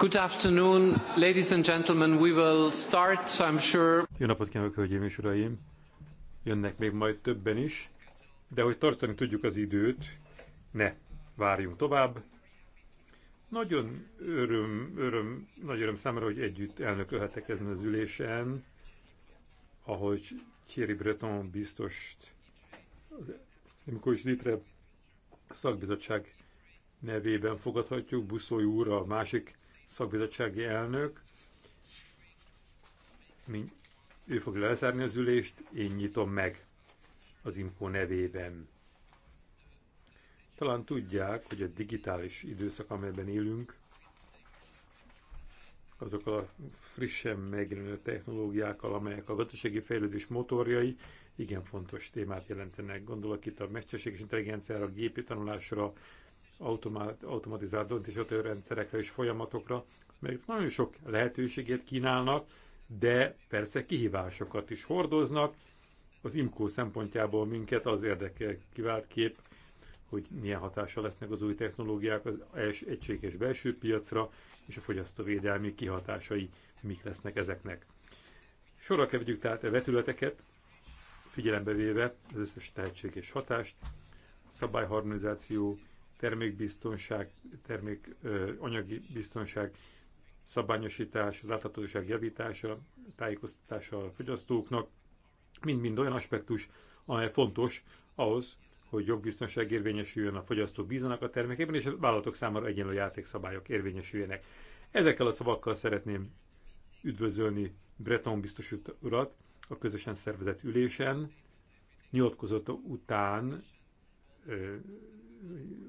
Good afternoon, ladies and gentlemen. We will start, I'm sure. Jó napot kívánok, hölgyeim és uraim. Jönnek még majd többen is, de hogy tartani tudjuk az időt, ne várjunk tovább. Nagyon öröm, öröm, nagy öröm számomra, hogy együtt elnökölhetek ezen az ülésen, ahogy Thierry Breton biztos, amikor is létre szakbizottság nevében fogadhatjuk. Buszoly úr, a másik szakbizottsági elnök. Ő fog lezárni az ülést, én nyitom meg az IMCO nevében. Talán tudják, hogy a digitális időszak, amelyben élünk, azokkal a frissen megjelenő technológiákkal, amelyek a gazdasági fejlődés motorjai, igen fontos témát jelentenek. Gondolok itt a mesterséges intelligenciára, a gépi tanulásra, automatizált döntéshozatali rendszerekre és folyamatokra, mert nagyon sok lehetőséget kínálnak, de persze kihívásokat is hordoznak. Az IMCO szempontjából minket az érdekel kivált kép, hogy milyen hatással lesznek az új technológiák az egységes belső piacra, és a fogyasztóvédelmi kihatásai mik lesznek ezeknek. Sorra kevegyük tehát a vetületeket, figyelembe véve az összes és hatást, szabályharmonizáció, termékbiztonság, termék ö, anyagi biztonság szabályosítás, láthatóság javítása, tájékoztatása a fogyasztóknak, mind-mind olyan aspektus, amely fontos ahhoz, hogy jogbiztonság érvényesüljön, a fogyasztók bízanak a termékében, és a vállalatok számára egyenlő játékszabályok érvényesüljenek. Ezekkel a szavakkal szeretném üdvözölni Breton biztos urat a közösen szervezett ülésen. Nyilatkozott után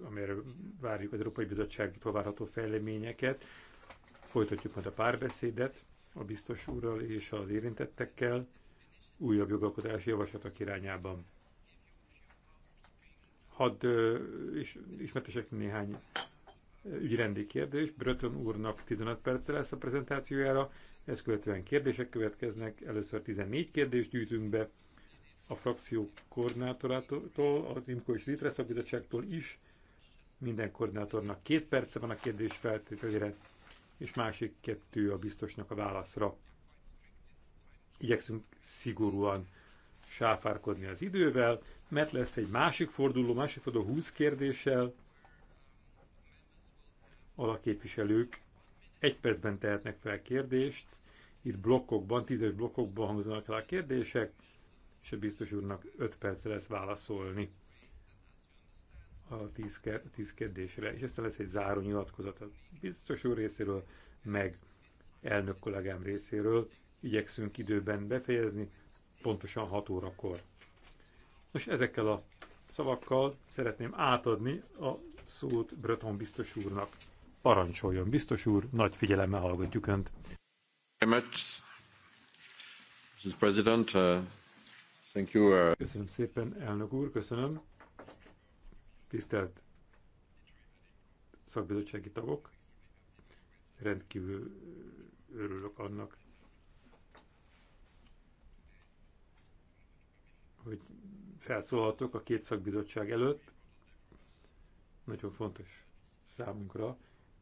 amire várjuk az Európai Bizottság várható fejleményeket. Folytatjuk majd a párbeszédet a biztos úrral és az érintettekkel újabb jogalkotási javaslatok irányában. Hadd is, ismertesek néhány ügyrendi kérdés. Bröton úrnak 15 perc lesz a prezentációjára, ezt követően kérdések következnek. Először 14 kérdést gyűjtünk be, a frakció koordinátorától, az IMKO és Litre szakbizottságtól is, minden koordinátornak két perce van a kérdés feltételére, és másik kettő a biztosnak a válaszra. Igyekszünk szigorúan sáfárkodni az idővel, mert lesz egy másik forduló, másik forduló 20 kérdéssel, alaképviselők egy percben tehetnek fel kérdést, itt blokkokban, tízes blokkokban hangzanak el a kérdések, és a biztos úrnak 5 perc lesz válaszolni a 10 kérdésre, és aztán lesz egy záró nyilatkozat a biztos úr részéről, meg elnök kollégám részéről. Igyekszünk időben befejezni, pontosan 6 órakor. Most ezekkel a szavakkal szeretném átadni a szót Breton biztos úrnak. Parancsoljon, biztos úr, nagy figyelemmel hallgatjuk Önt. Mr. President. Uh... Thank you. Uh, köszönöm szépen, elnök úr, köszönöm. Tisztelt szakbizottsági tagok, rendkívül örülök annak, hogy felszólhatok a két szakbizottság előtt. Nagyon fontos számunkra,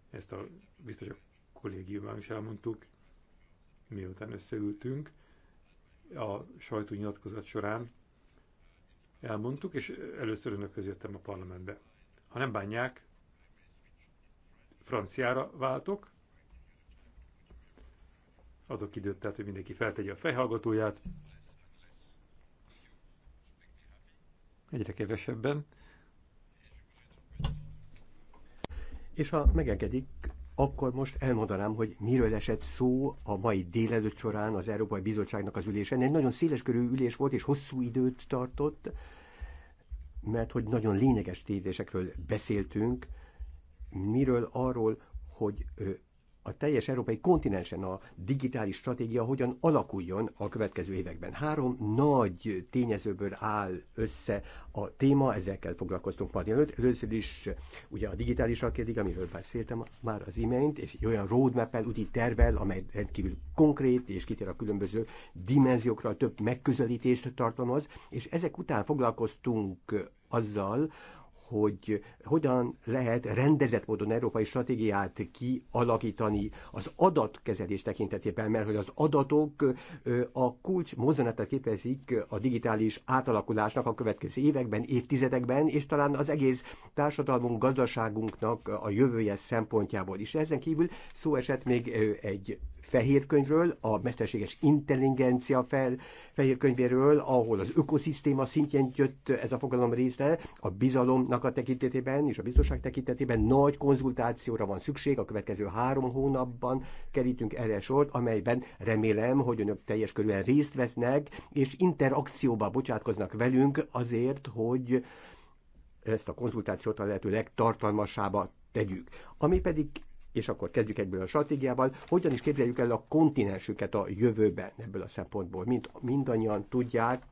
ezt a biztos a kollégiumban is elmondtuk, miután összeültünk, a sajtónyilatkozat során elmondtuk, és először önökhöz jöttem a parlamentbe. Ha nem bánják, franciára váltok, adok időt, tehát hogy mindenki feltegye a fejhallgatóját, egyre kevesebben. És ha megengedik, akkor most elmondanám, hogy miről esett szó a mai délelőtt során az Európai Bizottságnak az ülésen. Egy nagyon körű ülés volt, és hosszú időt tartott, mert hogy nagyon lényeges tévésekről beszéltünk, miről arról, hogy a teljes európai kontinensen a digitális stratégia hogyan alakuljon a következő években. Három nagy tényezőből áll össze a téma, ezekkel foglalkoztunk ma délelőtt. Először is ugye a digitális stratégia, amiről beszéltem már az imént, és egy olyan roadmap el úti tervel, amely rendkívül konkrét és kitér a különböző dimenziókra, több megközelítést tartalmaz, és ezek után foglalkoztunk azzal, hogy hogyan lehet rendezett módon európai stratégiát kialakítani az adatkezelés tekintetében, mert hogy az adatok a kulcs mozzanatát képezik a digitális átalakulásnak a következő években, évtizedekben, és talán az egész társadalmunk, gazdaságunknak a jövője szempontjából is. Ezen kívül szó esett még egy fehérkönyvről, a mesterséges intelligencia fel, fehérkönyvéről, ahol az ökoszisztéma szintjén jött ez a fogalom részre, a bizalomnak a tekintetében és a biztonság tekintetében nagy konzultációra van szükség, a következő három hónapban kerítünk erre sort, amelyben remélem, hogy önök teljes körülön részt vesznek, és interakcióba bocsátkoznak velünk azért, hogy ezt a konzultációt a lehető legtartalmasába tegyük. Ami pedig és akkor kezdjük egyből a stratégiával, hogyan is képzeljük el a kontinensüket a jövőben ebből a szempontból. Mint mindannyian tudják,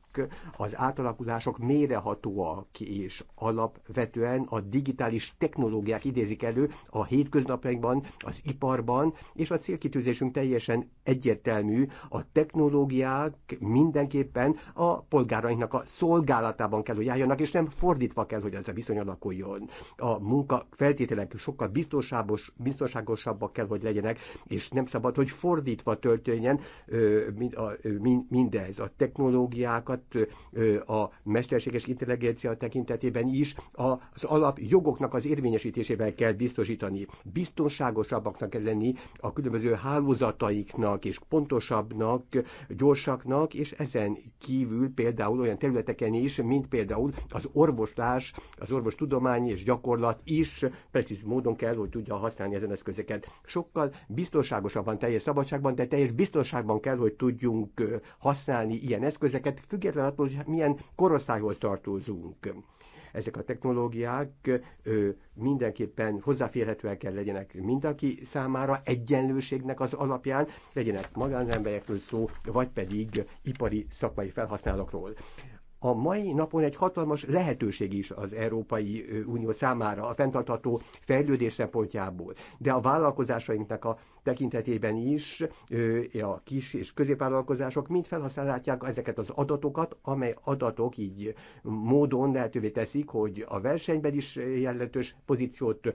az átalakulások mérehatóak, és alapvetően a digitális technológiák idézik elő a hétköznapjainkban, az iparban, és a célkitűzésünk teljesen egyértelmű, a technológiák mindenképpen a polgárainknak a szolgálatában kell, hogy álljanak, és nem fordítva kell, hogy ez a viszony alakuljon. A munka feltételek sokkal biztonságos, biztonságosabbak kell, hogy legyenek, és nem szabad, hogy fordítva történjen mindez. A technológiákat tehát a mesterséges intelligencia tekintetében is az alapjogoknak az érvényesítésével kell biztosítani. Biztonságosabbaknak kell lenni a különböző hálózataiknak, és pontosabbnak, gyorsaknak, és ezen kívül például olyan területeken is, mint például az orvoslás, az orvostudomány és gyakorlat is precíz módon kell, hogy tudja használni ezen eszközeket. Sokkal biztonságosabban, teljes szabadságban, de teljes biztonságban kell, hogy tudjunk használni ilyen eszközeket, függetlenül független attól, hogy milyen korosztályhoz tartozunk. Ezek a technológiák mindenképpen hozzáférhetőek kell legyenek mindenki számára, egyenlőségnek az alapján, legyenek magánemberekről szó, vagy pedig ipari szakmai felhasználókról a mai napon egy hatalmas lehetőség is az Európai Unió számára a fenntartható fejlődés szempontjából, de a vállalkozásainknak a tekintetében is a kis és középvállalkozások mind felhasználhatják ezeket az adatokat, amely adatok így módon lehetővé teszik, hogy a versenyben is jelentős pozíciót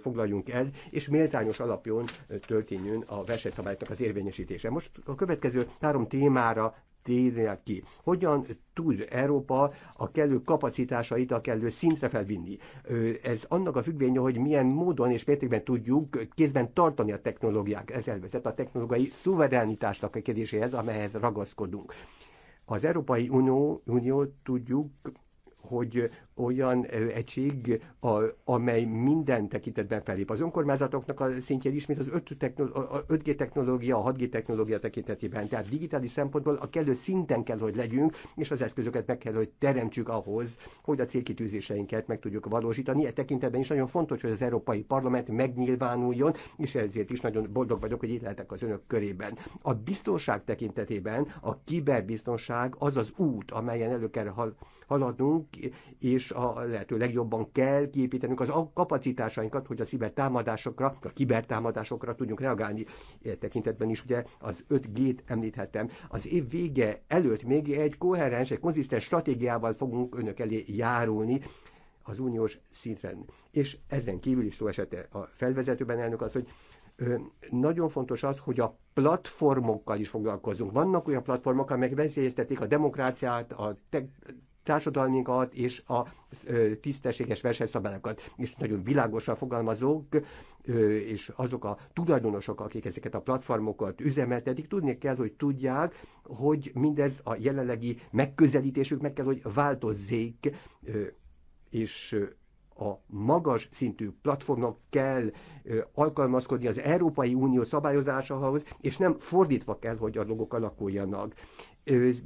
foglaljunk el, és méltányos alapjon történjön a versenyszabályoknak az érvényesítése. Most a következő három témára térjel ki. Hogyan tud Európa a kellő kapacitásait a kellő szintre felvinni? Ez annak a függvénye, hogy milyen módon és mértékben tudjuk kézben tartani a technológiák. Ez elvezet a technológiai szuverenitásnak a kérdéséhez, amelyhez ragaszkodunk. Az Európai Unió, Unió tudjuk hogy olyan egység, a, amely minden tekintetben felép az önkormányzatoknak a szintjén is, mint az 5G technológia, a 6G technológia tekintetében. Tehát digitális szempontból a kellő szinten kell, hogy legyünk, és az eszközöket meg kell, hogy teremtsük ahhoz, hogy a célkitűzéseinket meg tudjuk valósítani. E tekintetben is nagyon fontos, hogy az Európai Parlament megnyilvánuljon, és ezért is nagyon boldog vagyok, hogy itt lehetek az önök körében. A biztonság tekintetében a kiberbiztonság az az út, amelyen elő kell haladnunk, és a lehető legjobban kell kiépítenünk az a kapacitásainkat, hogy a sziber támadásokra, a kibertámadásokra tudjunk reagálni. E tekintetben is ugye az 5G-t említhettem. Az év vége előtt még egy koherens, egy konzisztens stratégiával fogunk önök elé járulni, az uniós szinten. És ezen kívül is szó esete a felvezetőben elnök az, hogy nagyon fontos az, hogy a platformokkal is foglalkozunk. Vannak olyan platformok, amelyek veszélyeztetik a demokráciát, a te- társadalminkat és a tisztességes versenyszabályokat, és nagyon világosan fogalmazók, és azok a tulajdonosok, akik ezeket a platformokat üzemeltetik, tudni kell, hogy tudják, hogy mindez a jelenlegi megközelítésük meg kell, hogy változzék, és a magas szintű platformnak kell alkalmazkodni az Európai Unió szabályozásához, és nem fordítva kell, hogy a dolgok alakuljanak.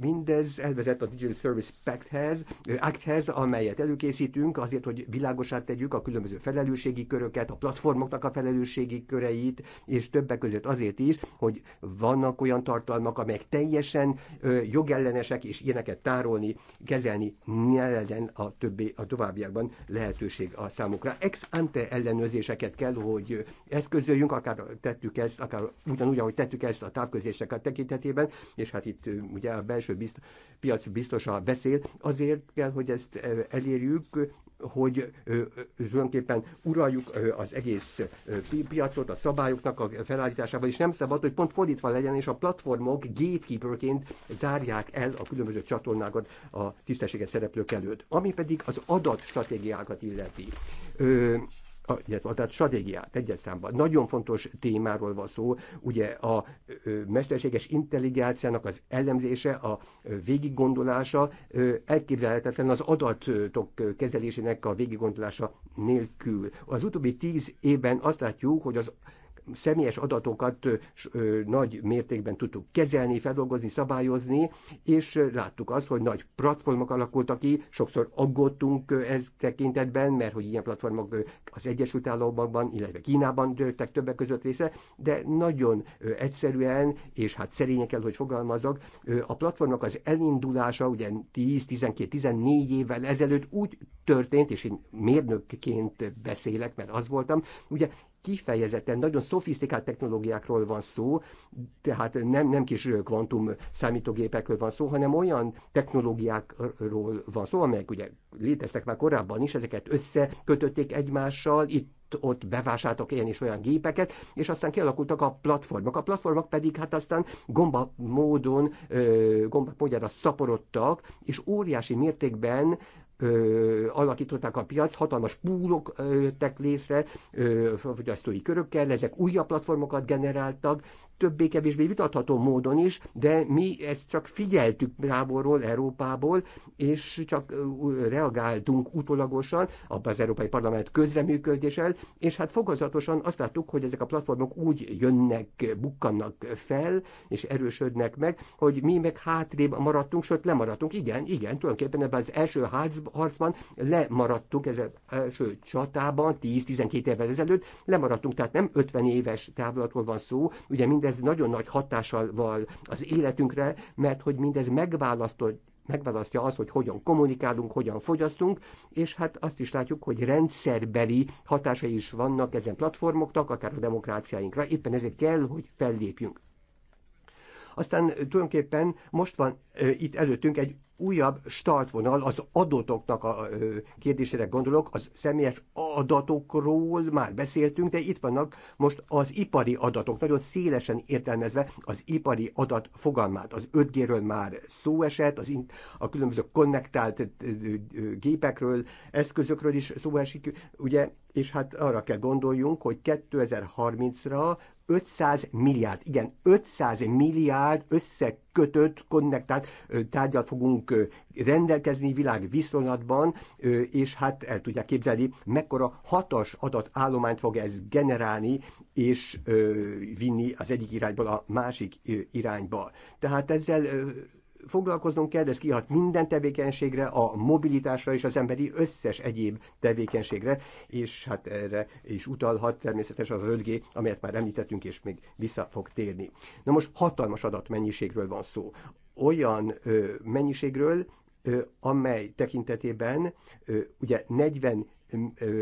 Mindez elvezet a Digital Service Pact-hez, Act-hez, amelyet előkészítünk azért, hogy világosát tegyük a különböző felelősségi köröket, a platformoknak a felelősségi köreit, és többek között azért is, hogy vannak olyan tartalmak, amelyek teljesen jogellenesek, és ilyeneket tárolni, kezelni ne legyen a, többi, a továbbiakban lehetőség a számukra. Ex ante ellenőrzéseket kell, hogy eszközöljünk, akár tettük ezt, akár ugyanúgy, ahogy tettük ezt a távközéseket tekintetében, és hát itt ugye ugye a belső bizt, piac biztosan beszél, azért kell, hogy ezt e, elérjük, hogy tulajdonképpen uraljuk az egész piacot, a szabályoknak a felállításában, és nem szabad, hogy pont fordítva legyen, és a platformok gatekeeperként zárják el a különböző csatornákat a tisztességes szereplők előtt. Ami pedig az adatstratégiákat illeti illetve tehát stratégiát egyes számban. Nagyon fontos témáról van szó, ugye a mesterséges intelligenciának az elemzése, a végiggondolása elképzelhetetlen az adatok kezelésének a végiggondolása nélkül. Az utóbbi tíz évben azt látjuk, hogy az személyes adatokat nagy mértékben tudtuk kezelni, feldolgozni, szabályozni, és láttuk azt, hogy nagy platformok alakultak ki, sokszor aggódtunk ez tekintetben, mert hogy ilyen platformok az Egyesült Államokban, illetve Kínában dőltek többek között része, de nagyon egyszerűen, és hát szerények kell, hogy fogalmazok, a platformnak az elindulása ugye 10-12-14 évvel ezelőtt úgy történt, és én mérnökként beszélek, mert az voltam, ugye kifejezetten nagyon szofisztikált technológiákról van szó, tehát nem, nem kis kvantum számítógépekről van szó, hanem olyan technológiákról van szó, amelyek ugye léteztek már korábban is, ezeket összekötötték egymással, itt ott bevásároltak ilyen és olyan gépeket, és aztán kialakultak a platformok. A platformok pedig hát aztán gomba módon, gomba módjára szaporodtak, és óriási mértékben ö, alakították a piac, hatalmas púlok jöttek létre fogyasztói körökkel, ezek újabb platformokat generáltak, többé-kevésbé vitatható módon is, de mi ezt csak figyeltük távolról, Európából, és csak reagáltunk utólagosan az Európai Parlament közreműködéssel, és hát fokozatosan azt láttuk, hogy ezek a platformok úgy jönnek, bukkannak fel, és erősödnek meg, hogy mi meg hátrébb maradtunk, sőt lemaradtunk. Igen, igen, tulajdonképpen ebben az első harcban lemaradtunk, ez az első csatában, 10-12 évvel ezelőtt lemaradtunk, tehát nem 50 éves távlatról van szó, ugye minden mindez nagyon nagy hatással van az életünkre, mert hogy mindez megválasztott megválasztja azt, hogy hogyan kommunikálunk, hogyan fogyasztunk, és hát azt is látjuk, hogy rendszerbeli hatásai is vannak ezen platformoknak, akár a demokráciáinkra, éppen ezért kell, hogy fellépjünk. Aztán tulajdonképpen most van ö, itt előttünk egy újabb startvonal az adatoknak a kérdésére gondolok, az személyes adatokról már beszéltünk, de itt vannak most az ipari adatok, nagyon szélesen értelmezve az ipari adat fogalmát. Az 5G-ről már szó esett, az a különböző konnektált gépekről, eszközökről is szó esik, ugye és hát arra kell gondoljunk, hogy 2030-ra 500 milliárd, igen, 500 milliárd összekötött, konnektált tárgyal fogunk rendelkezni világviszonylatban, és hát el tudják képzelni, mekkora hatas adatállományt fog ez generálni, és vinni az egyik irányból a másik irányba. Tehát ezzel foglalkoznunk kell, de ez kihat minden tevékenységre, a mobilitásra és az emberi összes egyéb tevékenységre, és hát erre is utalhat természetesen a völgé, amelyet már említettünk, és még vissza fog térni. Na most hatalmas adatmennyiségről van szó. Olyan ö, mennyiségről, amely tekintetében ugye 40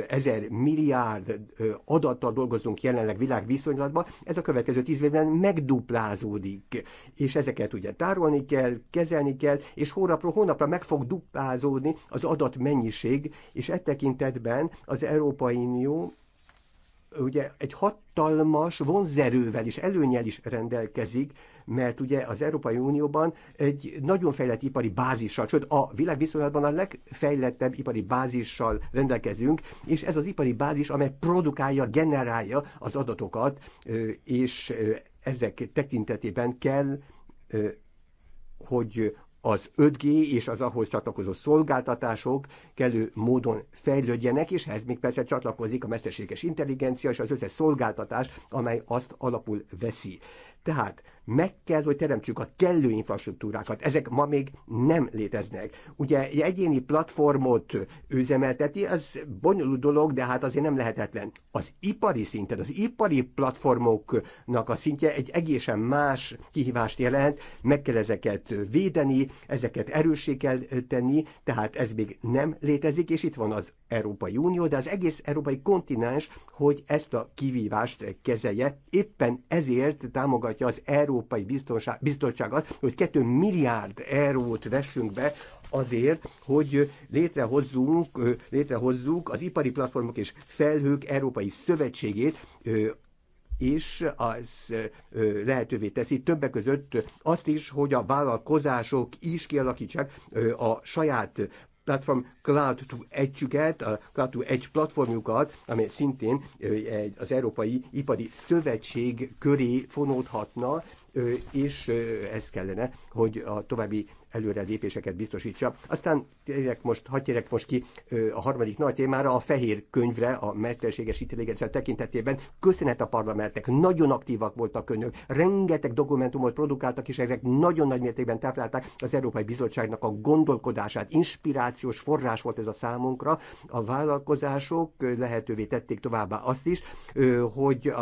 ezer milliárd adattal dolgozunk jelenleg világviszonylatban, ez a következő tíz évben megduplázódik, és ezeket ugye tárolni kell, kezelni kell, és hónapról hónapra meg fog duplázódni az adatmennyiség, és e tekintetben az Európai Unió ugye egy hatalmas vonzerővel és előnyel is rendelkezik, mert ugye az Európai Unióban egy nagyon fejlett ipari bázissal, sőt a világviszonylatban a legfejlettebb ipari bázissal rendelkezünk, és ez az ipari bázis, amely produkálja, generálja az adatokat, és ezek tekintetében kell, hogy az 5G és az ahhoz csatlakozó szolgáltatások kellő módon fejlődjenek, és ehhez még persze csatlakozik a mesterséges intelligencia és az összes szolgáltatás, amely azt alapul veszi. Tehát meg kell, hogy teremtsük a kellő infrastruktúrákat. Ezek ma még nem léteznek. Ugye egy egyéni platformot üzemelteti, az bonyolult dolog, de hát azért nem lehetetlen. Az ipari szinten, az ipari platformoknak a szintje egy egészen más kihívást jelent, meg kell ezeket védeni, ezeket erőssé kell tenni, tehát ez még nem létezik, és itt van az Európai Unió, de az egész európai kontinens, hogy ezt a kivívást kezelje. Éppen ezért támogatja az Európai Európai Biztonság, az, hogy 2 milliárd eurót vessünk be azért, hogy létrehozzunk, létrehozzuk az Ipari Platformok és Felhők Európai Szövetségét, és az lehetővé teszi többek között azt is, hogy a vállalkozások is kialakítsák a saját platform Cloud to edge a Cloud to Edge platformjukat, amely szintén az Európai Ipari Szövetség köré fonódhatna, is ez kellene, hogy a további előre lépéseket biztosítsa. Aztán térek most, hadd térek most ki a harmadik nagy témára, a fehér könyvre, a mesterséges intelligencia tekintetében. Köszönet a parlamentek nagyon aktívak voltak önök, rengeteg dokumentumot produkáltak, és ezek nagyon nagy mértékben táplálták az Európai Bizottságnak a gondolkodását. Inspirációs forrás volt ez a számunkra. A vállalkozások lehetővé tették továbbá azt is, hogy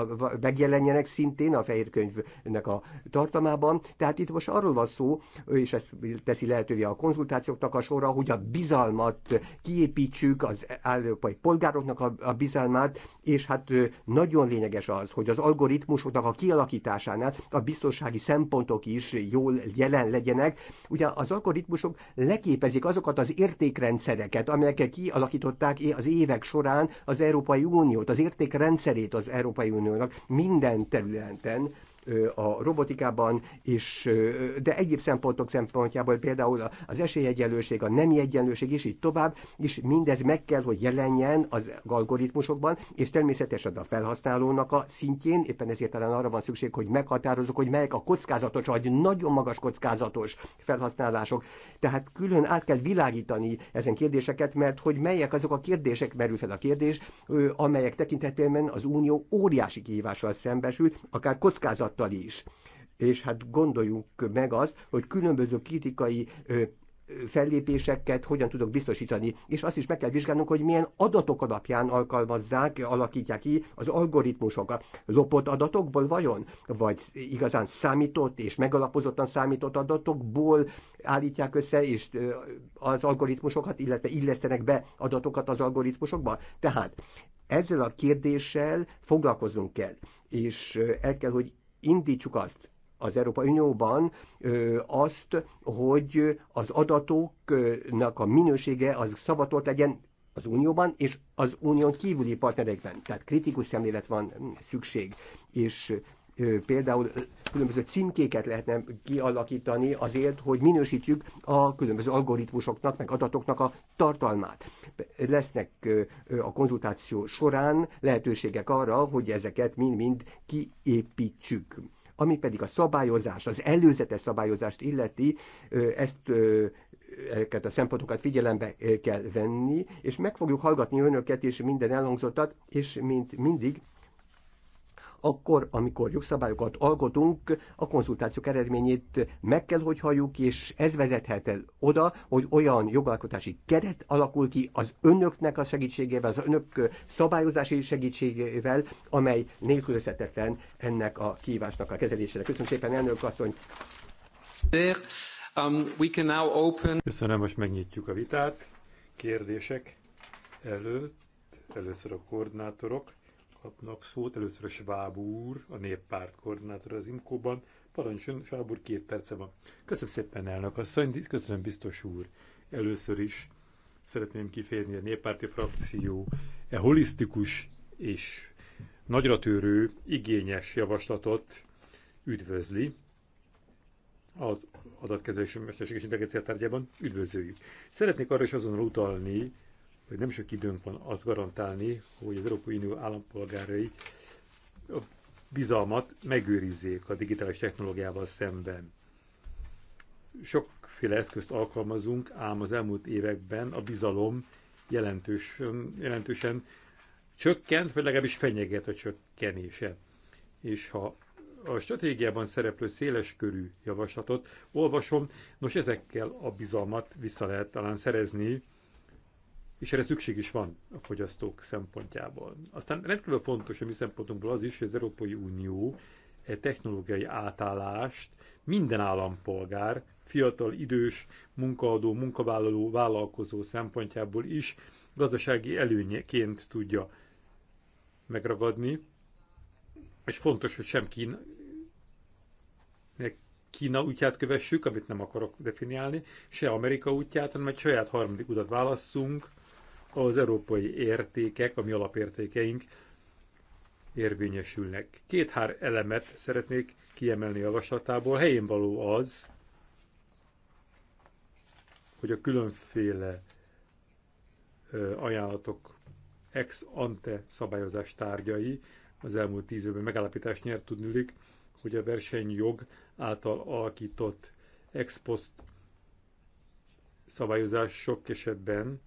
megjelenjenek szintén a fehér könyvnek a tartalmában. Tehát itt most arról van szó, és ezt teszi lehetővé a konzultációknak a sorra, hogy a bizalmat kiépítsük, az európai polgároknak a, a bizalmát, és hát nagyon lényeges az, hogy az algoritmusoknak a kialakításánál a biztonsági szempontok is jól jelen legyenek. Ugye az algoritmusok leképezik azokat az értékrendszereket, amelyekkel kialakították az évek során az Európai Uniót, az értékrendszerét az Európai Uniónak minden területen, a robotikában, és, de egyéb szempontok szempontjából például az esélyegyenlőség, a nemi egyenlőség, és így tovább, és mindez meg kell, hogy jelenjen az algoritmusokban, és természetesen a felhasználónak a szintjén, éppen ezért talán arra van szükség, hogy meghatározok, hogy melyek a kockázatos, vagy nagyon magas kockázatos felhasználások. Tehát külön át kell világítani ezen kérdéseket, mert hogy melyek azok a kérdések, merül fel a kérdés, amelyek tekintetében az Unió óriási kihívással szembesül, akár kockázat javaslattal is. És hát gondoljuk meg az, hogy különböző kritikai fellépéseket hogyan tudok biztosítani, és azt is meg kell vizsgálnunk, hogy milyen adatok alapján alkalmazzák, alakítják ki az algoritmusokat. Lopott adatokból vajon? Vagy igazán számított és megalapozottan számított adatokból állítják össze és az algoritmusokat, illetve illesztenek be adatokat az algoritmusokba? Tehát ezzel a kérdéssel foglalkoznunk kell, és el kell, hogy indítsuk azt az Európai Unióban azt, hogy az adatoknak a minősége az szavatolt legyen az Unióban és az Unión kívüli partnerekben. Tehát kritikus szemlélet van szükség, és például különböző címkéket lehetne kialakítani azért, hogy minősítjük a különböző algoritmusoknak, meg adatoknak a tartalmát. Lesznek a konzultáció során lehetőségek arra, hogy ezeket mind-mind kiépítsük ami pedig a szabályozás, az előzetes szabályozást illeti, ezt ezeket a szempontokat figyelembe kell venni, és meg fogjuk hallgatni önöket és minden elhangzottat, és mint mindig akkor, amikor jogszabályokat alkotunk, a konzultációk eredményét meg kell, hogy halljuk, és ez vezethet el oda, hogy olyan jogalkotási keret alakul ki az önöknek a segítségével, az önök szabályozási segítségével, amely nélkülözhetetlen ennek a kívásnak a kezelésére. Köszönöm szépen, elnök asszony! Um, Köszönöm, most megnyitjuk a vitát. Kérdések előtt, először a koordinátorok kapnak szót. Először a Schwab úr, a néppárt koordinátora az Imkóban. Parancsoljon, Schwab úr, két perce van. Köszönöm szépen, elnök asszony, köszönöm, biztos úr. Először is szeretném kifejezni a néppárti frakció e holisztikus és nagyra törő, igényes javaslatot üdvözli az adatkezelési mesterséges intelligencia tárgyában üdvözöljük. Szeretnék arra is azonnal utalni, hogy nem sok időnk van azt garantálni, hogy az Európai Unió állampolgárai a bizalmat megőrizzék a digitális technológiával szemben. Sokféle eszközt alkalmazunk, ám az elmúlt években a bizalom jelentős, jelentősen csökkent, vagy legalábbis fenyeget a csökkenése. És ha a stratégiában szereplő széles körű javaslatot olvasom, nos ezekkel a bizalmat vissza lehet talán szerezni, és erre szükség is van a fogyasztók szempontjából. Aztán rendkívül fontos a mi szempontunkból az is, hogy az Európai Unió egy technológiai átállást minden állampolgár, fiatal, idős, munkaadó, munkavállaló, vállalkozó szempontjából is gazdasági előnyeként tudja megragadni, és fontos, hogy sem Kína, Kína útját kövessük, amit nem akarok definiálni, se Amerika útját, hanem egy saját harmadik utat válasszunk, az európai értékek, a mi alapértékeink érvényesülnek. Két-hár elemet szeretnék kiemelni a javaslatából. Helyén való az, hogy a különféle ajánlatok ex ante szabályozás tárgyai az elmúlt tíz évben megállapítást nyert tudnulik, hogy a versenyjog által alakított ex post szabályozás sok esetben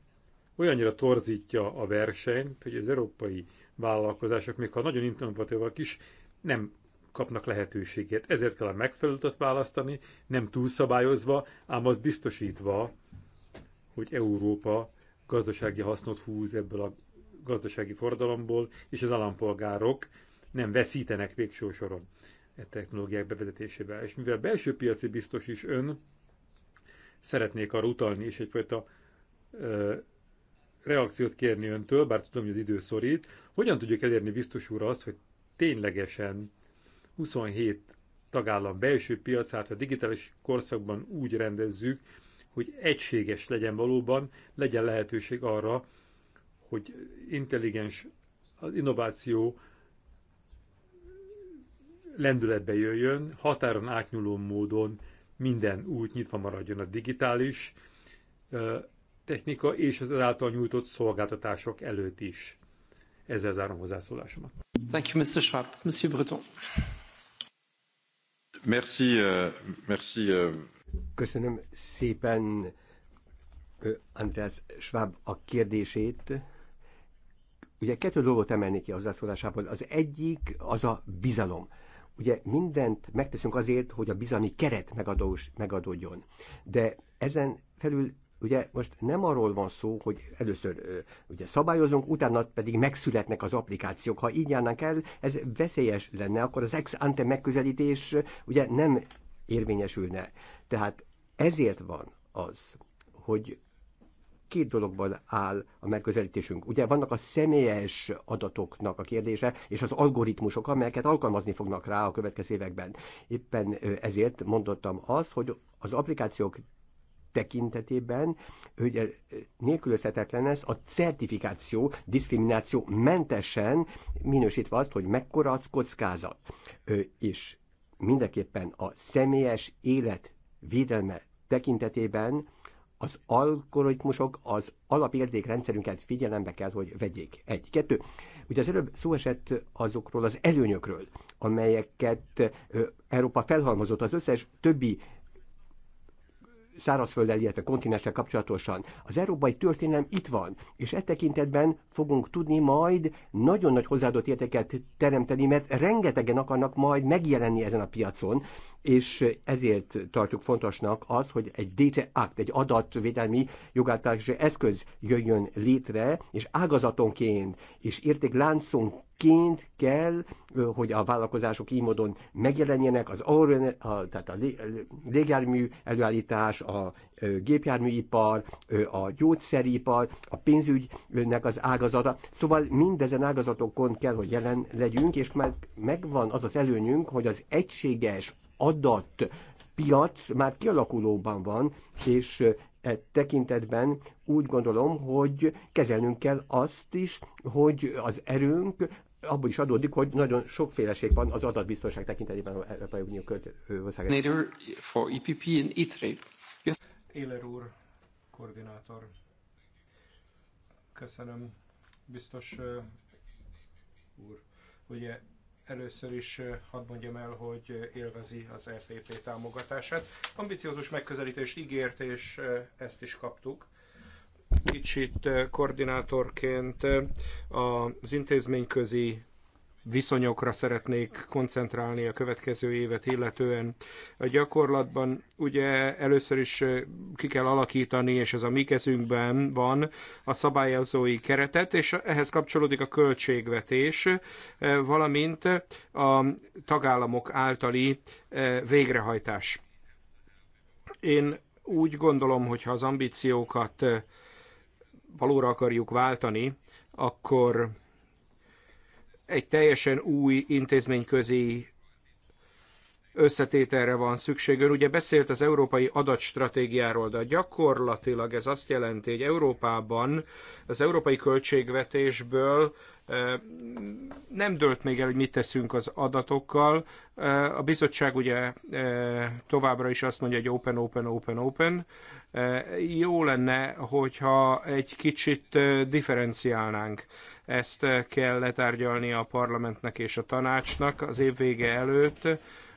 olyannyira torzítja a versenyt, hogy az európai vállalkozások, még ha nagyon innovatívak is, nem kapnak lehetőséget. Ezért kell a megfelelőt választani, nem túlszabályozva, ám az biztosítva, hogy Európa gazdasági hasznot húz ebből a gazdasági forradalomból, és az állampolgárok nem veszítenek végső soron e technológiák bevezetésével. És mivel belső piaci biztos is ön, szeretnék arra utalni, és egyfajta ö, reakciót kérni öntől, bár tudom, hogy az idő szorít, hogyan tudjuk elérni biztos úr azt, hogy ténylegesen 27 tagállam belső piacát a digitális korszakban úgy rendezzük, hogy egységes legyen valóban, legyen lehetőség arra, hogy intelligens az innováció lendületbe jöjjön, határon átnyúló módon minden út nyitva maradjon a digitális technika és az által nyújtott szolgáltatások előtt is. Ezzel zárom hozzászólásomat. Thank you, Mr. Schwab. Monsieur Breton. Merci, uh, merci. Uh... Köszönöm szépen András Schwab a kérdését. Ugye kettő dolgot emelnék ki a hozzászólásából. Az egyik az a bizalom. Ugye mindent megteszünk azért, hogy a bizalmi keret megadós, megadódjon. De ezen felül ugye most nem arról van szó, hogy először ugye szabályozunk, utána pedig megszületnek az applikációk. Ha így járnánk el, ez veszélyes lenne, akkor az ex ante megközelítés ugye nem érvényesülne. Tehát ezért van az, hogy két dologban áll a megközelítésünk. Ugye vannak a személyes adatoknak a kérdése, és az algoritmusok, amelyeket alkalmazni fognak rá a következő években. Éppen ezért mondottam azt, hogy az applikációk tekintetében, hogy nélkülözhetetlen lesz a certifikáció diszkrimináció mentesen minősítve azt, hogy mekkora a kockázat. És mindenképpen a személyes élet védelme tekintetében az algoritmusok az alapértékrendszerünket figyelembe kell, hogy vegyék. Egy, kettő. Ugye az előbb szó esett azokról az előnyökről, amelyeket Európa felhalmozott az összes többi szárazfölddel, illetve kontinenssel kapcsolatosan. Az európai történelem itt van, és e tekintetben fogunk tudni majd nagyon nagy hozzáadott értéket teremteni, mert rengetegen akarnak majd megjelenni ezen a piacon, és ezért tartjuk fontosnak az, hogy egy data Act, egy adatvédelmi jogáltalási eszköz jöjjön létre, és ágazatonként és értéklánconként kell, hogy a vállalkozások így módon megjelenjenek, az orren, a, tehát a légjármű előállítás, a gépjárműipar, a gyógyszeripar, a pénzügynek az ágazata. Szóval mindezen ágazatokon kell, hogy jelen legyünk, és már megvan az az előnyünk, hogy az egységes adat piac már kialakulóban van, és e tekintetben úgy gondolom, hogy kezelnünk kell azt is, hogy az erőnk abból is adódik, hogy nagyon sokféleség van az adatbiztonság tekintetében a Európai Unió országában. For EPP in ITRE. Éler úr, koordinátor. Köszönöm, biztos uh, úr. Ugye Először is hadd mondjam el, hogy élvezi az FPP támogatását. Ambiciózus megközelítést ígért, és ezt is kaptuk kicsit koordinátorként az intézményközi viszonyokra szeretnék koncentrálni a következő évet illetően. A gyakorlatban ugye először is ki kell alakítani, és ez a mi kezünkben van, a szabályozói keretet, és ehhez kapcsolódik a költségvetés, valamint a tagállamok általi végrehajtás. Én úgy gondolom, hogy ha az ambíciókat valóra akarjuk váltani, akkor egy teljesen új intézményközi összetételre van szükség. Ön ugye beszélt az európai adatstratégiáról, de gyakorlatilag ez azt jelenti, hogy Európában az európai költségvetésből nem dölt még el, hogy mit teszünk az adatokkal. A bizottság ugye továbbra is azt mondja, hogy open, open, open, open. Jó lenne, hogyha egy kicsit differenciálnánk. Ezt kell letárgyalni a parlamentnek és a tanácsnak az év vége előtt,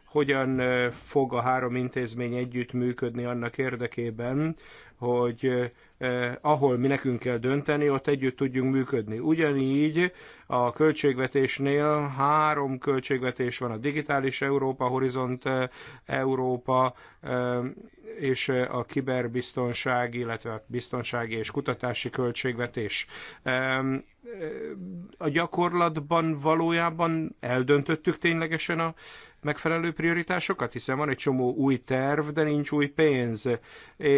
hogyan fog a három intézmény együtt működni annak érdekében, hogy ahol mi nekünk kell dönteni, ott együtt tudjunk működni. Ugyanígy a költségvetésnél három költségvetés van, a Digitális Európa, Horizont Európa és a kiberbiztonság, illetve a biztonsági és kutatási költségvetés. A gyakorlatban valójában eldöntöttük ténylegesen a megfelelő prioritásokat, hiszen van egy csomó új terv, de nincs új pénz.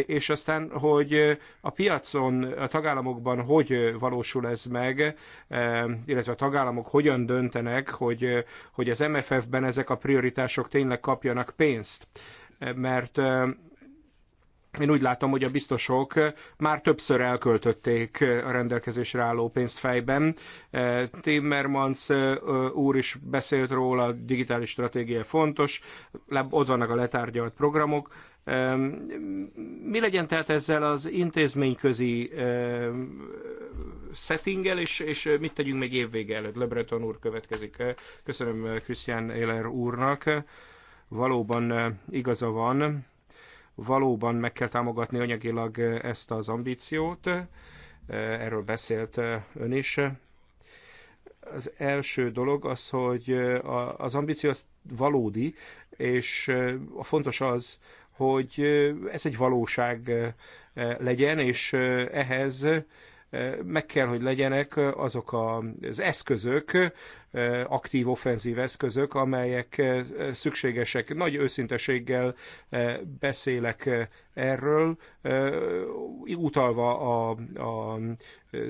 És aztán, hogy a piacon, a tagállamokban hogy valósul ez meg, e, illetve a tagállamok hogyan döntenek, hogy, hogy az MFF-ben ezek a prioritások tényleg kapjanak pénzt. E, mert e, én úgy látom, hogy a biztosok már többször elköltötték a rendelkezésre álló pénzt fejben. Timmermans úr is beszélt róla, a digitális stratégia fontos, ott vannak a letárgyalt programok. Mi legyen tehát ezzel az intézményközi settinggel, és, és mit tegyünk még évvége előtt? Lebreton úr következik. Köszönöm Krisztián Éler úrnak. Valóban igaza van, valóban meg kell támogatni anyagilag ezt az ambíciót. Erről beszélt ön is. Az első dolog az, hogy az ambíció az valódi, és a fontos az, hogy ez egy valóság legyen, és ehhez meg kell, hogy legyenek azok az eszközök, aktív offenzív eszközök, amelyek szükségesek. Nagy őszinteséggel beszélek erről, utalva a, a,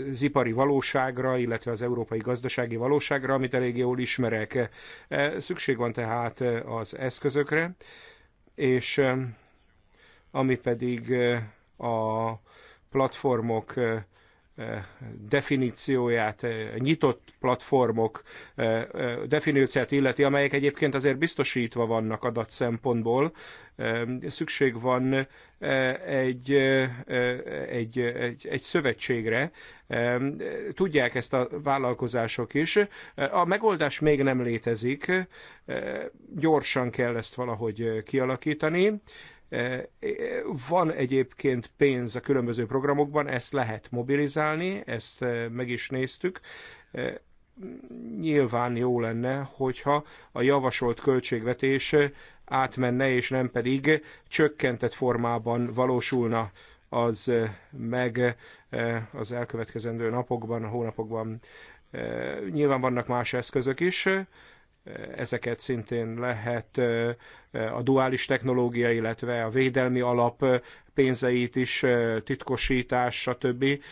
az ipari valóságra, illetve az európai gazdasági valóságra, amit elég jól ismerek. Szükség van tehát az eszközökre, és ami pedig a platformok definícióját, nyitott platformok definícióját illeti, amelyek egyébként azért biztosítva vannak adat szempontból. Szükség van egy, egy, egy, egy szövetségre. Tudják ezt a vállalkozások is. A megoldás még nem létezik. Gyorsan kell ezt valahogy kialakítani. E, e, van egyébként pénz a különböző programokban, ezt lehet mobilizálni, ezt e, meg is néztük. Nyilván jó lenne, hogyha a javasolt költségvetés átmenne, és nem pedig csökkentett formában valósulna az meg az elkövetkezendő napokban, hónapokban. Nyilván vannak más eszközök is, ezeket szintén lehet a duális technológia, illetve a védelmi alap pénzeit is, titkosítás, stb.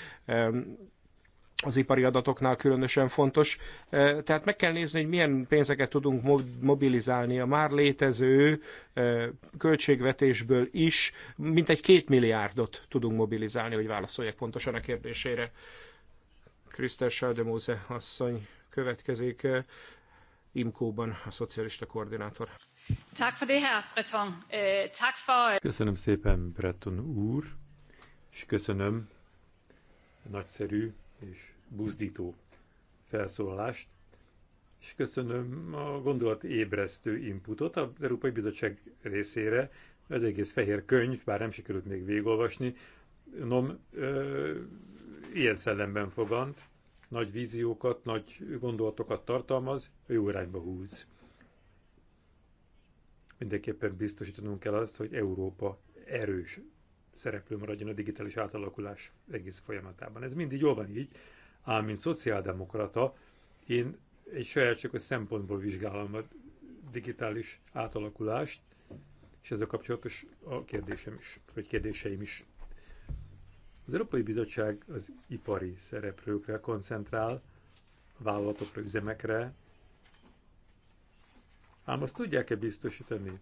Az ipari adatoknál különösen fontos. Tehát meg kell nézni, hogy milyen pénzeket tudunk mobilizálni a már létező költségvetésből is. Mintegy két milliárdot tudunk mobilizálni, hogy válaszoljak pontosan a kérdésére. Krisztel Saldemóze asszony következik. Imkóban a szocialista koordinátor. Tak for det her, Breton. Øh, tak for... Øh, köszönöm szépen, Breton úr, és köszönöm nagyszerű és buzdító felszólalást, és köszönöm a gondolat ébresztő inputot az Európai Bizottság részére, Ez egész fehér könyv, bár nem sikerült még végolvasni. nom ö, ilyen szellemben fogant, nagy víziókat, nagy gondolatokat tartalmaz, a jó irányba húz. Mindenképpen biztosítanunk kell azt, hogy Európa erős szereplő maradjon a digitális átalakulás egész folyamatában. Ez mindig jól van így, ám mint szociáldemokrata én egy a szempontból vizsgálom a digitális átalakulást, és ezzel kapcsolatos a kérdésem is, vagy kérdéseim is. Az Európai Bizottság az ipari szereplőkre koncentrál, a vállalatokra, üzemekre, ám azt tudják-e biztosítani,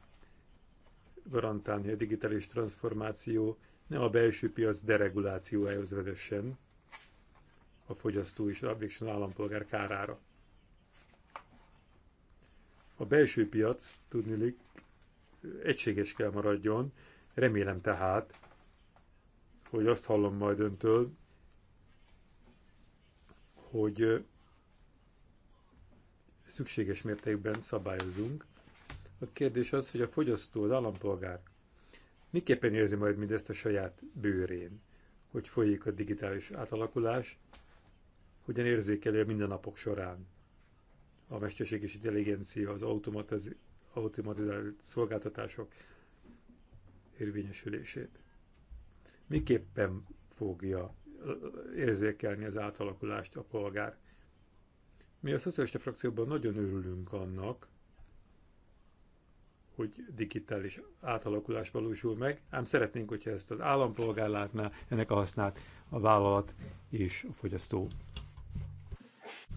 garantálni, hogy a digitális transformáció nem a belső piac deregulációjához vezessen a fogyasztó és a végső állampolgár kárára. A belső piac, tudnilik, egységes kell maradjon, remélem tehát, hogy azt hallom majd öntől, hogy szükséges mértékben szabályozunk. A kérdés az, hogy a fogyasztó, az állampolgár miképpen érzi majd mindezt a saját bőrén, hogy folyik a digitális átalakulás, hogyan érzékeli a mindennapok során a mesterséges intelligencia, az automatiz automatizált szolgáltatások érvényesülését miképpen fogja érzékelni az átalakulást a polgár. Mi a szocialista frakcióban nagyon örülünk annak, hogy digitális átalakulás valósul meg, ám szeretnénk, hogyha ezt az állampolgár látná, ennek a hasznát a vállalat és a fogyasztó.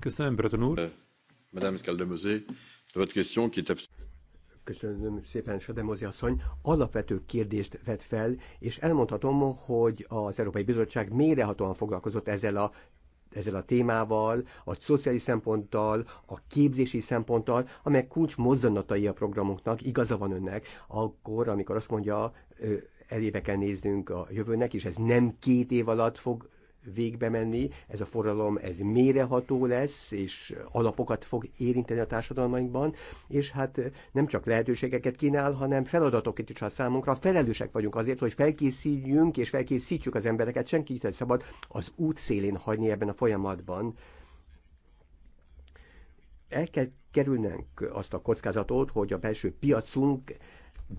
Köszönöm, Breton úr! Madame Scaldemosé, votre question qui est Köszönöm szépen, Sademozi asszony. Alapvető kérdést vett fel, és elmondhatom, hogy az Európai Bizottság mérehatóan foglalkozott ezzel a ezzel a témával, a szociális szemponttal, a képzési szemponttal, amely kulcs mozzanatai a programunknak, igaza van önnek, akkor, amikor azt mondja, elébe kell néznünk a jövőnek, és ez nem két év alatt fog végbe menni, ez a forralom ez méreható lesz, és alapokat fog érinteni a társadalmainkban, és hát nem csak lehetőségeket kínál, hanem feladatokat is a számunkra. Felelősek vagyunk azért, hogy felkészüljünk és felkészítsük az embereket, senkit nem szabad az út szélén hagyni ebben a folyamatban. El kell kerülnünk azt a kockázatot, hogy a belső piacunk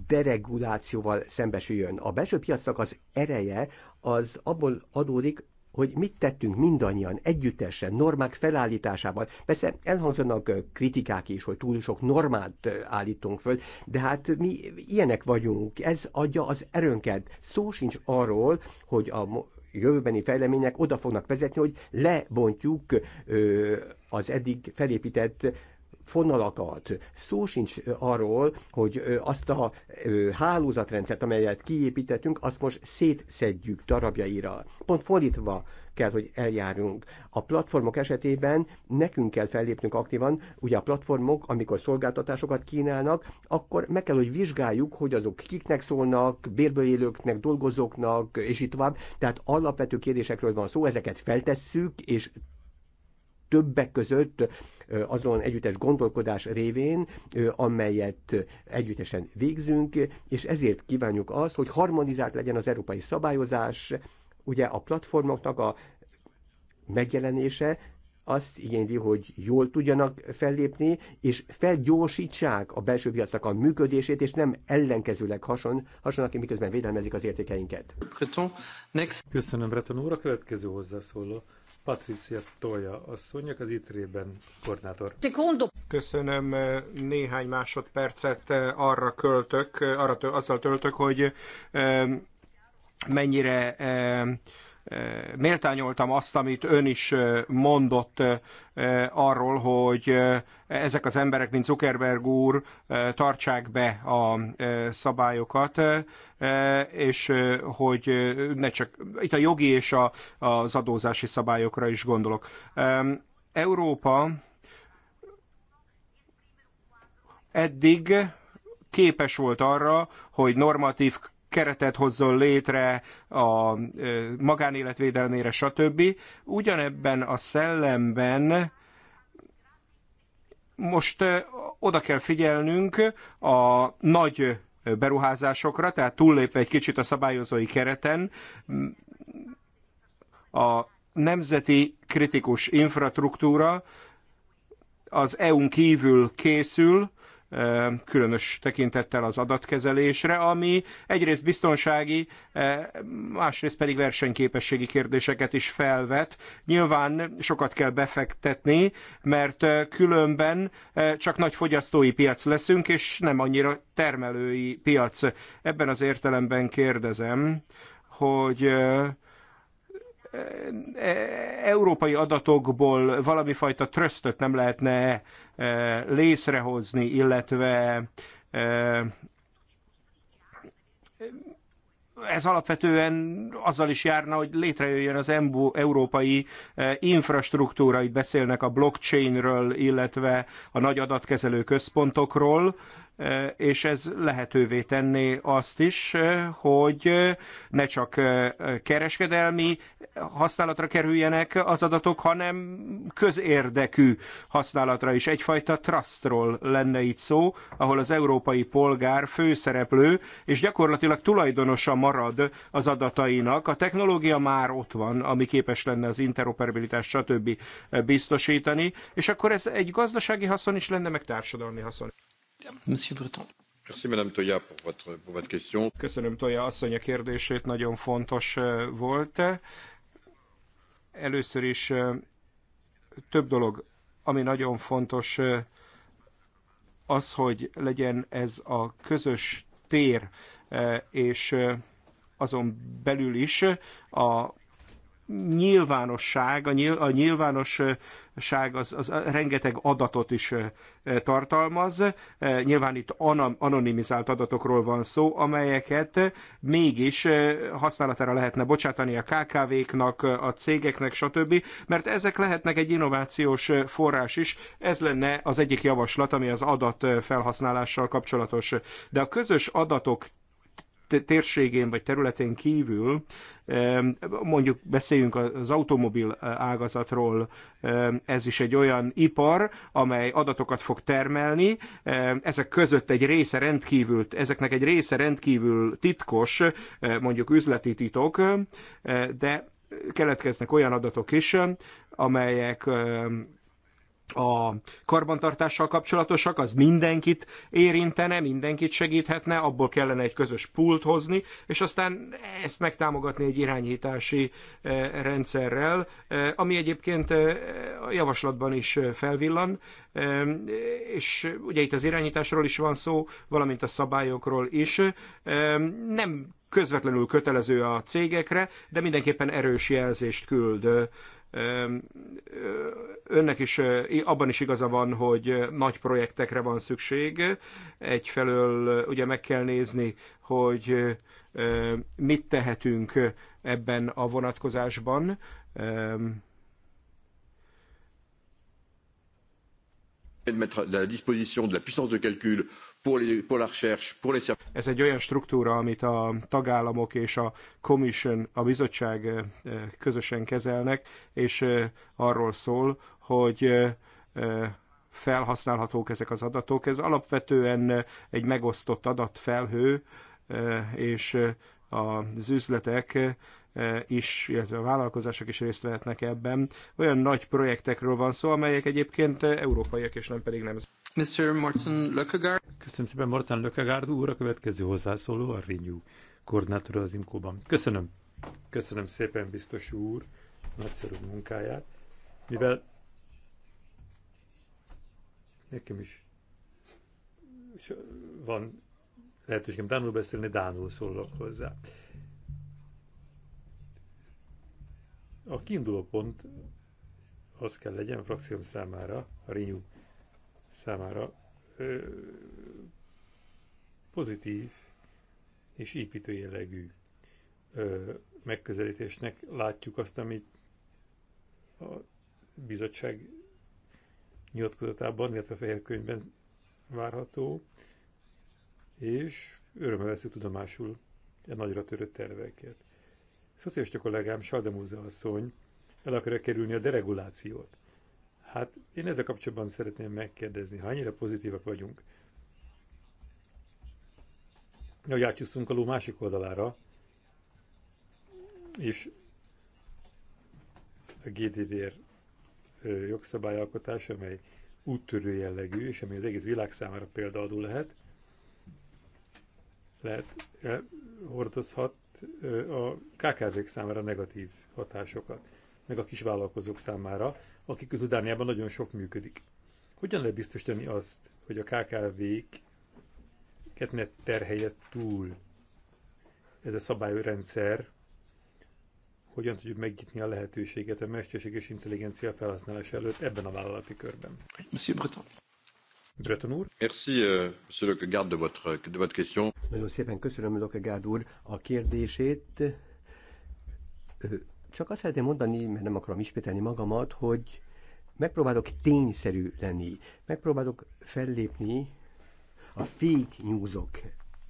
deregulációval szembesüljön. A belső piacnak az ereje az abból adódik, hogy mit tettünk mindannyian együttesen, normák felállításával. Persze elhangzanak kritikák is, hogy túl sok normát állítunk föl, de hát mi ilyenek vagyunk, ez adja az erőnket. Szó sincs arról, hogy a jövőbeni fejlemények oda fognak vezetni, hogy lebontjuk ö, az eddig felépített fonalakat. Szó sincs arról, hogy azt a hálózatrendszert, amelyet kiépítettünk, azt most szétszedjük darabjaira. Pont fordítva kell, hogy eljárjunk. A platformok esetében nekünk kell fellépnünk aktívan, ugye a platformok, amikor szolgáltatásokat kínálnak, akkor meg kell, hogy vizsgáljuk, hogy azok kiknek szólnak, bérből élőknek, dolgozóknak, és így tovább. Tehát alapvető kérdésekről van szó, ezeket feltesszük, és többek között azon együttes gondolkodás révén, amelyet együttesen végzünk, és ezért kívánjuk azt, hogy harmonizált legyen az európai szabályozás, ugye a platformoknak a megjelenése azt igényli, hogy jól tudjanak fellépni, és felgyorsítsák a belső piacnak a működését, és nem ellenkezőleg hason, hasonlaki, miközben védelmezik az értékeinket. Köszönöm, Breton úr. A következő hozzászóló Patricia Tolja asszonyok az ITRE-ben koordinátor. Köszönöm, néhány másodpercet eh, arra költök, eh, arra, azzal töltök, hogy eh, mennyire méltányoltam azt, amit ön is mondott arról, hogy ezek az emberek, mint Zuckerberg úr, tartsák be a szabályokat, és hogy ne csak, itt a jogi és a, az adózási szabályokra is gondolok. Európa eddig képes volt arra, hogy normatív keretet hozzon létre a magánéletvédelmére, stb. Ugyanebben a szellemben most oda kell figyelnünk a nagy beruházásokra, tehát túllépve egy kicsit a szabályozói kereten, a nemzeti kritikus infrastruktúra az EU-n kívül készül, különös tekintettel az adatkezelésre, ami egyrészt biztonsági, másrészt pedig versenyképességi kérdéseket is felvet. Nyilván sokat kell befektetni, mert különben csak nagy fogyasztói piac leszünk, és nem annyira termelői piac. Ebben az értelemben kérdezem, hogy E, európai adatokból valami fajta tröstöt nem lehetne e, létrehozni, illetve e, ez alapvetően azzal is járna, hogy létrejöjjön az EMBU, európai infrastruktúra, itt beszélnek a blockchainről, illetve a nagy adatkezelő központokról, Eh, és ez lehetővé tenné azt is, eh, hogy eh, ne csak kereskedelmi használatra kerüljenek az adatok, hanem közérdekű használatra is. Egyfajta trustról lenne itt szó, ahol az európai polgár főszereplő, és gyakorlatilag tulajdonosa marad az adatainak. A technológia már ott van, ami képes lenne az interoperabilitás, stb. biztosítani, és akkor ez egy gazdasági haszon is lenne, meg társadalmi haszon. Monsieur Breton. Merci, Madame Toya, pour votre, pour votre question. Köszönöm Toya asszony a kérdését, nagyon fontos eh, volt. Először is eh, több dolog, ami nagyon fontos, eh, az, hogy legyen ez a közös tér, és azon belül is a nyilvánosság, a, nyilv, a nyilvánosság az, az rengeteg adatot is tartalmaz. Nyilván itt anonimizált adatokról van szó, amelyeket mégis használatára lehetne bocsátani a KKV-knak, a cégeknek, stb., mert ezek lehetnek egy innovációs forrás is. Ez lenne az egyik javaslat, ami az adat felhasználással kapcsolatos. De a közös adatok térségén vagy területén kívül, mondjuk beszéljünk az automobil eh, ágazatról, ez is egy olyan ipar, amely adatokat fog termelni, ezek között egy része rendkívül, ezeknek egy része rendkívül titkos, eh, mondjuk üzleti titok, eh, de keletkeznek olyan adatok is, amelyek a karbantartással kapcsolatosak, az mindenkit érintene, mindenkit segíthetne, abból kellene egy közös pult hozni, és aztán ezt megtámogatni egy irányítási eh, rendszerrel, eh, ami egyébként eh, a javaslatban is felvillan, és ugye itt az irányításról is van szó, valamint a szabályokról is. Nem közvetlenül kötelező a cégekre, de mindenképpen erős jelzést küld önnek is abban is igaza van, hogy nagy projektekre van szükség. Egyfelől ugye meg kell nézni, hogy mit tehetünk ebben a vonatkozásban. mettre la disposition de la puissance de calcul ez egy olyan struktúra, amit a tagállamok és a commission, a bizottság eh, eh, közösen kezelnek, és eh, arról szól, hogy felhasználhatók ezek az adatok. Ez alapvetően egy megosztott adatfelhő, és az üzletek is, illetve a vállalkozások is részt vehetnek ebben. Olyan nagy projektekről van szó, amelyek egyébként európaiak és nem pedig nemzetek. Mr. Köszönöm szépen, Morten Lökegárd úr, a következő hozzászóló a Renew koordinátora az Imkóban. Köszönöm. Köszönöm szépen, biztos úr, nagyszerű munkáját. Mivel nekem is van lehetőségem Dánul beszélni, Dánul szólok hozzá. A kiinduló pont az kell legyen frakcióm számára, a Renew számára ö, pozitív és építő jellegű ö, megközelítésnek látjuk azt, amit a bizottság nyilatkozatában, illetve a fehér könyvben várható, és örömmel veszük tudomásul e nagyra törött terveket. szociális kollégám Saldemúze asszony el akarja kerülni a deregulációt. Hát én ezzel kapcsolatban szeretném megkérdezni, ha annyira pozitívak vagyunk, hogy átjusszunk a ló másik oldalára, és a GDDR jogszabályalkotás, amely úttörő jellegű, és ami az egész világ számára példaadó lehet, lehet, hordozhat a KKV-k számára negatív hatásokat, meg a kisvállalkozók számára, akik közül Dániában nagyon sok működik. Hogyan lehet biztosítani azt, hogy a KKV-ket ne terhelje túl ez a szabályrendszer, hogyan tudjuk megnyitni a lehetőséget a mesterséges intelligencia felhasználás előtt ebben a vállalati körben. Monsieur Breton. Breton úr. Merci, euh, monsieur le garde de votre, de votre question. Nagyon szépen köszönöm, Loke Gárd úr, a kérdését. Csak azt szeretném mondani, mert nem akarom ismételni magamat, hogy megpróbálok tényszerű lenni, megpróbálok fellépni a fake newsok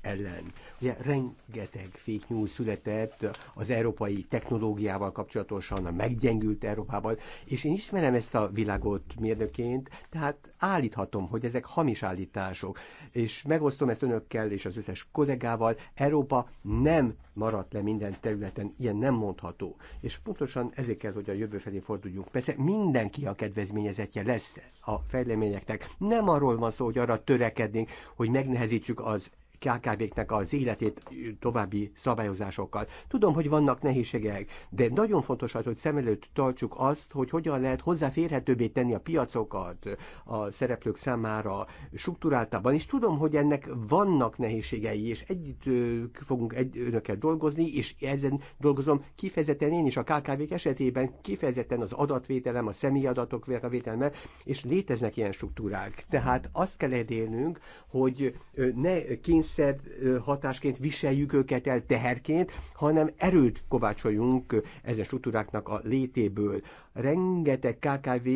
ellen. Ugye rengeteg fake news született az európai technológiával kapcsolatosan, a meggyengült Európában, és én ismerem ezt a világot mérnöként, tehát állíthatom, hogy ezek hamis állítások, és megosztom ezt önökkel és az összes kollégával, Európa nem maradt le minden területen, ilyen nem mondható. És pontosan ezért kell, hogy a jövő felé forduljunk. Persze mindenki a kedvezményezetje lesz a fejleményeknek. Nem arról van szó, hogy arra törekednénk, hogy megnehezítsük az KKV-knek az életét további szabályozásokkal. Tudom, hogy vannak nehézségek, de nagyon fontos az, hogy szem előtt tartsuk azt, hogy hogyan lehet hozzáférhetőbbé tenni a piacokat a szereplők számára struktúráltabban, és tudom, hogy ennek vannak nehézségei, és együtt fogunk egy, önökkel dolgozni, és ezen dolgozom kifejezetten én is a KKV-k esetében, kifejezetten az adatvételem, a személyi adatok vételme, és léteznek ilyen struktúrák. Tehát azt kell edélnünk, hogy ne kényszer kényszer hatásként viseljük őket el teherként, hanem erőt kovácsoljunk ezen struktúráknak a létéből rengeteg KKV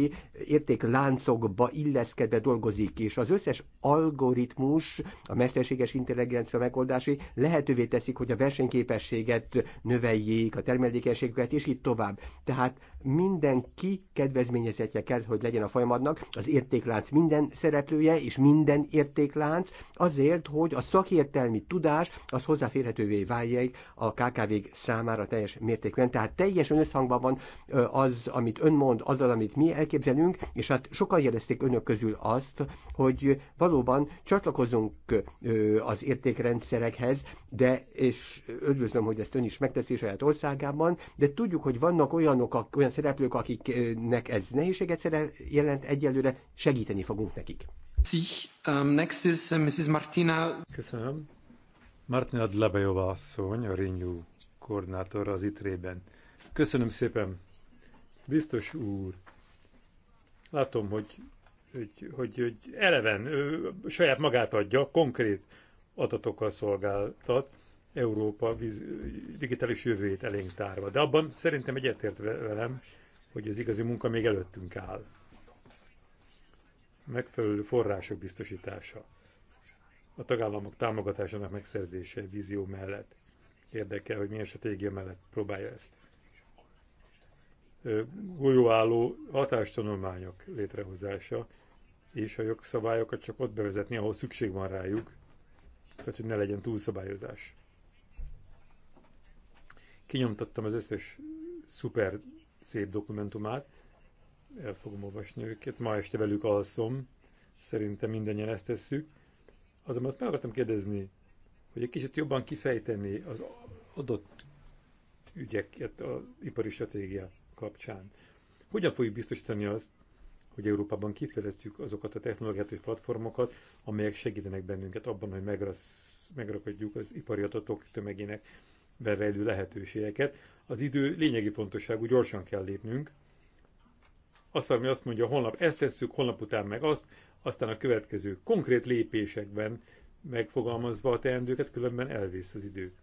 értékláncokba illeszkedve dolgozik, és az összes algoritmus, a mesterséges intelligencia megoldási lehetővé teszik, hogy a versenyképességet növeljék, a termelékenységüket, és így tovább. Tehát mindenki kedvezményezetje kell, hogy legyen a folyamatnak, az értéklánc minden szereplője, és minden értéklánc, azért, hogy a szakértelmi tudás az hozzáférhetővé váljék a kkv számára teljes mértékben. Tehát teljesen összhangban van az, ami amit ön mond, azzal, amit mi elképzelünk, és hát sokan jelezték önök közül azt, hogy valóban csatlakozunk az értékrendszerekhez, de, és üdvözlöm, hogy ezt ön is megteszi saját országában, de tudjuk, hogy vannak olyanok, olyan szereplők, akiknek ez nehézséget jelent egyelőre, segíteni fogunk nekik. Um, next is uh, Mrs. Martina. Köszönöm. Martina Dlebejová asszony, a Renew koordinátora az ITRE-ben. Köszönöm szépen. Biztos úr, látom, hogy, hogy, hogy, hogy eleven, ő saját magát adja, konkrét adatokkal szolgáltat Európa víz, digitális jövőjét elénk tárva. De abban szerintem egyetért velem, hogy az igazi munka még előttünk áll. Megfelelő források biztosítása, a tagállamok támogatásának megszerzése vízió mellett. Érdekel, hogy milyen stratégia mellett próbálja ezt golyóálló hatástanulmányok létrehozása, és a jogszabályokat csak ott bevezetni, ahol szükség van rájuk, tehát hogy ne legyen túlszabályozás. Kinyomtattam az összes szuper szép dokumentumát, el fogom olvasni őket, ma este velük alszom, szerintem mindannyian ezt tesszük. Azonban azt meg akartam kérdezni, hogy egy kicsit jobban kifejteni az adott ügyeket, az ipari stratégiát kapcsán. Hogyan fogjuk biztosítani azt, hogy Európában kifejlesztjük azokat a technológiát és platformokat, amelyek segítenek bennünket abban, hogy megrasz, megrakadjuk az ipari adatok tömegének berejlő lehetőségeket. Az idő lényegi fontosságú, gyorsan kell lépnünk. Azt valami azt mondja, holnap ezt tesszük, holnap után meg azt, aztán a következő konkrét lépésekben megfogalmazva a teendőket, különben elvész az idő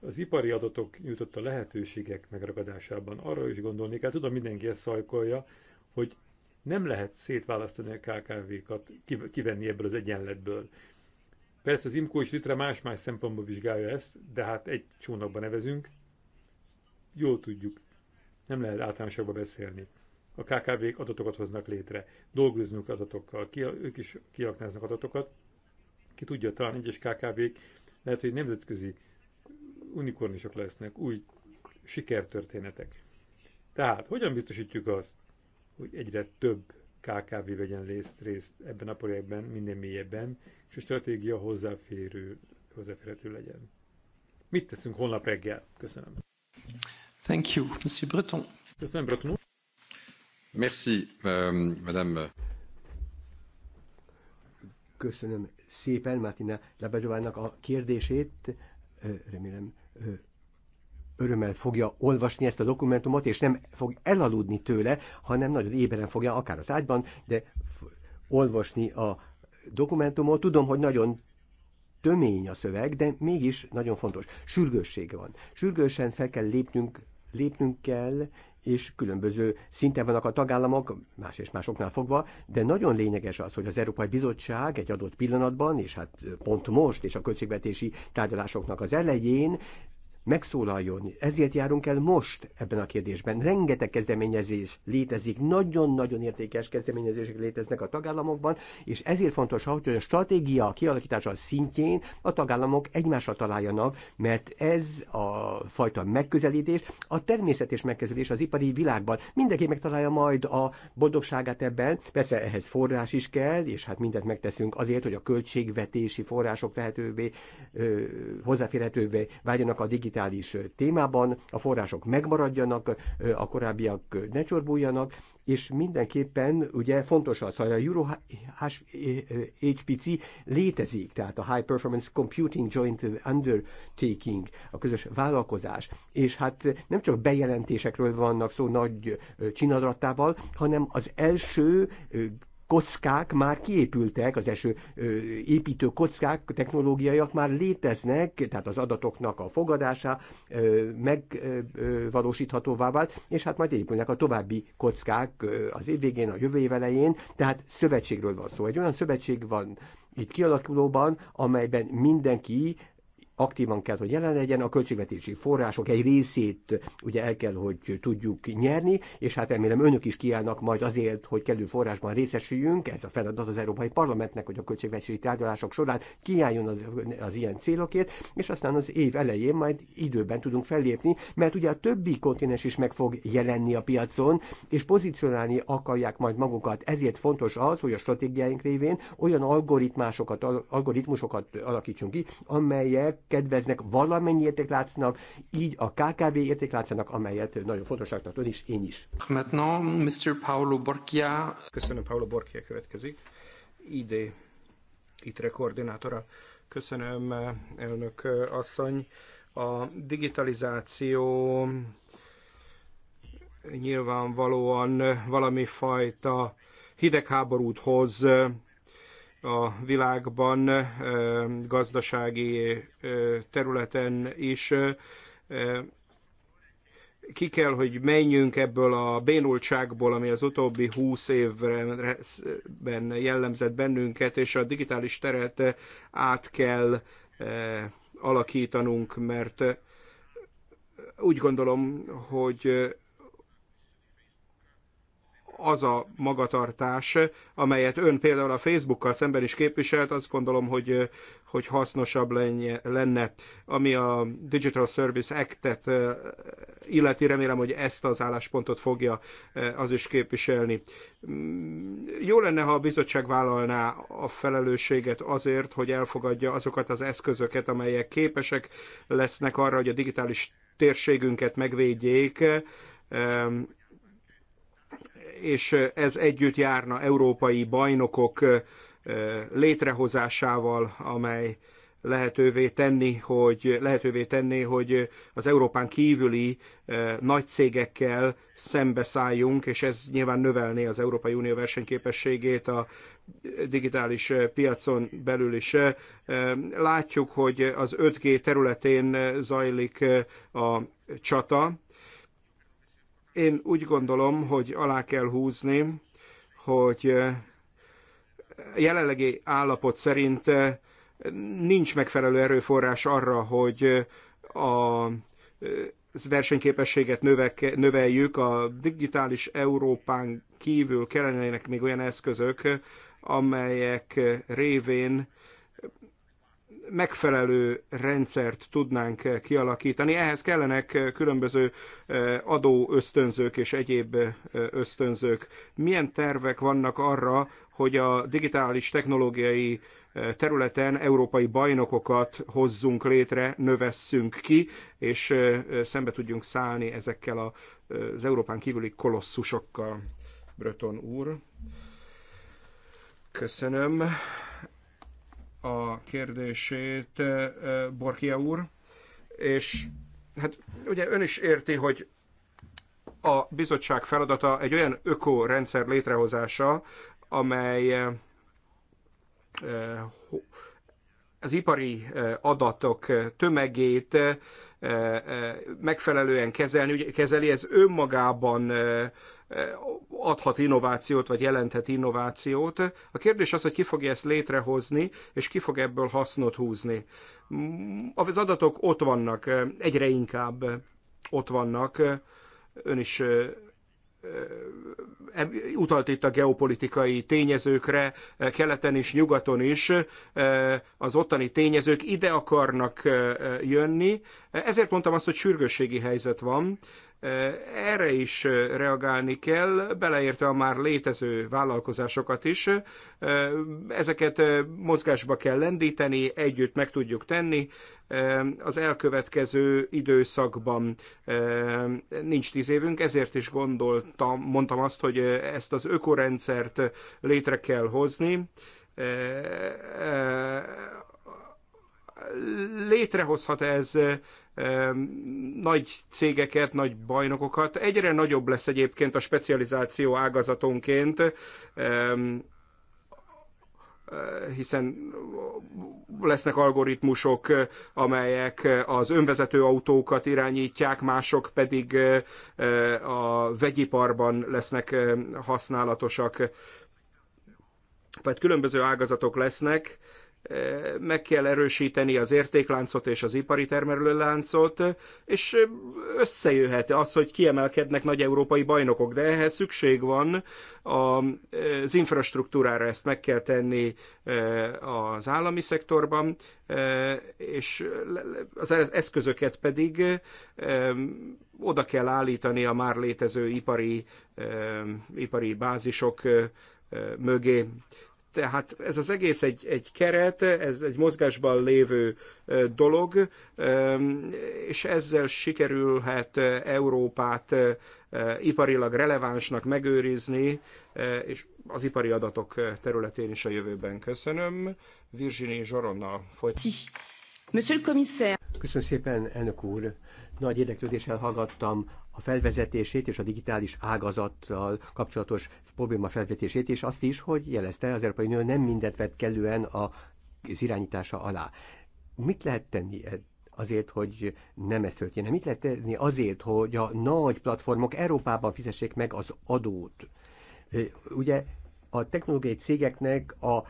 az ipari adatok nyújtotta lehetőségek megragadásában arra is gondolni kell, tudom mindenki ezt szajkolja, hogy nem lehet szétválasztani a KKV-kat, kivenni ebből az egyenletből. Persze az IMCO is litre más-más szempontból vizsgálja ezt, de hát egy csónakban nevezünk, jól tudjuk, nem lehet általánosakba beszélni. A KKV-k adatokat hoznak létre, dolgoznunk adatokkal, ki, ők is kiaknáznak adatokat. Ki tudja, talán egyes KKV-k lehet, hogy nemzetközi unikornisok lesznek, új sikertörténetek. Tehát, hogyan biztosítjuk azt, hogy egyre több KKV vegyen részt, részt ebben a projektben, minden mélyebben, és a stratégia hozzáférő, hozzáférhető legyen. Mit teszünk holnap reggel? Köszönöm. Thank you, Monsieur Breton. Köszönöm, Breton Merci, um, madame. Köszönöm szépen Martina Labadjovának a kérdését remélem örömmel fogja olvasni ezt a dokumentumot, és nem fog elaludni tőle, hanem nagyon éberen fogja, akár az ágyban, de olvasni a dokumentumot. Tudom, hogy nagyon tömény a szöveg, de mégis nagyon fontos. Sürgőssége van. Sürgősen fel kell lépnünk lépnünk kell, és különböző szinten vannak a tagállamok, más és másoknál fogva, de nagyon lényeges az, hogy az Európai Bizottság egy adott pillanatban, és hát pont most, és a költségvetési tárgyalásoknak az elején megszólaljon. Ezért járunk el most ebben a kérdésben. Rengeteg kezdeményezés létezik, nagyon-nagyon értékes kezdeményezések léteznek a tagállamokban, és ezért fontos, hogy a stratégia kialakítása szintjén a tagállamok egymásra találjanak, mert ez a fajta megközelítés, a természetes megközelítés az ipari világban. Mindenki megtalálja majd a boldogságát ebben, persze ehhez forrás is kell, és hát mindent megteszünk azért, hogy a költségvetési források lehetővé, ö, hozzáférhetővé váljanak a digitális digitális témában, a források megmaradjanak, a korábbiak ne csorbuljanak, és mindenképpen ugye fontos az, hogy a Euro HPC létezik, tehát a High Performance Computing Joint Undertaking, a közös vállalkozás, és hát nem csak bejelentésekről vannak szó nagy csinadrattával, hanem az első kockák már kiépültek, az eső építő kockák, technológiaiak már léteznek, tehát az adatoknak a fogadása megvalósíthatóvá vált, és hát majd épülnek a további kockák az év végén, a jövő év elején, tehát szövetségről van szó. Egy olyan szövetség van itt kialakulóban, amelyben mindenki aktívan kell, hogy jelen legyen, a költségvetési források egy részét ugye el kell, hogy tudjuk nyerni, és hát remélem önök is kiállnak majd azért, hogy kellő forrásban részesüljünk, ez a feladat az Európai Parlamentnek, hogy a költségvetési tárgyalások során kiálljon az, az ilyen célokért, és aztán az év elején majd időben tudunk fellépni, mert ugye a többi kontinens is meg fog jelenni a piacon, és pozícionálni akarják majd magukat. Ezért fontos az, hogy a stratégiáink révén olyan algoritmusokat alakítsunk ki, amelyek kedveznek, valamennyi értékláncnak, így a KKV értékláncának, amelyet nagyon fontosnak tart ön is, én is. Maintenant, Mr. Paolo Borchia. Köszönöm, Paolo Borchia következik. ID, ITRE koordinátora. Köszönöm, elnök asszony. A digitalizáció nyilvánvalóan valami fajta hidegháborút hoz a világban, gazdasági területen is. Ki kell, hogy menjünk ebből a bénultságból, ami az utóbbi húsz évben jellemzett bennünket, és a digitális teret át kell alakítanunk, mert úgy gondolom, hogy az a magatartás, amelyet ön például a Facebookkal szemben is képviselt, azt gondolom, hogy, hogy hasznosabb lenne, ami a Digital Service Act-et illeti. Remélem, hogy ezt az álláspontot fogja az is képviselni. Mm, jó lenne, ha a bizottság vállalná a felelősséget azért, hogy elfogadja azokat az eszközöket, amelyek képesek lesznek arra, hogy a digitális térségünket megvédjék, és ez együtt járna európai bajnokok létrehozásával, amely lehetővé tenni, hogy lehetővé tenni, hogy az Európán kívüli nagy cégekkel szembeszálljunk, és ez nyilván növelné az Európai Unió versenyképességét a digitális piacon belül is. Látjuk, hogy az 5G területén zajlik a csata, én úgy gondolom, hogy alá kell húzni, hogy eh, jelenlegi állapot szerint eh, nincs megfelelő erőforrás arra, hogy eh, a versenyképességet növeljük. A digitális Európán kívül kellene még olyan eszközök, amelyek révén megfelelő rendszert tudnánk kialakítani. Ehhez kellenek különböző eh, adó ösztönzők és egyéb eh, ösztönzők. Milyen tervek vannak arra, hogy a digitális technológiai eh, területen európai bajnokokat hozzunk létre, növesszünk ki, és szembe tudjunk szállni ezekkel az Európán kívüli kolosszusokkal. Breton úr. Köszönöm a kérdését, eh, eh, Borkia úr, és hát ugye ön is érti, hogy a bizottság feladata egy olyan ökorendszer létrehozása, amely eh, az ipari adatok tömegét megfelelően kezelni, ugye, kezeli, ez önmagában Eh, adhat innovációt, vagy jelenthet innovációt. A kérdés az, hogy ki fogja ezt létrehozni, és ki fog ebből hasznot húzni. Mm, az adatok ott vannak, eh, egyre inkább eh, ott vannak. Ön is utalt itt a geopolitikai tényezőkre, keleten is, nyugaton is, az ottani tényezők ide akarnak jönni. Ezért mondtam azt, hogy sürgősségi helyzet van. Erre is reagálni kell, beleértve a már létező vállalkozásokat is. Ezeket mozgásba kell lendíteni, együtt meg tudjuk tenni. Az elkövetkező időszakban nincs tíz évünk, ezért is gondoltam, mondtam azt, hogy ezt az ökorendszert létre kell hozni létrehozhat ez nagy cégeket, nagy bajnokokat. Egyre nagyobb lesz egyébként a specializáció ágazatonként, hiszen lesznek algoritmusok, amelyek az önvezető autókat irányítják, mások pedig eh, a vegyiparban lesznek eh, használatosak. Tehát különböző ágazatok lesznek, meg kell erősíteni az értékláncot és az ipari termelőláncot, és összejöhet az, hogy kiemelkednek nagy európai bajnokok, de ehhez szükség van az infrastruktúrára, ezt meg kell tenni az állami szektorban, és az e-, eszközöket pedig oda kell állítani a már létező ipari, ipari bázisok mögé. Tehát ez az egész egy, egy keret, ez egy mozgásban lévő dolog, és ezzel sikerülhet Európát iparilag relevánsnak megőrizni, és az ipari adatok területén is a jövőben. Köszönöm. Virginie Zsoronnal folytatjuk. Monsieur le commissaire. Köszönöm szépen, elnök úr. Nagy érdeklődéssel hallgattam a felvezetését és a digitális ágazattal kapcsolatos probléma felvetését, és azt is, hogy jelezte az Európai Unió nem mindent vett kellően az irányítása alá. Mit lehet tenni e- azért, hogy nem ez történne? Mit lehet tenni azért, hogy a nagy platformok Európában fizessék meg az adót? Ugye a technológiai cégeknek a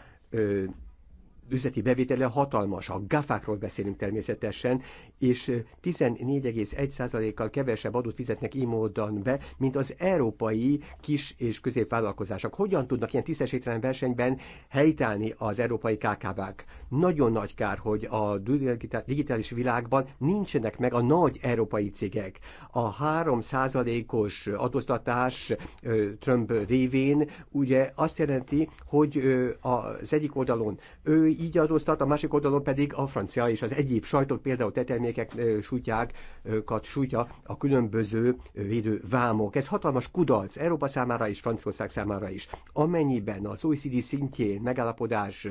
üzleti bevétele hatalmas, a gafákról beszélünk természetesen, és 14,1%-kal kevesebb adót fizetnek így módon be, mint az európai kis és középvállalkozások. Hogyan tudnak ilyen tisztességtelen versenyben helytállni az európai KKV-k? Nagyon nagy kár, hogy a digitális világban nincsenek meg a nagy európai cégek. A 3%-os adóztatás Trump révén ugye azt jelenti, hogy az egyik oldalon ő így adóztat, a másik oldalon pedig a francia és az egyéb sajtot, például tetermékek sújtjákat sújtja a különböző védő vámok. Ez hatalmas kudarc Európa számára és Franciaország számára is. Amennyiben az OECD szintjén megállapodás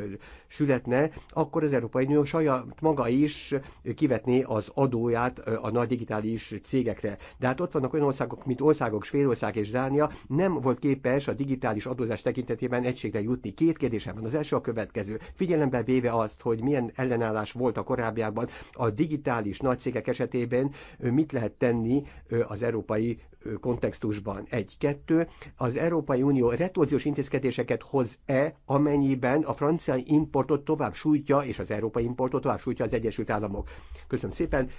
születne, akkor az Európai Unió saját maga is kivetné az adóját a nagy digitális cégekre. De hát ott vannak olyan országok, mint országok, Svédország és Dánia, nem volt képes a digitális adózás tekintetében egységre jutni. Két kérdésem van. Az első a következő. Figyelembe figyelembe véve azt, hogy milyen ellenállás volt a korábbiakban a digitális nagycégek esetében, mit lehet tenni az európai kontextusban. Egy-kettő, az Európai Unió retorziós intézkedéseket hoz-e, amennyiben a francia importot tovább sújtja, és az európai importot tovább sújtja az Egyesült Államok. Köszönöm szépen,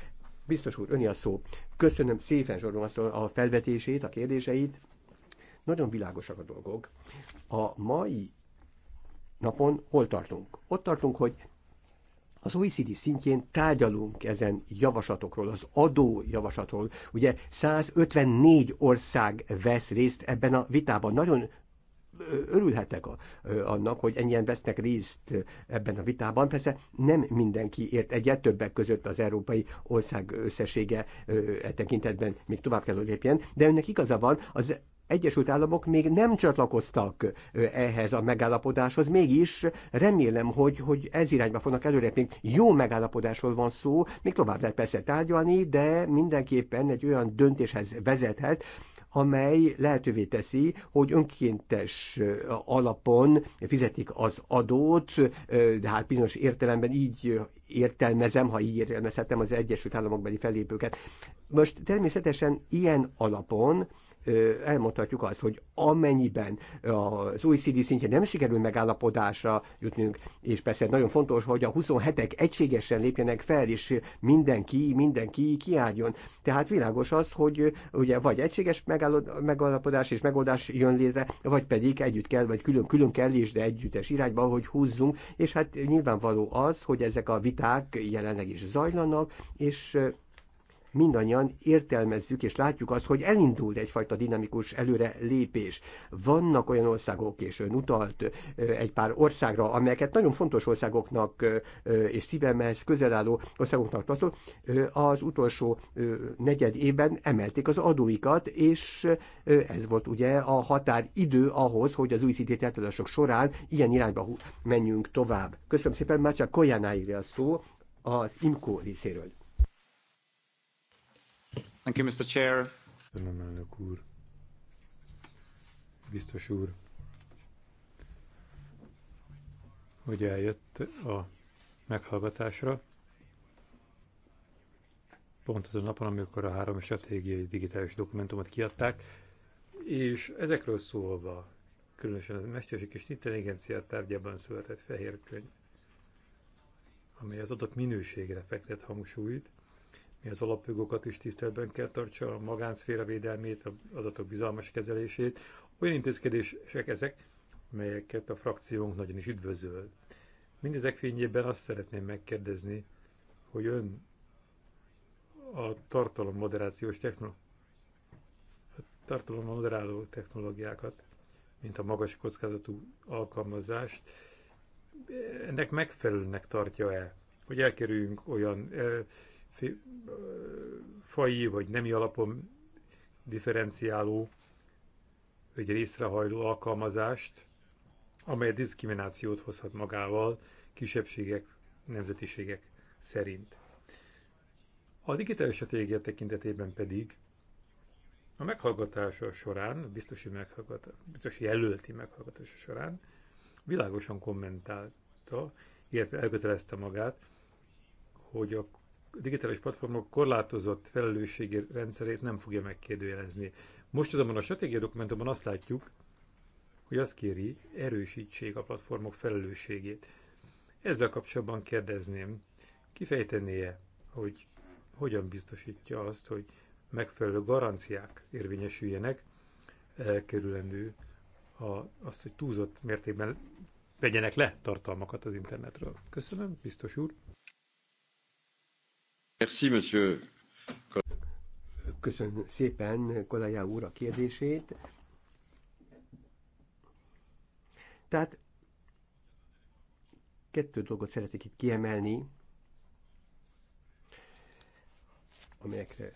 biztos úr, öni a szó. Köszönöm szépen, Zsorban, a felvetését, a kérdéseit. Nagyon világosak a dolgok. A mai napon hol tartunk? Ott tartunk, hogy az OECD szintjén tárgyalunk ezen javaslatokról, az adó javaslatról. Ugye 154 ország vesz részt ebben a vitában. Nagyon örülhetek a, annak, hogy ennyien vesznek részt ebben a vitában. Persze nem mindenki ért egyet, többek között az európai ország összessége e tekintetben még tovább kell, hogy lépjen, de önnek igaza van, az Egyesült Államok még nem csatlakoztak ehhez a megállapodáshoz, mégis remélem, hogy, hogy ez irányba fognak előrepni. Jó megállapodásról van szó, még tovább lehet persze tárgyalni, de mindenképpen egy olyan döntéshez vezethet, amely lehetővé teszi, hogy önkéntes alapon fizetik az adót, de hát bizonyos értelemben így értelmezem, ha így értelmezhetem az Egyesült Államokbeli fellépőket. Most természetesen ilyen alapon elmondhatjuk azt, hogy amennyiben az OECD szintje nem sikerül megállapodásra jutnunk, és persze nagyon fontos, hogy a 27-ek egységesen lépjenek fel, és mindenki, mindenki kiálljon. Tehát világos az, hogy ugye vagy egységes megállapodás és megoldás jön létre, vagy pedig együtt kell, vagy külön-külön kell is, de együttes irányba, hogy húzzunk, és hát nyilvánvaló az, hogy ezek a viták jelenleg is zajlanak, és mindannyian értelmezzük és látjuk azt, hogy elindult egyfajta dinamikus előre lépés. Vannak olyan országok, és ön utalt egy pár országra, amelyeket nagyon fontos országoknak és szívemhez közel álló országoknak tartó, az utolsó negyed évben emelték az adóikat, és ez volt ugye a határidő ahhoz, hogy az új szidételtadások során ilyen irányba menjünk tovább. Köszönöm szépen, már csak Kolyáná a szó az IMCO részéről. Thank you, Mr. Chair. Köszönöm, elnök úr. Biztos úr, hogy eljött a meghallgatásra. Pont azon napon, amikor a három stratégiai digitális dokumentumot kiadták, és ezekről szólva, különösen a mesterség és intelligencia tárgyában született fehér könyv, amely az adott minőségre fektet hangsúlyt, mi az alapjogokat is tiszteletben kell tartsa, a magánszféra védelmét, az adatok bizalmas kezelését. Olyan intézkedések ezek, melyeket a frakciónk nagyon is üdvözöl. Mindezek fényében azt szeretném megkérdezni, hogy ön a tartalom moderációs a tartalom moderáló technológiákat, mint a magas kockázatú alkalmazást, ennek megfelelőnek tartja-e, hogy elkerüljünk olyan eh, fai vagy nemi alapon differenciáló, vagy részrehajló alkalmazást, amely diszkriminációt hozhat magával kisebbségek, nemzetiségek szerint. A digitális stratégia tekintetében pedig a meghallgatása során, biztosi, meghallgatás, biztosi jelölti meghallgatása során világosan kommentálta, illetve elkötelezte magát, hogy a digitális platformok korlátozott felelősségi rendszerét nem fogja megkérdőjelezni. Most azonban a stratégia dokumentumban azt látjuk, hogy azt kéri, erősítsék a platformok felelősségét. Ezzel kapcsolatban kérdezném, kifejtené-e, hogy hogyan biztosítja azt, hogy megfelelő garanciák érvényesüljenek, elkerülendő a, az, hogy túlzott mértékben vegyenek le tartalmakat az internetről. Köszönöm, biztos úr. Merci, monsieur. Köszönöm szépen Kodályá úr a kérdését. Tehát kettő dolgot szeretnék itt kiemelni, amelyekre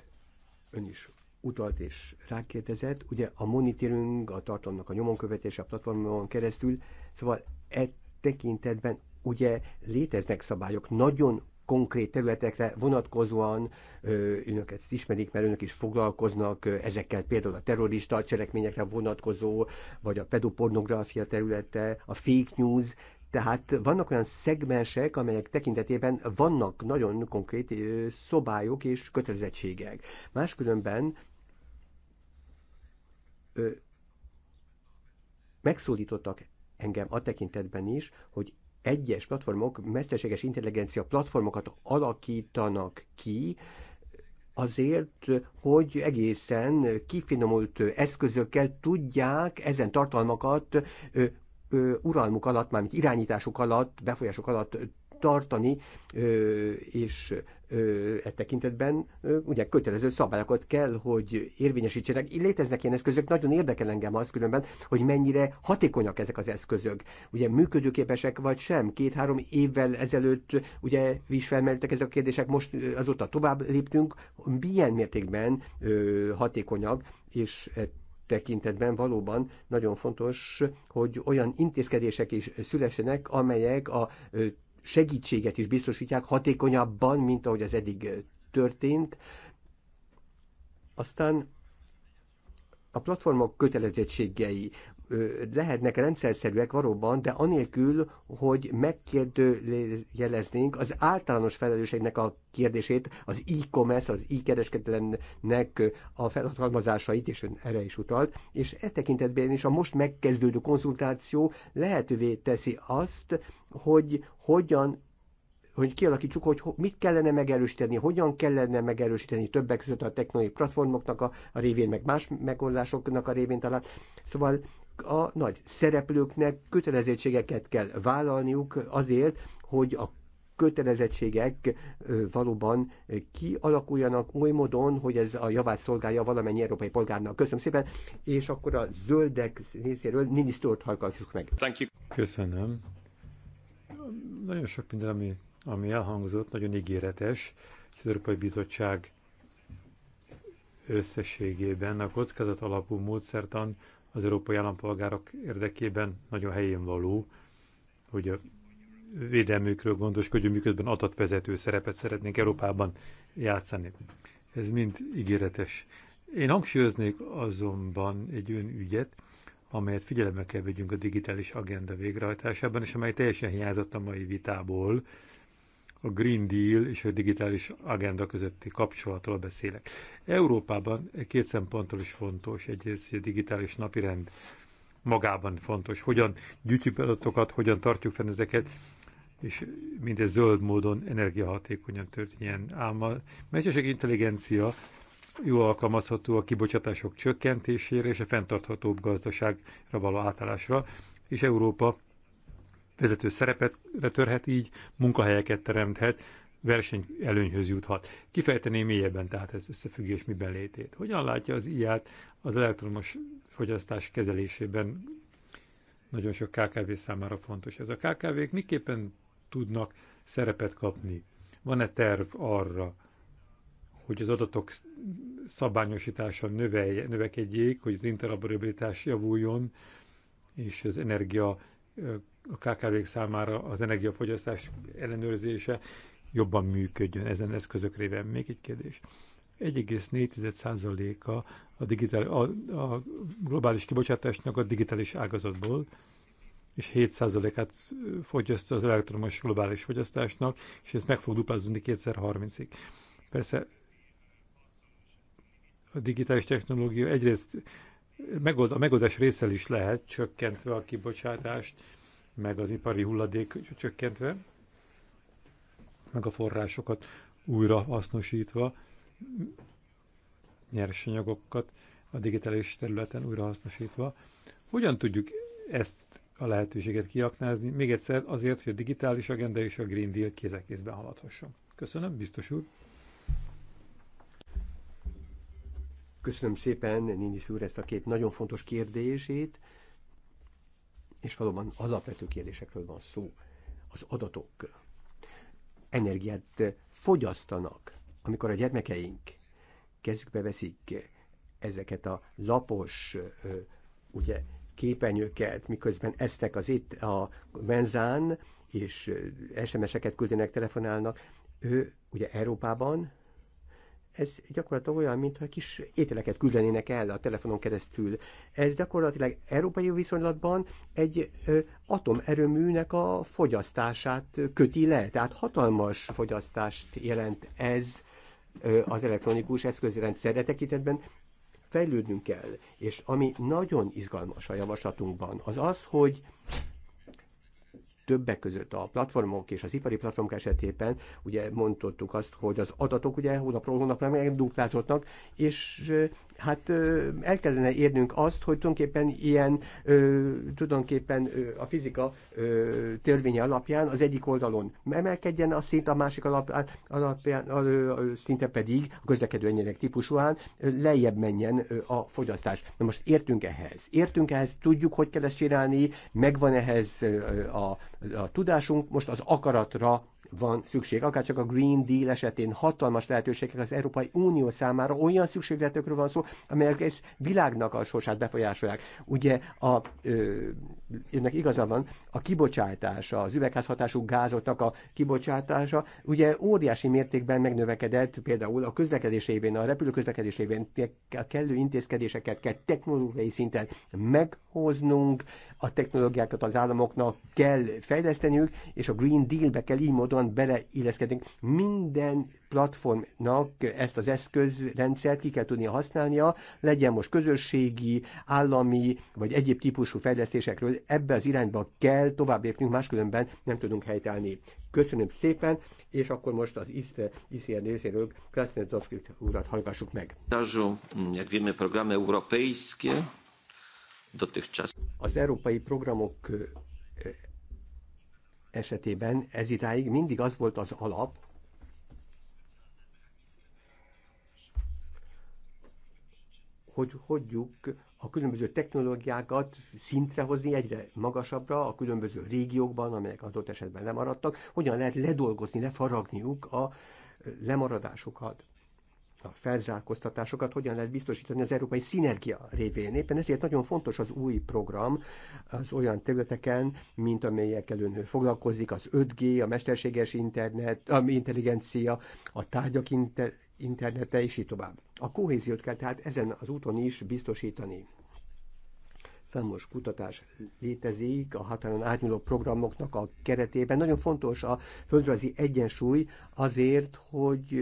ön is utalt és rákérdezett. Ugye a monitoring, a tartalomnak a nyomonkövetése a platformon keresztül, szóval e tekintetben ugye léteznek szabályok, nagyon konkrét területekre vonatkozóan ö, ezt ismerik, mert önök is foglalkoznak ezekkel, például a terrorista cselekményekre vonatkozó, vagy a pedopornográfia területe, a fake news, tehát vannak olyan szegmensek, amelyek tekintetében vannak nagyon konkrét szobályok és kötelezettségek. Máskülönben ö, megszólítottak engem a tekintetben is, hogy egyes platformok mesterséges intelligencia platformokat alakítanak ki, azért, hogy egészen kifinomult eszközökkel tudják ezen tartalmakat uralmuk alatt, mármint irányításuk alatt, befolyásuk alatt tartani, és e tekintetben ugye kötelező szabályokat kell, hogy érvényesítsenek. Léteznek ilyen eszközök, nagyon érdekel engem az különben, hogy mennyire hatékonyak ezek az eszközök. Ugye működőképesek vagy sem? Két-három évvel ezelőtt ugye is felmerültek ezek a kérdések, most azóta tovább léptünk. Milyen mértékben hatékonyak, és e tekintetben valóban nagyon fontos, hogy olyan intézkedések is szülessenek, amelyek a segítséget is biztosítják hatékonyabban, mint ahogy az eddig történt. Aztán a platformok kötelezettségei, lehetnek rendszerszerűek valóban, de anélkül, hogy megkérdőjeleznénk az általános felelősségnek a kérdését, az e-commerce, az e-kereskedelemnek a felhatalmazásait, és ön erre is utalt, és e tekintetben is a most megkezdődő konzultáció lehetővé teszi azt, hogy hogyan hogy kialakítsuk, hogy mit kellene megerősíteni, hogyan kellene megerősíteni többek között a technológiai platformoknak a, a révén, meg más megoldásoknak a révén talán. Szóval a nagy szereplőknek kötelezettségeket kell vállalniuk azért, hogy a kötelezettségek valóban kialakuljanak oly módon, hogy ez a javát szolgálja valamennyi európai polgárnak. Köszönöm szépen, és akkor a zöldek részéről minisztort hallgassuk meg. Thank you. Köszönöm. Nagyon sok minden, ami, ami elhangzott, nagyon ígéretes, az Európai Bizottság összességében a kockázat alapú módszertan az európai állampolgárok érdekében nagyon helyén való, hogy a védelmükről gondoskodjunk, miközben adatvezető szerepet szeretnénk Európában játszani. Ez mind ígéretes. Én hangsúlyoznék azonban egy olyan ügyet, amelyet figyelembe kell vegyünk a digitális agenda végrehajtásában, és amely teljesen hiányzott a mai vitából, a Green Deal és a digitális agenda közötti kapcsolatról beszélek. Európában két szempontból is fontos, egyrészt a digitális napirend magában fontos, hogyan gyűjtjük adatokat, hogyan tartjuk fenn ezeket, és mindez zöld módon energiahatékonyan történjen. Ám a mesterség intelligencia jó alkalmazható a kibocsátások csökkentésére és a fenntarthatóbb gazdaságra való átállásra, és Európa vezető szerepet törhet így, munkahelyeket teremthet, versenyelőnyhöz juthat. Kifejteném mélyebben tehát ez összefüggés miben létét. Hogyan látja az iát az elektromos fogyasztás kezelésében nagyon sok KKV számára fontos. Ez a KKV-k miképpen tudnak szerepet kapni? Van-e terv arra, hogy az adatok szabványosítása növelje, növekedjék, hogy az interoperabilitás javuljon, és az energia a kkv számára az energiafogyasztás ellenőrzése jobban működjön ezen eszközök révén. Még egy kérdés. 1,4%-a a, digitál, a, a globális kibocsátásnak a digitális ágazatból, és 7%-át fogyasztja az elektromos globális fogyasztásnak, és ez meg fog duplázódni 2030-ig. Persze a digitális technológia egyrészt megold, a megoldás része is lehet, csökkentve a kibocsátást, meg az ipari hulladék csökkentve, meg a forrásokat újra hasznosítva, nyersanyagokat a digitális területen újra hasznosítva. Hogyan tudjuk ezt a lehetőséget kiaknázni, még egyszer azért, hogy a digitális agenda és a Green Deal kézekézben haladhasson. Köszönöm, biztos úr. Köszönöm szépen Ninis úr ezt a két nagyon fontos kérdését és valóban alapvető kérdésekről van szó, az adatok energiát fogyasztanak, amikor a gyermekeink kezükbe veszik ezeket a lapos ugye, képenyőket, miközben eztek az itt a benzán, és SMS-eket küldenek, telefonálnak, ő ugye Európában ez gyakorlatilag olyan, mintha kis ételeket küldenének el a telefonon keresztül. Ez gyakorlatilag európai viszonylatban egy ö, atomerőműnek a fogyasztását köti le, tehát hatalmas fogyasztást jelent ez ö, az elektronikus eszközrendszerre tekintetben fejlődnünk kell. És ami nagyon izgalmas a javaslatunkban, az az, hogy többek között a platformok és az ipari platformok esetében ugye mondtottuk azt, hogy az adatok ugye hónapról hónapra megduplázódnak, és hát el kellene érnünk azt, hogy tulajdonképpen ilyen, tulajdonképpen a fizika törvénye alapján az egyik oldalon emelkedjen a szint, a másik alapján, alapján szinte pedig a közlekedő enyerek típusúán lejjebb menjen a fogyasztás. Na most értünk ehhez, értünk ehhez, tudjuk, hogy kell ezt csinálni, megvan ehhez a a tudásunk most az akaratra van szükség. Akár csak a Green Deal esetén hatalmas lehetőségek az Európai Unió számára olyan szükségletekről van szó, amelyek egész világnak a sorsát befolyásolják. Ugye a, ö, ennek igaza van, a kibocsátása, az üvegházhatású gázoknak a kibocsátása, ugye óriási mértékben megnövekedett például a közlekedés évén, a repülőközlekedés évén a kellő intézkedéseket kell technológiai szinten meghoznunk, a technológiákat az államoknak kell fejleszteniük, és a Green Deal-be kell így módon módon beleilleszkedünk. Minden platformnak ezt az eszközrendszert ki kell tudnia használnia, legyen most közösségi, állami vagy egyéb típusú fejlesztésekről, ebbe az irányba kell tovább lépnünk, máskülönben nem tudunk helytállni. Köszönöm szépen, és akkor most az ISZTE, ICR részéről Krasznodowski urat hallgassuk meg. Jak wiemy, programy europejskie dotychczas. Az európai programok esetében ez idáig mindig az volt az alap, hogy hogyjuk a különböző technológiákat szintre hozni egyre magasabbra a különböző régiókban, amelyek adott esetben lemaradtak, hogyan lehet ledolgozni, lefaragniuk a lemaradásukat a felzárkóztatásokat hogyan lehet biztosítani az európai szinergia révén. Éppen ezért nagyon fontos az új program az olyan területeken, mint amelyek előn foglalkozik, az 5G, a mesterséges internet, a intelligencia, a tárgyak inter, internete, és így tovább. A kohéziót kell tehát ezen az úton is biztosítani számos kutatás létezik a határon átnyúló programoknak a keretében. Nagyon fontos a földrajzi egyensúly azért, hogy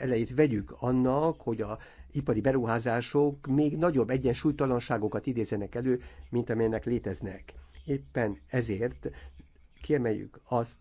elejét vegyük annak, hogy a ipari beruházások még nagyobb egyensúlytalanságokat idézenek elő, mint amelynek léteznek. Éppen ezért kiemeljük azt,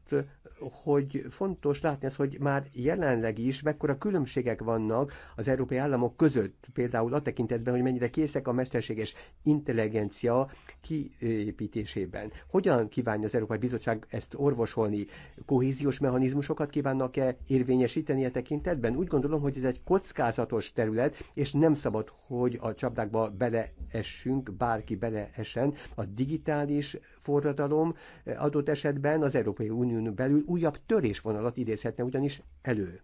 hogy fontos látni az, hogy már jelenleg is mekkora különbségek vannak az európai államok között, például a tekintetben, hogy mennyire készek a mesterséges intelligencia kiépítésében. Hogyan kívánja az Európai Bizottság ezt orvosolni? Kohéziós mechanizmusokat kívánnak-e érvényesíteni a tekintetben? Úgy gondolom, hogy ez egy kockázatos terület, és nem szabad, hogy a csapdákba beleessünk, bárki beleesen. A digitális forradalom adott esetben az Európai Unión belül újabb törésvonalat idézhetne ugyanis elő.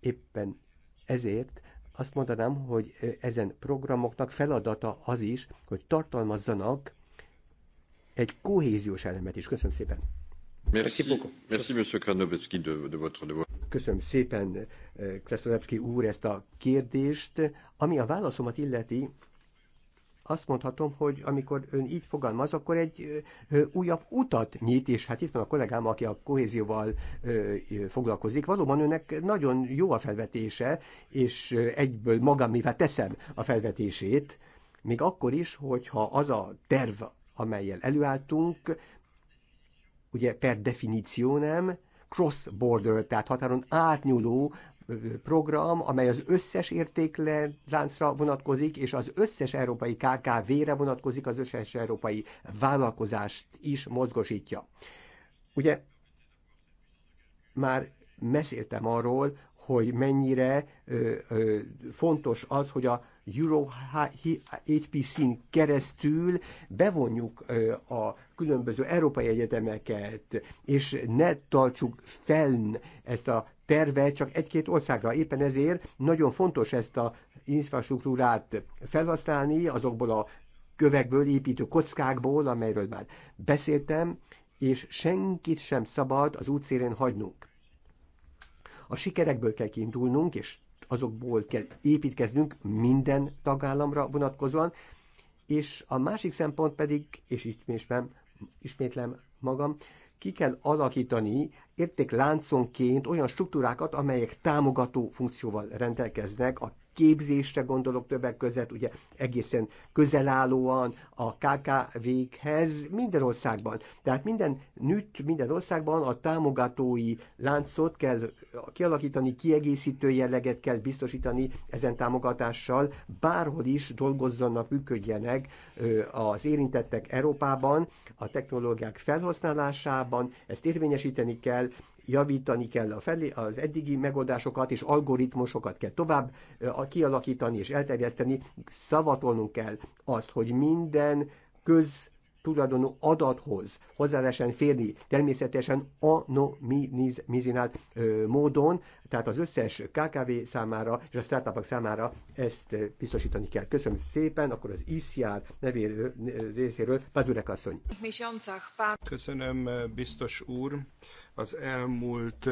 Éppen ezért azt mondanám, hogy ezen programoknak feladata az is, hogy tartalmazzanak egy kohéziós elemet is. Köszönöm szépen. Merci, beaucoup. Merci, Monsieur Kranovski, de, de votre Köszönöm szépen, Krasznodebszki úr, ezt a kérdést. Ami a válaszomat illeti, azt mondhatom, hogy amikor ön így fogalmaz, akkor egy ö, újabb utat nyit, és hát itt van a kollégám, aki a kohézióval ö, foglalkozik. Valóban önnek nagyon jó a felvetése, és egyből magam mivel teszem a felvetését, még akkor is, hogyha az a terv, amelyel előálltunk, ugye per definíció nem, cross-border, tehát határon átnyúló program, amely az összes értékláncra vonatkozik, és az összes európai KKV-re vonatkozik, az összes európai vállalkozást is mozgosítja. Ugye már beszéltem arról, hogy mennyire ö, ö, fontos az, hogy a Euro HPC-n keresztül bevonjuk ö, a különböző európai egyetemeket, és ne tartsuk fenn ezt a terve csak egy-két országra. Éppen ezért nagyon fontos ezt a infrastruktúrát felhasználni azokból a kövekből, építő kockákból, amelyről már beszéltem, és senkit sem szabad az útszélén hagynunk. A sikerekből kell kiindulnunk, és azokból kell építkeznünk minden tagállamra vonatkozóan, és a másik szempont pedig, és itt ismétlem, ismétlem magam, ki kell alakítani értéklánconként olyan struktúrákat, amelyek támogató funkcióval rendelkeznek a képzésre gondolok többek között, ugye egészen közelállóan a KKV-khez minden országban. Tehát minden nőtt, minden országban a támogatói láncot kell kialakítani, kiegészítő jelleget kell biztosítani ezen támogatással, bárhol is dolgozzanak, működjenek az érintettek Európában, a technológiák felhasználásában, ezt érvényesíteni kell, javítani kell a felé, az eddigi megoldásokat, és algoritmusokat kell tovább kialakítani és elterjeszteni. Szavatolnunk kell azt, hogy minden köz tulajdonú adathoz hozzá lehessen férni, természetesen anominizált módon, tehát az összes KKV számára és a startupok számára ezt biztosítani kell. Köszönöm szépen, akkor az ICR nevéről, részéről Pazurek asszony. Köszönöm, biztos úr. Az elmúlt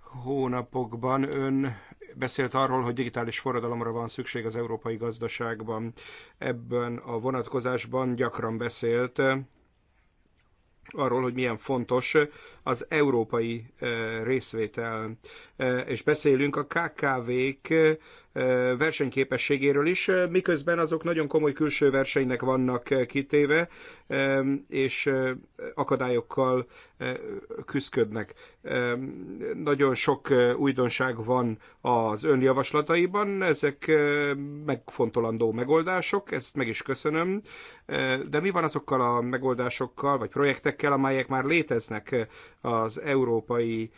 hónapokban ön beszélt arról, hogy digitális forradalomra van szükség az európai gazdaságban. Ebben a vonatkozásban gyakran beszélt eh, arról, hogy milyen fontos az európai eh, részvétel. Eh, és beszélünk a KKV-k versenyképességéről is, miközben azok nagyon komoly külső versenynek vannak kitéve, és akadályokkal küzdködnek. Nagyon sok újdonság van az javaslataiban, ezek megfontolandó megoldások, ezt meg is köszönöm, de mi van azokkal a megoldásokkal, vagy projektekkel, amelyek már léteznek az európai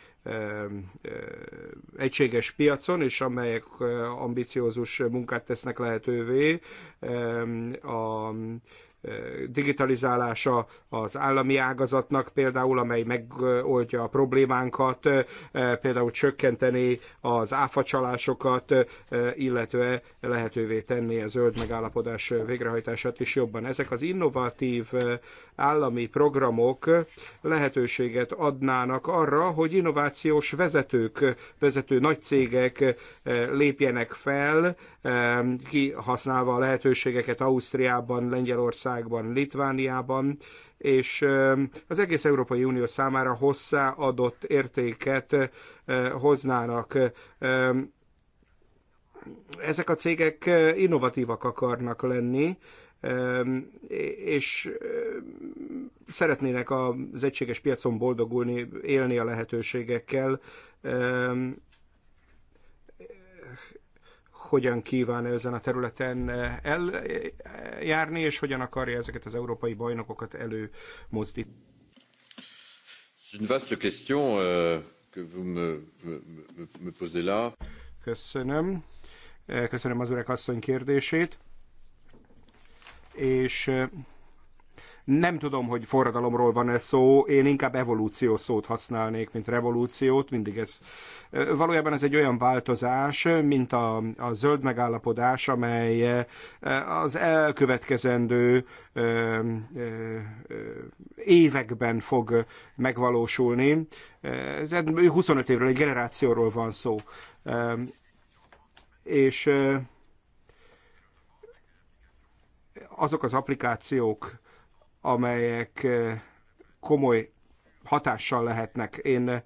egységes piacon, és amelyek eh, ambiciózus munkát tesznek lehetővé a digitalizálása az állami ágazatnak például, amely megoldja a problémánkat, e, például csökkenteni az áfacsalásokat, e, illetve lehetővé tenni a zöld megállapodás végrehajtását is jobban. Ezek az innovatív e, állami programok lehetőséget adnának arra, hogy innovációs vezetők, vezető nagy cégek lépjenek fel, kihasználva a lehetőségeket Ausztriában, Lengyelországban, Litvániában, és az egész Európai Unió számára hozzáadott értéket eh, hoznának ezek a cégek eh, innovatívak akarnak lenni, és eh, szeretnének az egységes piacon boldogulni, élni a lehetőségekkel hogyan kíván ezen a területen eh, eljárni, és hogyan akarja ezeket az európai bajnokokat előmozdítani. Euh, köszönöm. Eh, köszönöm az öreg asszony kérdését. És eh, nem tudom, hogy forradalomról van ez szó, én inkább evolúció szót használnék, mint revolúciót, mindig ez. Valójában ez egy olyan változás, mint a, a zöld megállapodás, amely az elkövetkezendő években fog megvalósulni. Tehát 25 évről, egy generációról van szó. És azok az applikációk, amelyek eh, komoly hatással lehetnek. Én eh,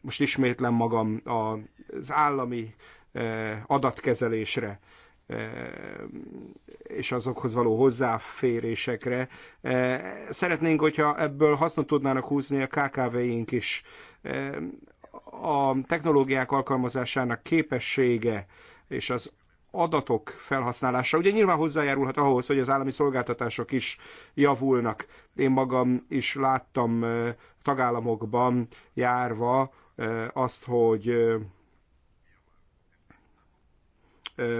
most ismétlem magam az állami eh, adatkezelésre és azokhoz való hozzáférésekre. Szeretnénk, hogyha ebből hasznot tudnának húzni a KKV-ink is. A technológiák alkalmazásának képessége és az adatok felhasználása. Ugye nyilván hozzájárulhat ahhoz, hogy az állami szolgáltatások is javulnak. Én magam is láttam eh, tagállamokban járva eh, azt, hogy eh,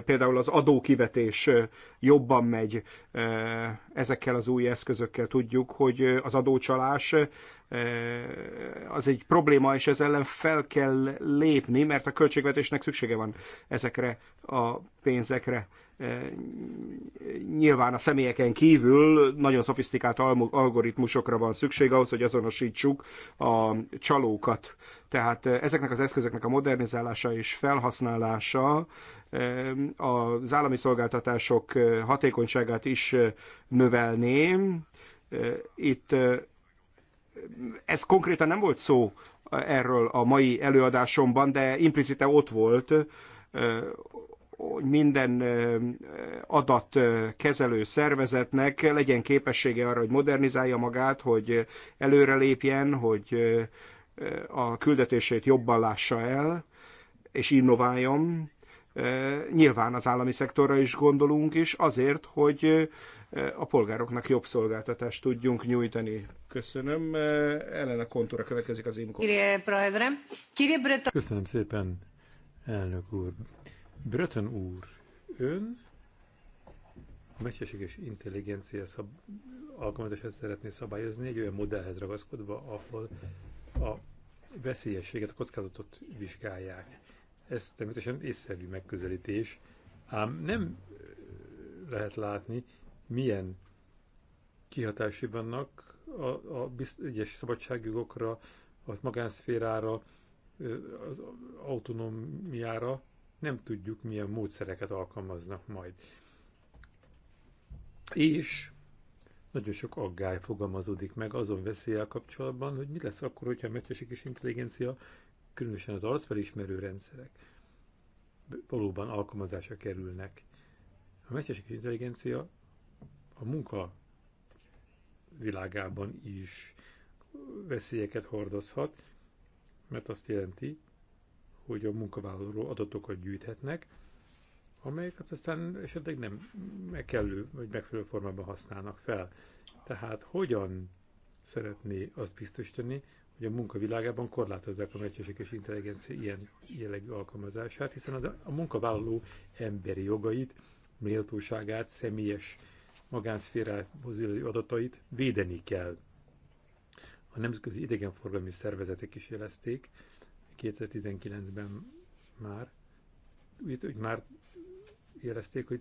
például az adókivetés jobban megy ezekkel az új eszközökkel. Tudjuk, hogy az adócsalás az egy probléma, és ez ellen fel kell lépni, mert a költségvetésnek szüksége van ezekre a pénzekre. Nyilván a személyeken kívül nagyon szofisztikált algoritmusokra van szükség ahhoz, hogy azonosítsuk a csalókat tehát ezeknek az eszközöknek a modernizálása és felhasználása az állami szolgáltatások hatékonyságát is növelné. Itt ez konkrétan nem volt szó erről a mai előadásomban, de implicite ott volt, hogy minden adatkezelő szervezetnek legyen képessége arra, hogy modernizálja magát, hogy előrelépjen, hogy a küldetését jobban lássa el, és innováljon. E, nyilván az állami szektorra is gondolunk, és azért, hogy e, a polgároknak jobb szolgáltatást tudjunk nyújtani. Köszönöm. Ellen a kontúra következik az IMCO. Köszönöm szépen, elnök úr. Breton úr, ön a mesterséges intelligencia szab- alkalmazását szeretné szabályozni egy olyan modellhez ragaszkodva, ahol a veszélyességet, a kockázatot vizsgálják. Ez természetesen észszerű megközelítés, ám nem lehet látni, milyen kihatási vannak a, a bizt, egyes szabadságjogokra, a magánszférára, az autonómiára, nem tudjuk, milyen módszereket alkalmaznak majd. És nagyon sok aggály fogalmazódik meg azon veszélyel kapcsolatban, hogy mi lesz akkor, hogyha a mesterséges intelligencia, különösen az arcfelismerő rendszerek valóban alkalmazásra kerülnek. A mesterséges intelligencia a munka világában is veszélyeket hordozhat, mert azt jelenti, hogy a munkavállalóról adatokat gyűjthetnek, amelyeket aztán esetleg nem kellő vagy megfelelő formában használnak fel. Tehát hogyan szeretné azt biztosítani, hogy a munkavilágában korlátozzák a mesterséges intelligencia ilyen jellegű alkalmazását, hiszen az a munkavállaló emberi jogait, méltóságát, személyes magánszférához illő adatait védeni kell. A Nemzetközi Idegenforgalmi Szervezetek is jelezték 2019-ben már, úgy, hogy már jelezték, hogy,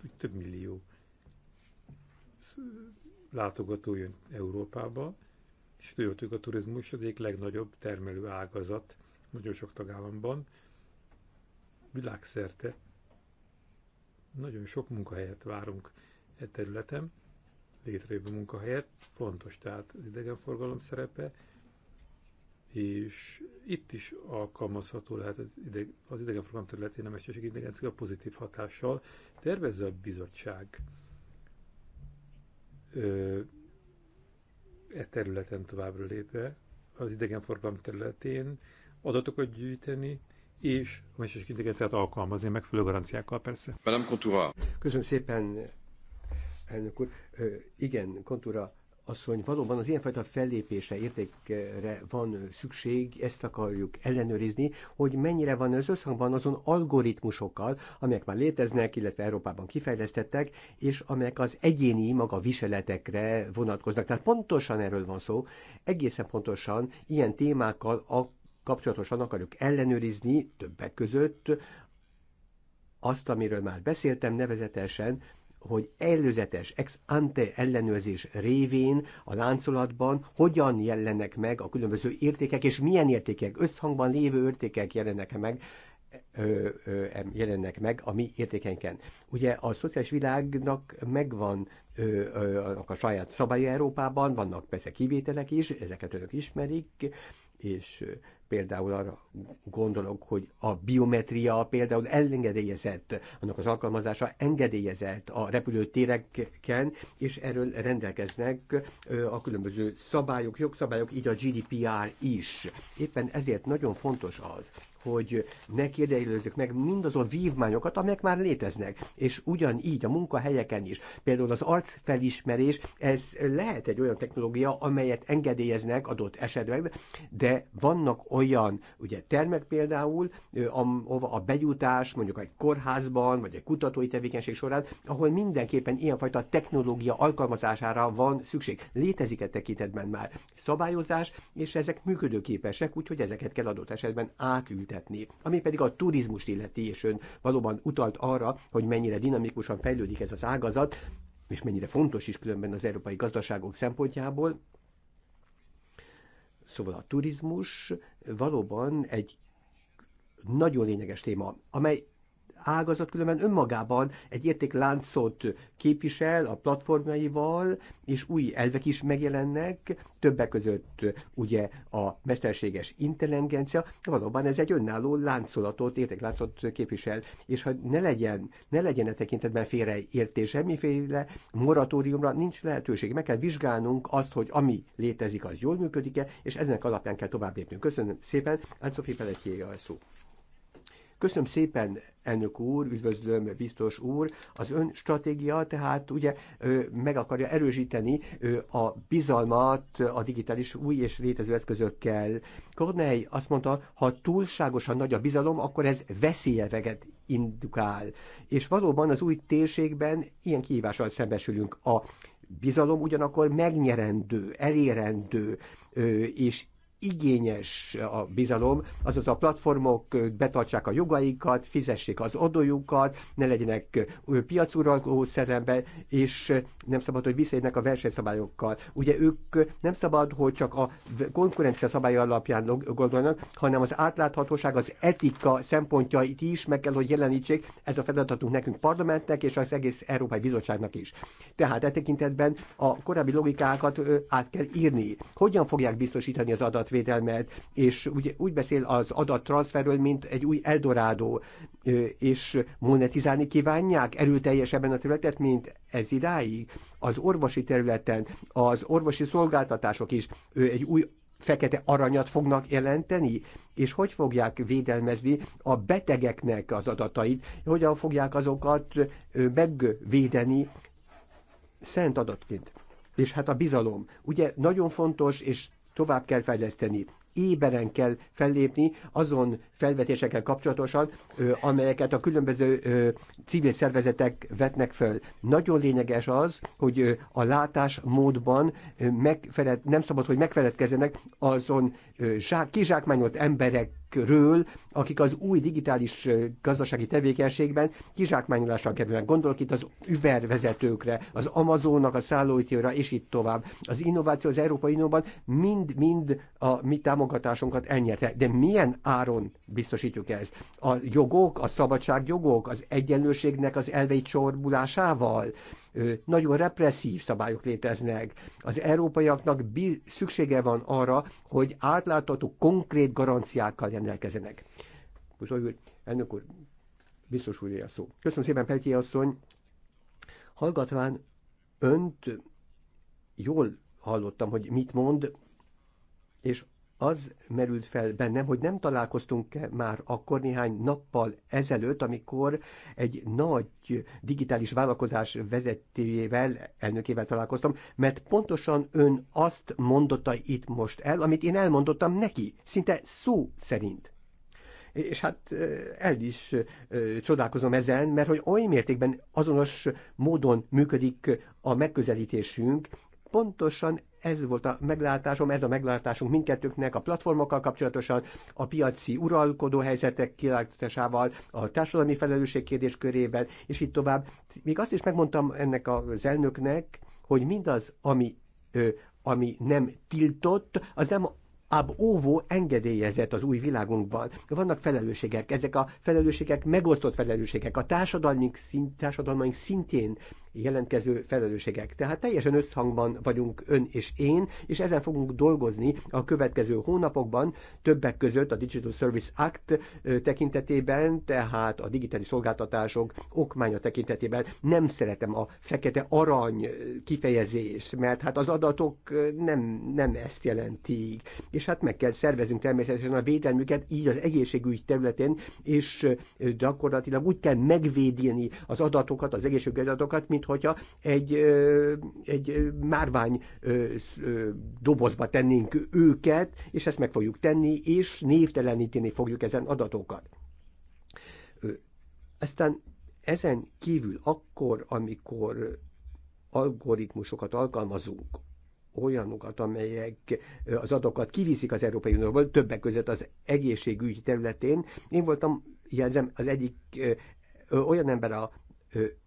hogy több millió látogató jön Európába, és tudjuk, a turizmus az egyik legnagyobb termelő ágazat nagyon sok tagállamban, világszerte nagyon sok munkahelyet várunk e területen, létrejövő munkahelyet, fontos tehát az idegenforgalom szerepe, és itt is alkalmazható lehet az, ideg, az idegenforgalom területén a mesterség intelligencia pozitív hatással. Tervezze a bizottság ö, e területen továbbra lépve, az idegenforgalom területén adatokat gyűjteni, és a mesterség intelligenciát alkalmazni, megfelelő garanciákkal persze. Contura. Köszönöm szépen, elnök úr. Ö, igen, Contura asszony, valóban az ilyenfajta fellépésre, értékre van szükség, ezt akarjuk ellenőrizni, hogy mennyire van az összhangban azon algoritmusokkal, amelyek már léteznek, illetve Európában kifejlesztettek, és amelyek az egyéni maga viseletekre vonatkoznak. Tehát pontosan erről van szó, egészen pontosan ilyen témákkal a kapcsolatosan akarjuk ellenőrizni többek között azt, amiről már beszéltem nevezetesen, hogy előzetes ex ante ellenőrzés révén a láncolatban hogyan jelennek meg a különböző értékek, és milyen értékek, összhangban lévő értékek jelennek meg ö, ö, jelennek meg a mi értékenken. Ugye a szociális világnak megvan ö, ö, a saját szabály Európában, vannak persze kivételek is, ezeket önök ismerik, és például arra gondolok, hogy a biometria például elengedélyezett, annak az alkalmazása engedélyezett a repülőtéreken, és erről rendelkeznek a különböző szabályok, jogszabályok, így a GDPR is. Éppen ezért nagyon fontos az, hogy ne kérdejelőzzük meg mindazon vívmányokat, amelyek már léteznek. És ugyanígy a munkahelyeken is. Például az arcfelismerés, ez lehet egy olyan technológia, amelyet engedélyeznek adott esetben, de de vannak olyan, ugye termek például, ahova a bejutás mondjuk egy kórházban, vagy egy kutatói tevékenység során, ahol mindenképpen ilyenfajta technológia alkalmazására van szükség. Létezik-e tekintetben már szabályozás, és ezek működőképesek, úgyhogy ezeket kell adott esetben átültetni. Ami pedig a turizmust illeti, és ön valóban utalt arra, hogy mennyire dinamikusan fejlődik ez az ágazat, és mennyire fontos is különben az európai gazdaságok szempontjából, Szóval a turizmus valóban egy nagyon lényeges téma, amely ágazat különben önmagában egy értékláncot képvisel a platformjaival, és új elvek is megjelennek, többek között ugye a mesterséges intelligencia, valóban ez egy önálló láncolatot, értékláncot képvisel, és ha ne legyen, ne legyen e tekintetben félreértés, semmiféle moratóriumra nincs lehetőség. Meg kell vizsgálnunk azt, hogy ami létezik, az jól működik-e, és ezen alapján kell tovább lépnünk. Köszönöm szépen, Anne-Sophie a szó. Köszönöm szépen, elnök úr, üdvözlöm, biztos úr. Az ön stratégia tehát ugye meg akarja erősíteni a bizalmat a digitális új és létező eszközökkel. Kornei azt mondta, ha túlságosan nagy a bizalom, akkor ez veszélyeveget indukál. És valóban az új térségben ilyen kihívással szembesülünk. A bizalom ugyanakkor megnyerendő, elérendő, és igényes a bizalom, azaz a platformok betartsák a jogaikat, fizessék az adójukat, ne legyenek piacuralkó szeremben, és nem szabad, hogy visszaérnek a versenyszabályokkal. Ugye ők nem szabad, hogy csak a konkurencia szabály alapján gondolnak, hanem az átláthatóság, az etika szempontjait is meg kell, hogy jelenítsék. Ez a feladatunk nekünk parlamentnek és az egész Európai Bizottságnak is. Tehát e tekintetben a korábbi logikákat át kell írni. Hogyan fogják biztosítani az adat adatvédelmet, és úgy, úgy beszél az adattranszferről, mint egy új Eldorádó, és monetizálni kívánják erőteljesebben a területet, mint ez idáig. Az orvosi területen, az orvosi szolgáltatások is egy új fekete aranyat fognak jelenteni, és hogy fogják védelmezni a betegeknek az adatait, hogyan fogják azokat megvédeni szent adatként. És hát a bizalom. Ugye nagyon fontos és tovább kell fejleszteni éberen kell fellépni azon felvetésekkel kapcsolatosan, amelyeket a különböző civil szervezetek vetnek föl. Nagyon lényeges az, hogy a látásmódban megfeled, nem szabad, hogy megfeledkezzenek azon zsák, kizsákmányolt emberek ről, akik az új digitális gazdasági tevékenységben kizsákmányolással kerülnek. Gondolok itt az Uber vezetőkre, az Amazonnak a szállóitőre, és itt tovább. Az innováció az Európai Unióban mind-mind a mi támogatásunkat elnyerte. De milyen áron biztosítjuk ezt? A jogok, a szabadságjogok, az egyenlőségnek az elvei csorbulásával? nagyon represszív szabályok léteznek. Az európaiaknak szüksége van arra, hogy átlátható, konkrét garanciákkal rendelkezenek. Buzoly úr, elnök úr, biztos úr a szó. Köszönöm szépen, Peltyi asszony. Hallgatván önt jól hallottam, hogy mit mond, és az merült fel bennem, hogy nem találkoztunk-e már akkor néhány nappal ezelőtt, amikor egy nagy digitális vállalkozás vezetőjével, elnökével találkoztam, mert pontosan ön azt mondotta itt most el, amit én elmondottam neki, szinte szó szerint. És hát el is csodálkozom ezen, mert hogy oly mértékben azonos módon működik a megközelítésünk, pontosan ez volt a meglátásom, ez a meglátásunk mindkettőknek a platformokkal kapcsolatosan, a piaci uralkodó helyzetek kilátásával, a társadalmi felelősség kérdés körében, és így tovább. Még azt is megmondtam ennek az elnöknek, hogy mindaz, ami, ö, ami nem tiltott, az nem ab óvó engedélyezett az új világunkban. Vannak felelősségek, ezek a felelősségek megosztott felelősségek. A társadalmi szint, társadalmaink szintén jelentkező felelősségek. Tehát teljesen összhangban vagyunk ön és én, és ezen fogunk dolgozni a következő hónapokban, többek között a Digital Service Act tekintetében, tehát a digitális szolgáltatások okmánya tekintetében nem szeretem a fekete arany kifejezést, mert hát az adatok nem, nem ezt jelentik. És hát meg kell szervezünk természetesen a védelmüket így az egészségügy területén, és gyakorlatilag úgy kell megvédeni az adatokat, az egészségügyi adatokat, mint mint hogyha egy, egy márvány dobozba tennénk őket, és ezt meg fogjuk tenni, és névteleníteni fogjuk ezen adatokat. Aztán ezen kívül akkor, amikor algoritmusokat alkalmazunk, olyanokat, amelyek az adatokat kiviszik az Európai Unióból, többek között az egészségügy területén. Én voltam, jelzem, az egyik ö, olyan ember a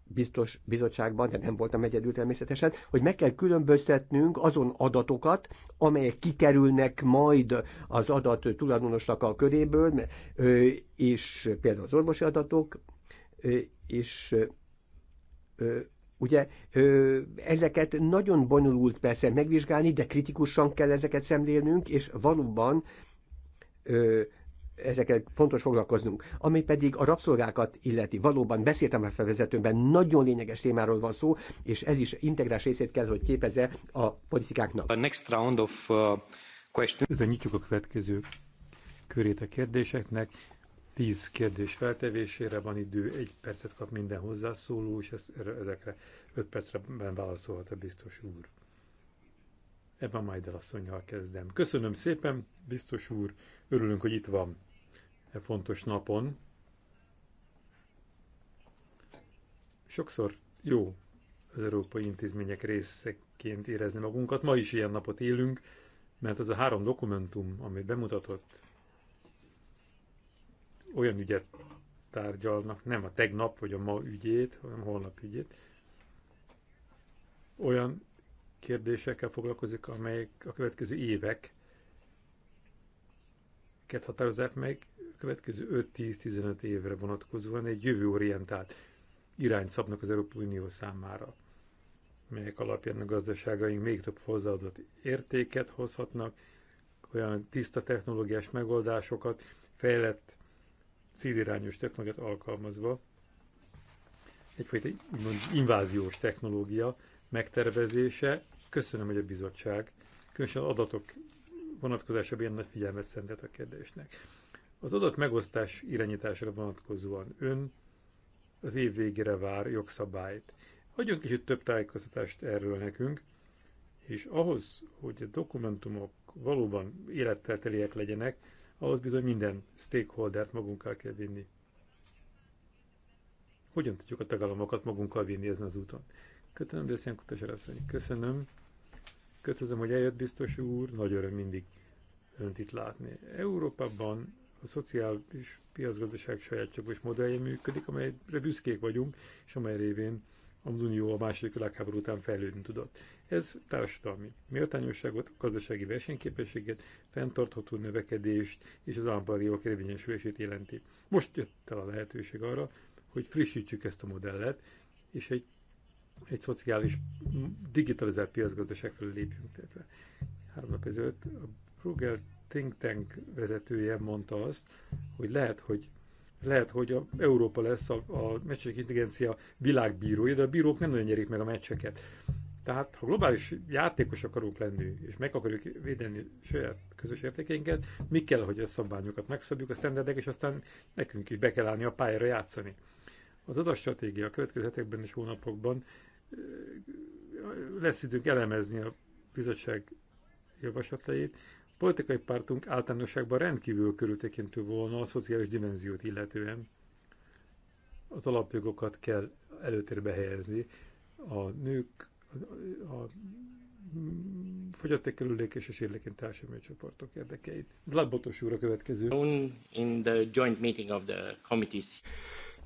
biztos bizottságban, de nem voltam egyedül természetesen, hogy meg kell különböztetnünk azon adatokat, amelyek kikerülnek majd az adat tulajdonosnak a köréből, és például az orvosi adatok, és Ugye ezeket nagyon bonyolult persze megvizsgálni, de kritikusan kell ezeket szemlélnünk, és valóban ezeket fontos foglalkoznunk. Ami pedig a rabszolgákat illeti, valóban beszéltem a felvezetőmben, nagyon lényeges témáról van szó, és ez is integrás részét kell, hogy képezze a politikáknak. A next round of uh, questions. Ezzel nyitjuk a következő körét a kérdéseknek. Tíz kérdés feltevésére van idő, egy percet kap minden hozzászóló, és ez ezekre öt percre válaszolhat a biztos úr. Ebben majd asszonyjal kezdem. Köszönöm szépen, biztos úr, örülünk, hogy itt van e fontos napon. Sokszor jó az európai intézmények részeként érezni magunkat. Ma is ilyen napot élünk, mert az a három dokumentum, amit bemutatott, olyan ügyet tárgyalnak, nem a tegnap vagy a ma ügyét, hanem holnap ügyét, olyan kérdésekkel foglalkozik, amelyek a következő évek határozzák meg, következő 5-10-15 évre vonatkozóan egy jövőorientált irányt szabnak az Európai Unió számára, melyek alapján a gazdaságaink még több hozzáadott értéket hozhatnak, olyan tiszta technológiás megoldásokat, fejlett célirányos technológiát alkalmazva, egyfajta úgymond inváziós technológia megtervezése. Köszönöm, hogy a bizottság különösen adatok vonatkozásában ilyen nagy figyelmet szentelt a kérdésnek. Az adat megosztás irányításra vonatkozóan ön az év végére vár jogszabályt. Adjon kicsit több tájékoztatást erről nekünk, és ahhoz, hogy a dokumentumok valóban élettel teliek legyenek, ahhoz bizony minden stakeholdert magunkkal kell vinni. Hogyan tudjuk a tagállamokat magunkkal vinni ezen az úton? Köszönöm, de Kutas Kutas Köszönöm. Köszönöm, hogy eljött biztos úr, nagy öröm mindig önt itt látni. Európában a szociális piacgazdaság sajátságos modellje működik, amelyre büszkék vagyunk, és amely révén az Unió a második világháború után fejlődni tudott. Ez társadalmi méltányosságot, gazdasági versenyképességet, fenntartható növekedést és az állampari jogok érvényesülését jelenti. Most jött el a lehetőség arra, hogy frissítsük ezt a modellet, és egy, egy szociális digitalizált piacgazdaság felé lépjünk. Három nap ezelőtt a Bruegel think tank vezetője mondta azt, hogy lehet, hogy lehet, hogy a Európa lesz a, a meccsek intelligencia világbírója, de a bírók nem nagyon nyerik meg a meccseket. Tehát, ha globális játékos akarunk lenni, és meg akarjuk védeni saját közös értékeinket, mi kell, hogy a szabványokat megszabjuk, a standardek, és aztán nekünk is be kell állni a pályára játszani. Az stratégia a következő hetekben és hónapokban lesz időnk elemezni a bizottság javaslatait, politikai pártunk általánosságban rendkívül körültekintő volna a szociális dimenziót illetően. Az alapjogokat kell előtérbe helyezni. A nők, a, a fogyatékkerülékes és érlékeny társadalmi csoportok érdekeit. Botos úr a következő. In the joint meeting of the committees.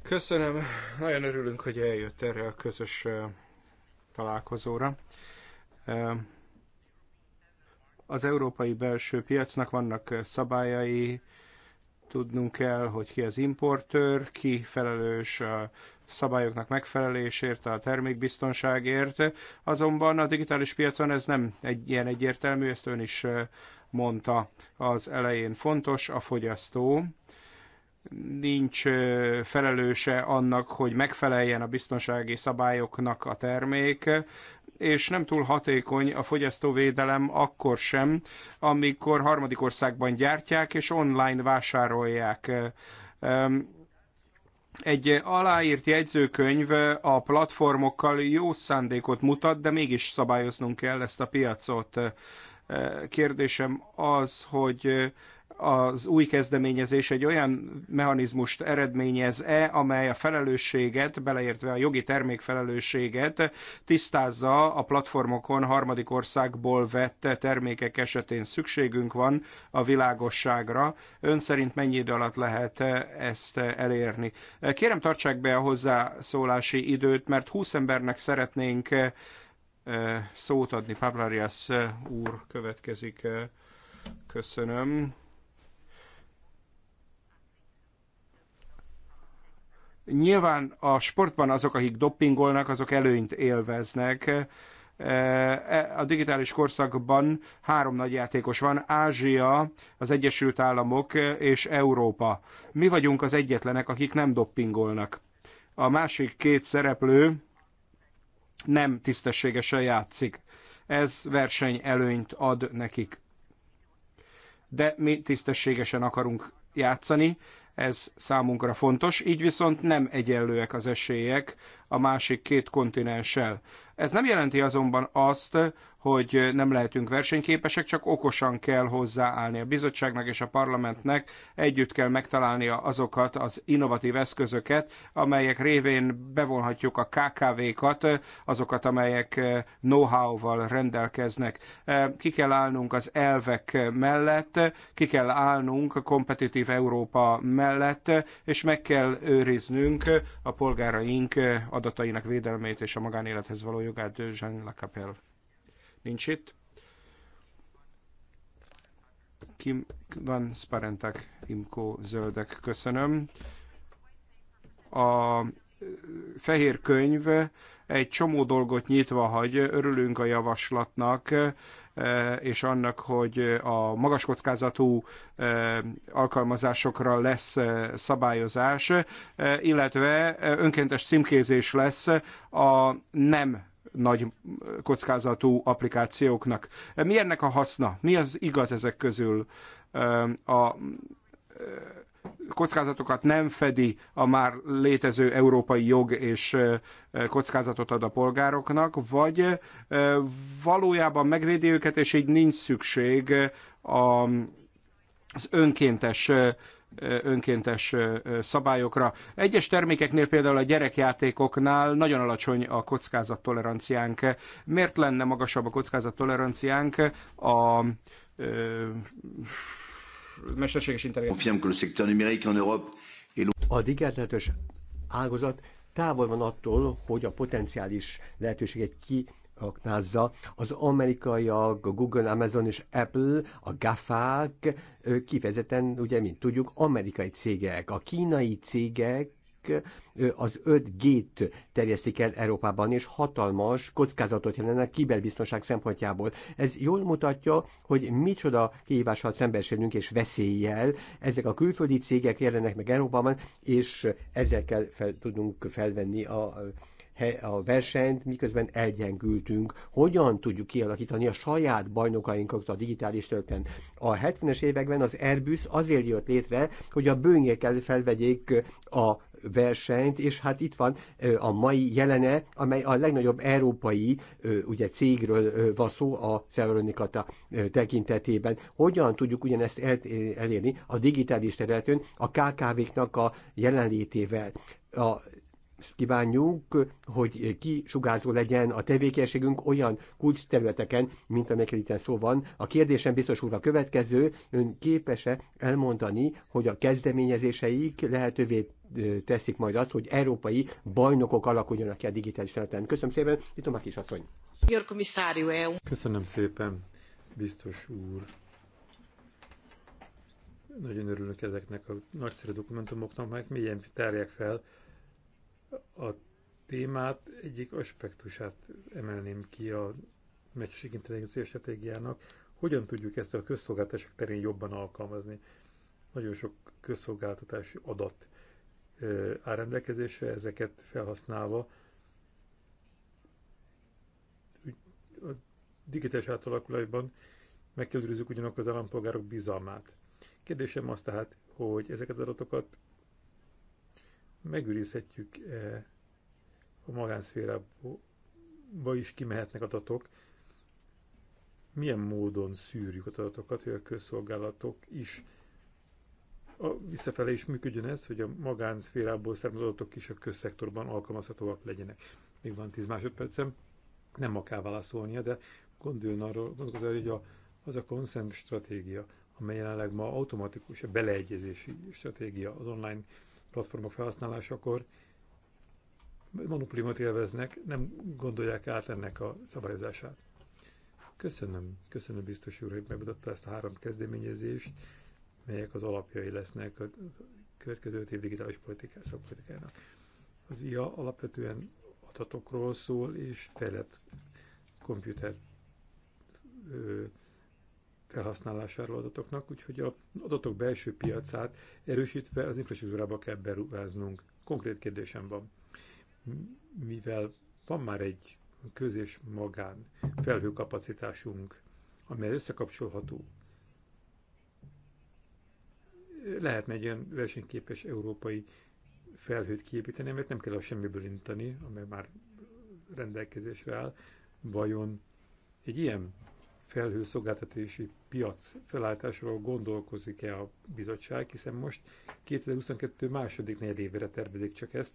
Köszönöm, nagyon örülünk, hogy eljött erre a közös találkozóra. Az európai belső piacnak vannak eh, szabályai, tudnunk kell, hogy ki az importőr, ki felelős a szabályoknak megfelelésért, a termékbiztonságért. Azonban a digitális piacon ez nem egy ilyen egyértelmű, ezt ön is eh, mondta az elején. Fontos a fogyasztó, nincs eh, felelőse annak, hogy megfeleljen a biztonsági szabályoknak a termék és nem túl hatékony a fogyasztóvédelem akkor sem, amikor harmadik országban gyártják és online vásárolják egy aláírt jegyzőkönyv a platformokkal jó szándékot mutat, de mégis szabályoznunk kell ezt a piacot. Kérdésem az, hogy az új kezdeményezés egy olyan mechanizmust eredményez-e, amely a felelősséget, beleértve a jogi termékfelelősséget tisztázza a platformokon harmadik országból vett termékek esetén szükségünk van a világosságra. Ön szerint mennyi idő alatt lehet ezt elérni? Kérem tartsák be a hozzászólási időt, mert 20 embernek szeretnénk szót adni. Pablarias úr következik. Köszönöm. Nyilván a sportban azok, akik doppingolnak, azok előnyt élveznek. E, e, a digitális korszakban három nagy játékos van, Ázsia, az Egyesült Államok és Európa. Mi vagyunk az egyetlenek, akik nem doppingolnak. A másik két szereplő nem tisztességesen játszik. Ez verseny előnyt ad nekik. De mi tisztességesen akarunk játszani, ez számunkra fontos, így viszont nem egyenlőek az esélyek a másik két kontinenssel. Ez nem jelenti azonban azt, hogy nem lehetünk versenyképesek, csak okosan kell hozzáállni. A bizottságnak és a parlamentnek együtt kell megtalálnia azokat az innovatív eszközöket, amelyek révén bevonhatjuk a KKV-kat, azokat, amelyek eh, know-how-val rendelkeznek. Eh, ki kell állnunk az elvek mellett, ki kell állnunk a kompetitív Európa mellett, és meg kell őriznünk a polgáraink eh, a adatainak védelmét és a magánélethez való jogát Jean Lacapelle. Nincs itt. Kim van Sparentek, Imko Zöldek, köszönöm. A fehér könyv egy csomó dolgot nyitva hagy, örülünk a javaslatnak, E, és annak, hogy a magas kockázatú e, alkalmazásokra lesz e, szabályozás, illetve önkéntes címkézés lesz a nem nagy kockázatú applikációknak. Mi ennek a haszna? Mi az igaz ezek közül? A kockázatokat nem fedi a már létező európai jog és kockázatot ad a polgároknak, vagy valójában megvédi őket, és így nincs szükség az önkéntes önkéntes szabályokra. Egyes termékeknél, például a gyerekjátékoknál nagyon alacsony a kockázattoleranciánk. Miért lenne magasabb a kockázattoleranciánk a mesterséges intelligencia. A digitális ágazat távol van attól, hogy a potenciális lehetőséget ki aknázza. Az amerikaiak, a Google, Amazon és Apple, a GAFA-k kifejezetten, ugye, mint tudjuk, amerikai cégek. A kínai cégek az 5G-t terjesztik el Európában, és hatalmas kockázatot jelennek kiberbiztonság szempontjából. Ez jól mutatja, hogy micsoda kihívással szembesülünk és veszéllyel. Ezek a külföldi cégek jelennek meg Európában, és ezekkel fel, tudunk felvenni a a versenyt, miközben elgyengültünk. Hogyan tudjuk kialakítani a saját bajnokainkat a digitális tölten? A 70-es években az Airbus azért jött létre, hogy a bőnyekkel felvegyék a versenyt, és hát itt van a mai jelene, amely a legnagyobb európai ugye, cégről van szó a Szevronikata tekintetében. Hogyan tudjuk ugyanezt elérni a digitális területen a KKV-knak a jelenlétével? a azt kívánjuk, hogy kisugázó legyen a tevékenységünk olyan kulcs területeken, mint amelyekre itt szó van. A kérdésem biztos úr a következő, ön képes-e elmondani, hogy a kezdeményezéseik lehetővé teszik majd azt, hogy európai bajnokok alakuljanak ki a digitális területen. Köszönöm szépen, itt a Makis asszony. Eh? Köszönöm szépen, biztos úr. Nagyon örülök ezeknek a nagyszerű dokumentumoknak, mert mélyen tárják fel a témát egyik aspektusát emelném ki a mesterségi intelligencia stratégiának, hogyan tudjuk ezt a közszolgáltatások terén jobban alkalmazni. Nagyon sok közszolgáltatási adat áll rendelkezésre, ezeket felhasználva a digitális átalakulásban megkérdőzzük ugyanakkor az állampolgárok bizalmát. Kérdésem az tehát, hogy ezeket az adatokat megőrizhetjük -e a magánszférába is kimehetnek adatok, milyen módon szűrjük az adatokat, hogy a közszolgálatok is a visszafele is működjön ez, hogy a magánszférából származó adatok is a közszektorban alkalmazhatóak legyenek. Még van 10 másodpercem, nem ma kell válaszolnia, de gondoljon arról, gondolkodjon, hogy a, az a konszent stratégia, amely jelenleg ma automatikus, a beleegyezési stratégia az online platformok felhasználásakor monopóliumot élveznek, nem gondolják át ennek a szabályozását. Köszönöm, köszönöm biztos úr, hogy megmutatta ezt a három kezdeményezést, melyek az alapjai lesznek a következő öt év digitális politikás szakpolitikának. Az IA alapvetően adatokról szól, és fejlett komputer felhasználásáról adatoknak, úgyhogy a adatok belső piacát erősítve az infrastruktúrába kell beruháznunk. Konkrét kérdésem van, mivel van már egy köz- és magán felhőkapacitásunk, amely összekapcsolható, lehetne egy olyan versenyképes európai felhőt kiépíteni, mert nem kell a semmiből intani, amely már rendelkezésre áll. Vajon egy ilyen felhőszolgáltatási piac felállításról gondolkozik-e a bizottság, hiszen most 2022 második negyedévére tervezik csak ezt.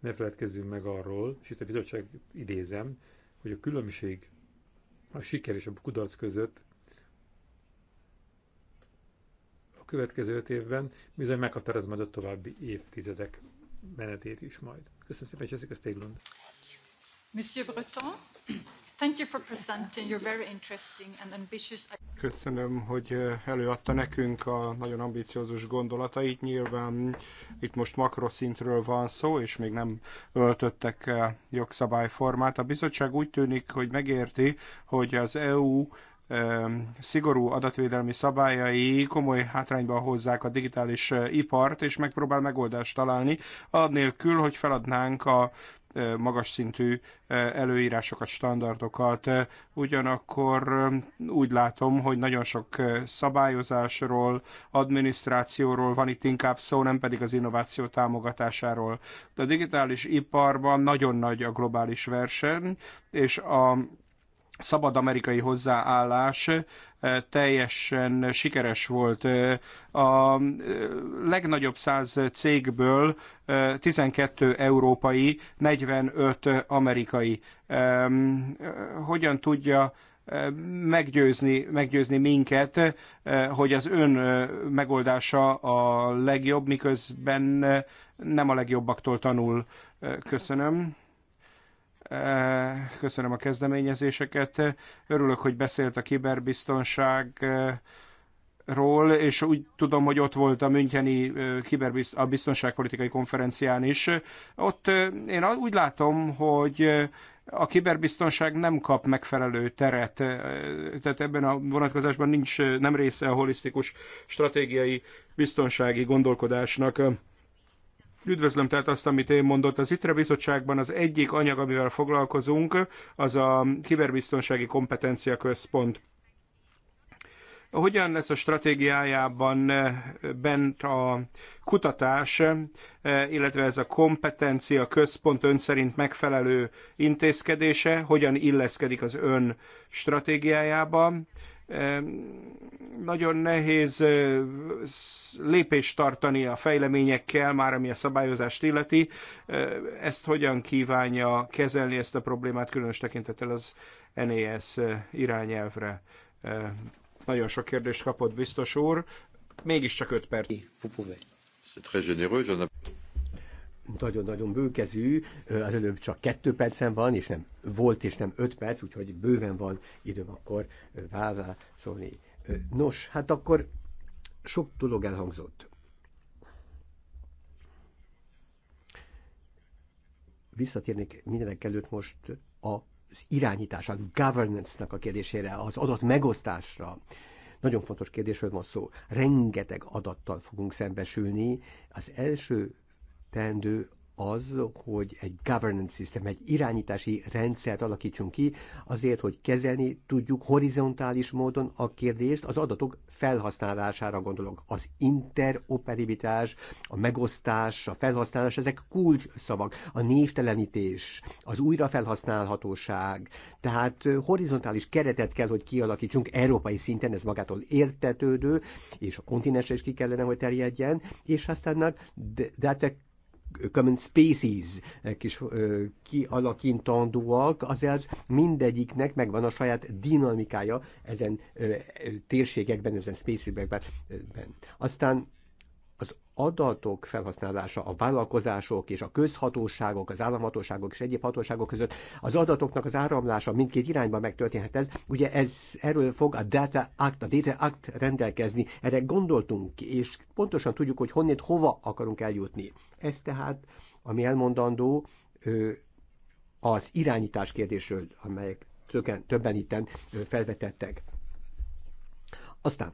Ne feledkezzünk meg arról, és itt a bizottság idézem, hogy a különbség a siker és a kudarc között a következő öt évben bizony meghatároz majd a további évtizedek menetét is majd. Köszönöm szépen, Jessica Steglund. Monsieur Breton. Thank you for presenting your very interesting and ambitious... Köszönöm, hogy előadta nekünk a nagyon ambiciózus gondolatait. Nyilván itt most makroszintről van szó, és még nem öltöttek jogszabályformát. A bizottság úgy tűnik, hogy megérti, hogy az EU szigorú adatvédelmi szabályai komoly hátrányba hozzák a digitális ipart, és megpróbál megoldást találni, annélkül, hogy feladnánk a magas szintű előírásokat, standardokat. Ugyanakkor úgy látom, hogy nagyon sok szabályozásról, adminisztrációról van itt inkább szó, nem pedig az innováció támogatásáról. De a digitális iparban nagyon nagy a globális verseny, és a szabad amerikai hozzáállás eh, teljesen sikeres volt. Eh, a eh, legnagyobb száz cégből 12 európai, 45 amerikai. Hogyan tudja meggyőzni, meggyőzni minket, hogy az ön megoldása a legjobb, miközben nem a legjobbaktól tanul. Köszönöm. Eh, köszönöm a kezdeményezéseket. Örülök, hogy beszélt a kiberbiztonság ról, és úgy tudom, hogy ott volt a Müncheni eh, kiberbiz, a biztonságpolitikai konferencián is. Ott eh, én úgy látom, hogy a kiberbiztonság nem kap megfelelő teret, tehát ebben a vonatkozásban nincs, nem része a holisztikus stratégiai biztonsági gondolkodásnak. Üdvözlöm tehát azt, amit én mondott. Az ITRE bizottságban az egyik anyag, amivel foglalkozunk, az a kiberbiztonsági kompetencia központ. Hogyan lesz a stratégiájában eh, bent a kutatás, eh, illetve ez a kompetencia központ ön szerint megfelelő intézkedése, hogyan illeszkedik az ön stratégiájába, nagyon nehéz lépést tartani a fejleményekkel, már ami a szabályozást illeti. Ezt hogyan kívánja kezelni ezt a problémát, különös tekintettel az NES irányelvre? Nagyon sok kérdést kapott biztos úr, mégiscsak 5 perc nagyon-nagyon bőkezű, az előbb csak kettő percen van, és nem volt, és nem öt perc, úgyhogy bőven van időm akkor válaszolni. Nos, hát akkor sok dolog elhangzott. Visszatérnék mindenek előtt most az irányítás, a governance-nak a kérdésére, az adat megosztásra. Nagyon fontos kérdésről van szó. Rengeteg adattal fogunk szembesülni. Az első teendő az, hogy egy governance system, egy irányítási rendszert alakítsunk ki, azért, hogy kezelni tudjuk horizontális módon a kérdést, az adatok felhasználására gondolok. Az interoperabilitás, a megosztás, a felhasználás, ezek szavak. A névtelenítés, az újrafelhasználhatóság, tehát horizontális keretet kell, hogy kialakítsunk európai szinten, ez magától értetődő, és a kontinensre is ki kellene, hogy terjedjen, és aztán data common species eh, kis eh, kialakintandóak, azaz mindegyiknek megvan a saját dinamikája ezen eh, térségekben, ezen species-ekben. Aztán adatok felhasználása a vállalkozások és a közhatóságok, az államhatóságok és egyéb hatóságok között, az adatoknak az áramlása mindkét irányba megtörténhet ez. Ugye ez, erről fog a Data Act, a Data Act rendelkezni. Erre gondoltunk, és pontosan tudjuk, hogy honnét hova akarunk eljutni. Ez tehát, ami elmondandó, az irányítás kérdésről, amelyek többen, többen itten felvetettek. Aztán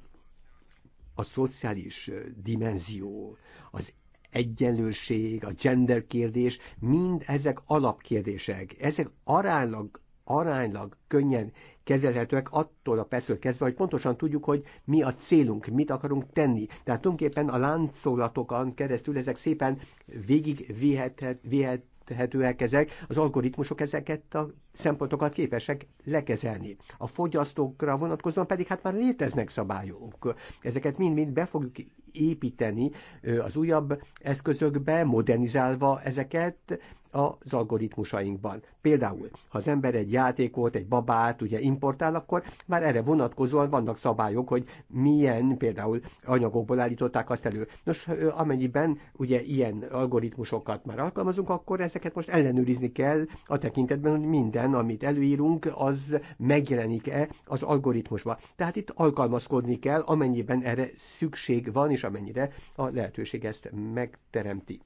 a szociális dimenzió, az egyenlőség, a gender kérdés, mind ezek alapkérdések. Ezek aránylag, aránylag könnyen kezelhetőek attól a percről kezdve, hogy pontosan tudjuk, hogy mi a célunk, mit akarunk tenni. Tehát tulajdonképpen a láncolatokon keresztül ezek szépen végig vihet, vihet, kezelhetőek ezek, az algoritmusok ezeket a szempontokat képesek lekezelni. A fogyasztókra vonatkozóan pedig hát már léteznek szabályok. Ezeket mind-mind be fogjuk építeni az újabb eszközökbe, modernizálva ezeket, az algoritmusainkban. Például, ha az ember egy játékot, egy babát ugye importál, akkor már erre vonatkozóan vannak szabályok, hogy milyen például anyagokból állították azt elő. Nos, amennyiben ugye ilyen algoritmusokat már alkalmazunk, akkor ezeket most ellenőrizni kell a tekintetben, hogy minden, amit előírunk, az megjelenik-e az algoritmusba. Tehát itt alkalmazkodni kell, amennyiben erre szükség van, és amennyire a lehetőség ezt megteremti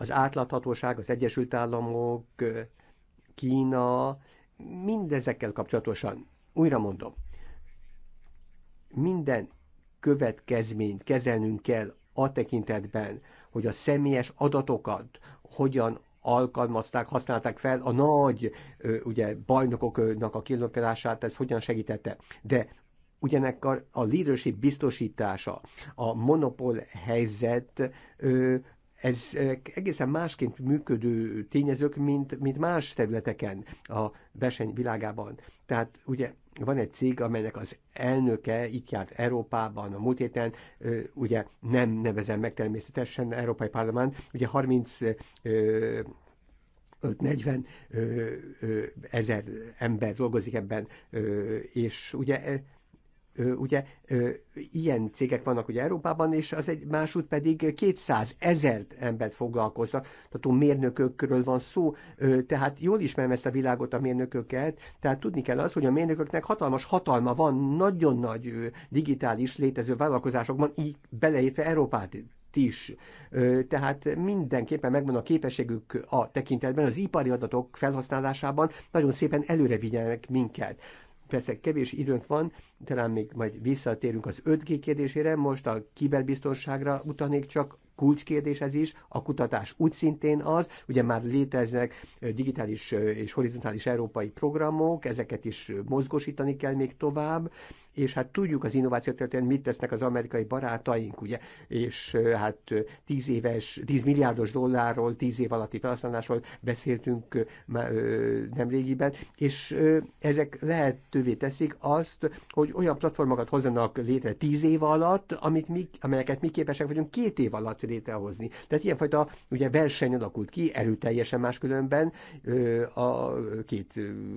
az átláthatóság, az Egyesült Államok, Kína, mindezekkel kapcsolatosan, újra mondom, minden következményt kezelnünk kell a tekintetben, hogy a személyes adatokat hogyan alkalmazták, használták fel a nagy ugye, bajnokoknak a kilökelását, ez hogyan segítette. De ugyanekkor a leadership biztosítása, a monopól helyzet ez egészen másként működő tényezők, mint, mint más területeken a verseny világában. Tehát ugye van egy cég, amelynek az elnöke itt járt Európában a múlt héten, ugye nem nevezem meg természetesen Európai Parlament, ugye 30 5-40 ezer ember dolgozik ebben, ö, és ugye ugye ilyen cégek vannak ugye Európában, és az egy másút pedig 200 ezer embert foglalkoznak, tehát a mérnökökről van szó, tehát jól ismerem ezt a világot, a mérnököket, tehát tudni kell az, hogy a mérnököknek hatalmas hatalma van, nagyon nagy digitális létező vállalkozásokban, így beleértve Európát is. Tehát mindenképpen megvan a képességük a tekintetben, az ipari adatok felhasználásában nagyon szépen előre vigyenek minket persze kevés időnk van, talán még majd visszatérünk az 5G kérdésére, most a kiberbiztonságra utalnék csak, kulcskérdés ez is, a kutatás úgy szintén az, ugye már léteznek digitális és horizontális európai programok, ezeket is mozgosítani kell még tovább, és hát tudjuk az innováció területén mit tesznek az amerikai barátaink, ugye, és hát 10 éves, 10 milliárdos dollárról, 10 év alatti felhasználásról beszéltünk nemrégiben, és ezek lehetővé teszik azt, hogy olyan platformokat hozzanak létre 10 év alatt, amit mi, amelyeket mi képesek vagyunk két év alatt létrehozni. Tehát ilyenfajta ugye verseny alakult ki, erőteljesen máskülönben a két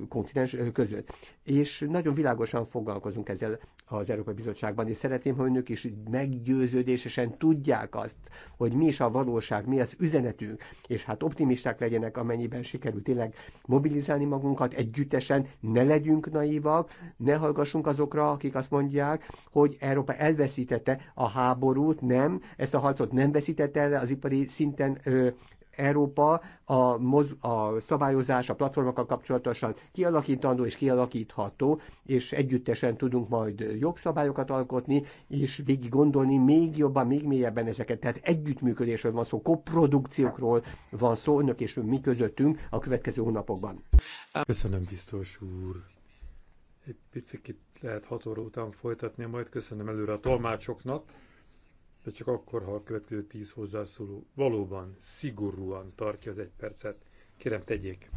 kontinens között. És nagyon világosan foglalkozunk ezzel el az Európai Bizottságban, és szeretném, hogy önök is meggyőződésesen tudják azt, hogy mi is a valóság, mi az üzenetünk, és hát optimisták legyenek, amennyiben sikerül tényleg mobilizálni magunkat együttesen, ne legyünk naívak, ne hallgassunk azokra, akik azt mondják, hogy Európa elveszítette a háborút, nem, ezt a harcot nem veszítette el, az ipari szinten ö, Európa a, moz, a szabályozás, a platformokkal kapcsolatosan kialakítandó és kialakítható, és együttesen tudunk majd jogszabályokat alkotni, és végig gondolni még jobban, még mélyebben ezeket. Tehát együttműködésről van szó, koprodukciókról van szó, önök és mi közöttünk a következő hónapokban. Köszönöm, biztos úr. Egy picit lehet hat óra után folytatni, majd köszönöm előre a tolmácsoknak de csak akkor, ha a következő tíz hozzászóló valóban szigorúan tartja az egy percet. Kérem, tegyék.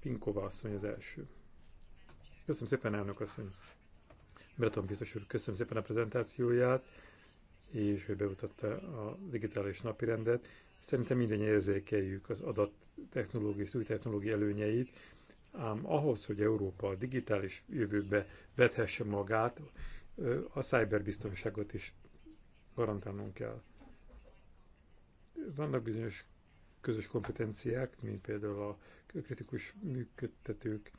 Pinkova asszony az első. Köszönöm szépen, elnök asszony. Breton biztos úr, köszönöm szépen a prezentációját, és hogy bemutatta a digitális napirendet. Szerintem minden érzékeljük az adattechnológia és új technológia előnyeit, ám ahhoz, hogy Európa a digitális jövőbe vethesse magát, a cyberbiztonságot is garantálnunk kell. Vannak bizonyos közös kompetenciák, mint például a kritikus működtetők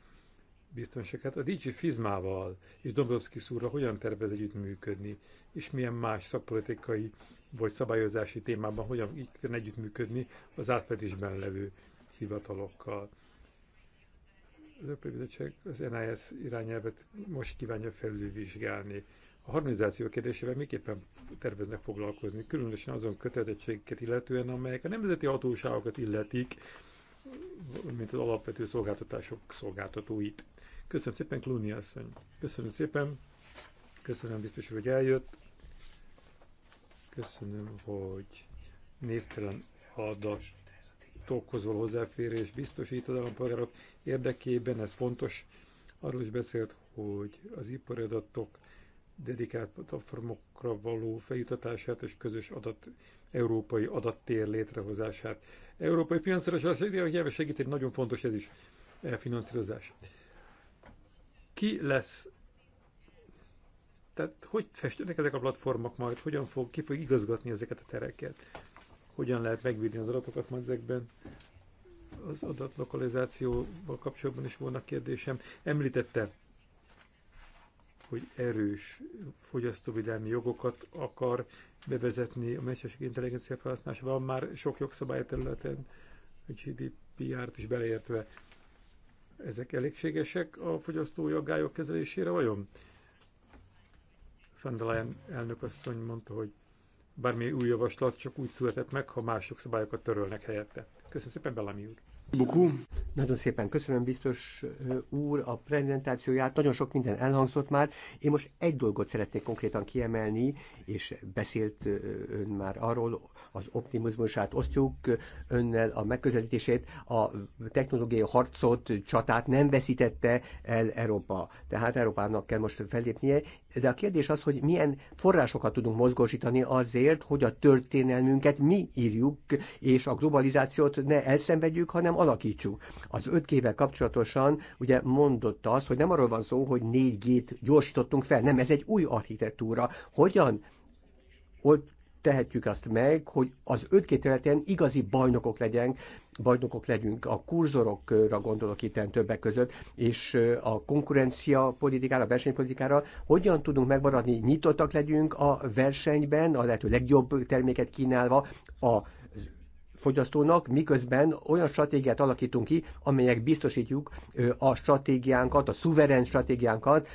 biztonságát. A DJ Fizmával és Dombrovszki szúra hogyan tervez együttműködni, és milyen más szakpolitikai vagy szabályozási témában hogyan így kell együttműködni az átfedésben levő hivatalokkal. Az Európai Bizottság az NIS irányelvet most kívánja felülvizsgálni. A harmonizáció kérdésével miképpen terveznek foglalkozni, különösen azon kötelezettségeket illetően, amelyek a nemzeti hatóságokat illetik, mint az alapvető szolgáltatások szolgáltatóit. Köszönöm szépen, Klúni asszony. Köszönöm szépen. Köszönöm biztos, hogy eljött. Köszönöm, hogy névtelen adatokhoz való hozzáférés biztosít az állampolgárok érdekében. Ez fontos. Arról is beszélt, hogy az ipari adatok dedikált platformokra való feljutatását és közös adat, európai adattér létrehozását. Európai finanszírozás hogy segít egy nagyon fontos ez is, e, finanszírozás. Ki lesz tehát hogy festenek ezek a platformok majd, hogyan fog, ki fog igazgatni ezeket a tereket, hogyan lehet megvédni az adatokat majd ezekben, az adatlokalizációval kapcsolatban is volna kérdésem. Említette hogy erős fogyasztóvédelmi jogokat akar bevezetni a mesterséges intelligencia Van már sok területen, a GDPR-t is beleértve. Ezek elégségesek a fogyasztói aggályok kezelésére, vajon? Van der elnök elnökasszony mondta, hogy bármi új javaslat csak úgy született meg, ha mások szabályokat törölnek helyette. Köszönöm szépen, Bellami úr! Nagyon szépen köszönöm, biztos úr, a prezentációját. Nagyon sok minden elhangzott már. Én most egy dolgot szeretnék konkrétan kiemelni, és beszélt ön már arról, az optimizmusát osztjuk önnel a megközelítését, a technológiai harcot, csatát nem veszítette el Európa. Tehát Európának kell most fellépnie, de a kérdés az, hogy milyen forrásokat tudunk mozgósítani azért, hogy a történelmünket mi írjuk, és a globalizációt ne elszenvedjük, hanem alakítsuk. Az 5G-vel kapcsolatosan ugye mondott az, hogy nem arról van szó, hogy 4G-t gyorsítottunk fel, nem, ez egy új architektúra. Hogyan tehetjük azt meg, hogy az öt területen igazi bajnokok legyenek, bajnokok legyünk, a kurzorokra gondolok itt többek között, és a konkurencia politikára, a versenypolitikára, hogyan tudunk megmaradni, nyitottak legyünk a versenyben, a lehető legjobb terméket kínálva, a fogyasztónak, miközben olyan stratégiát alakítunk ki, amelyek biztosítjuk a stratégiánkat, a szuverén stratégiánkat,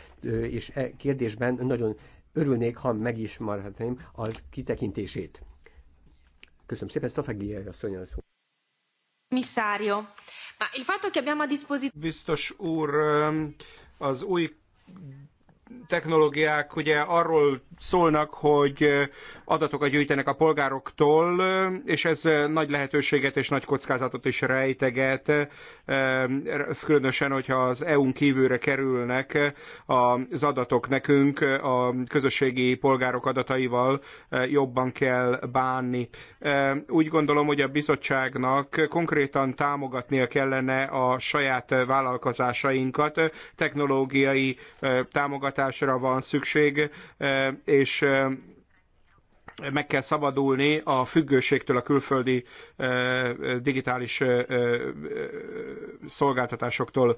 és e kérdésben nagyon örülnék, ha megismerhetném a kitekintését. Köszönöm szépen, Stafagliai a szó. Misszárió, ma il fatto che abbiamo a disposizione... Biztos úr, az új technológiák ugye arról szólnak, hogy adatokat gyűjtenek a polgároktól, és ez nagy lehetőséget és nagy kockázatot is rejteget, különösen, hogyha az EU-n kívülre kerülnek az adatok nekünk, a közösségi polgárok adataival jobban kell bánni. Úgy gondolom, hogy a bizottságnak konkrétan támogatnia kellene a saját vállalkozásainkat, technológiai támogatásokat, támogatásra van szükség, e, és e, meg kell szabadulni a függőségtől a külföldi e, digitális szolgáltatásoktól.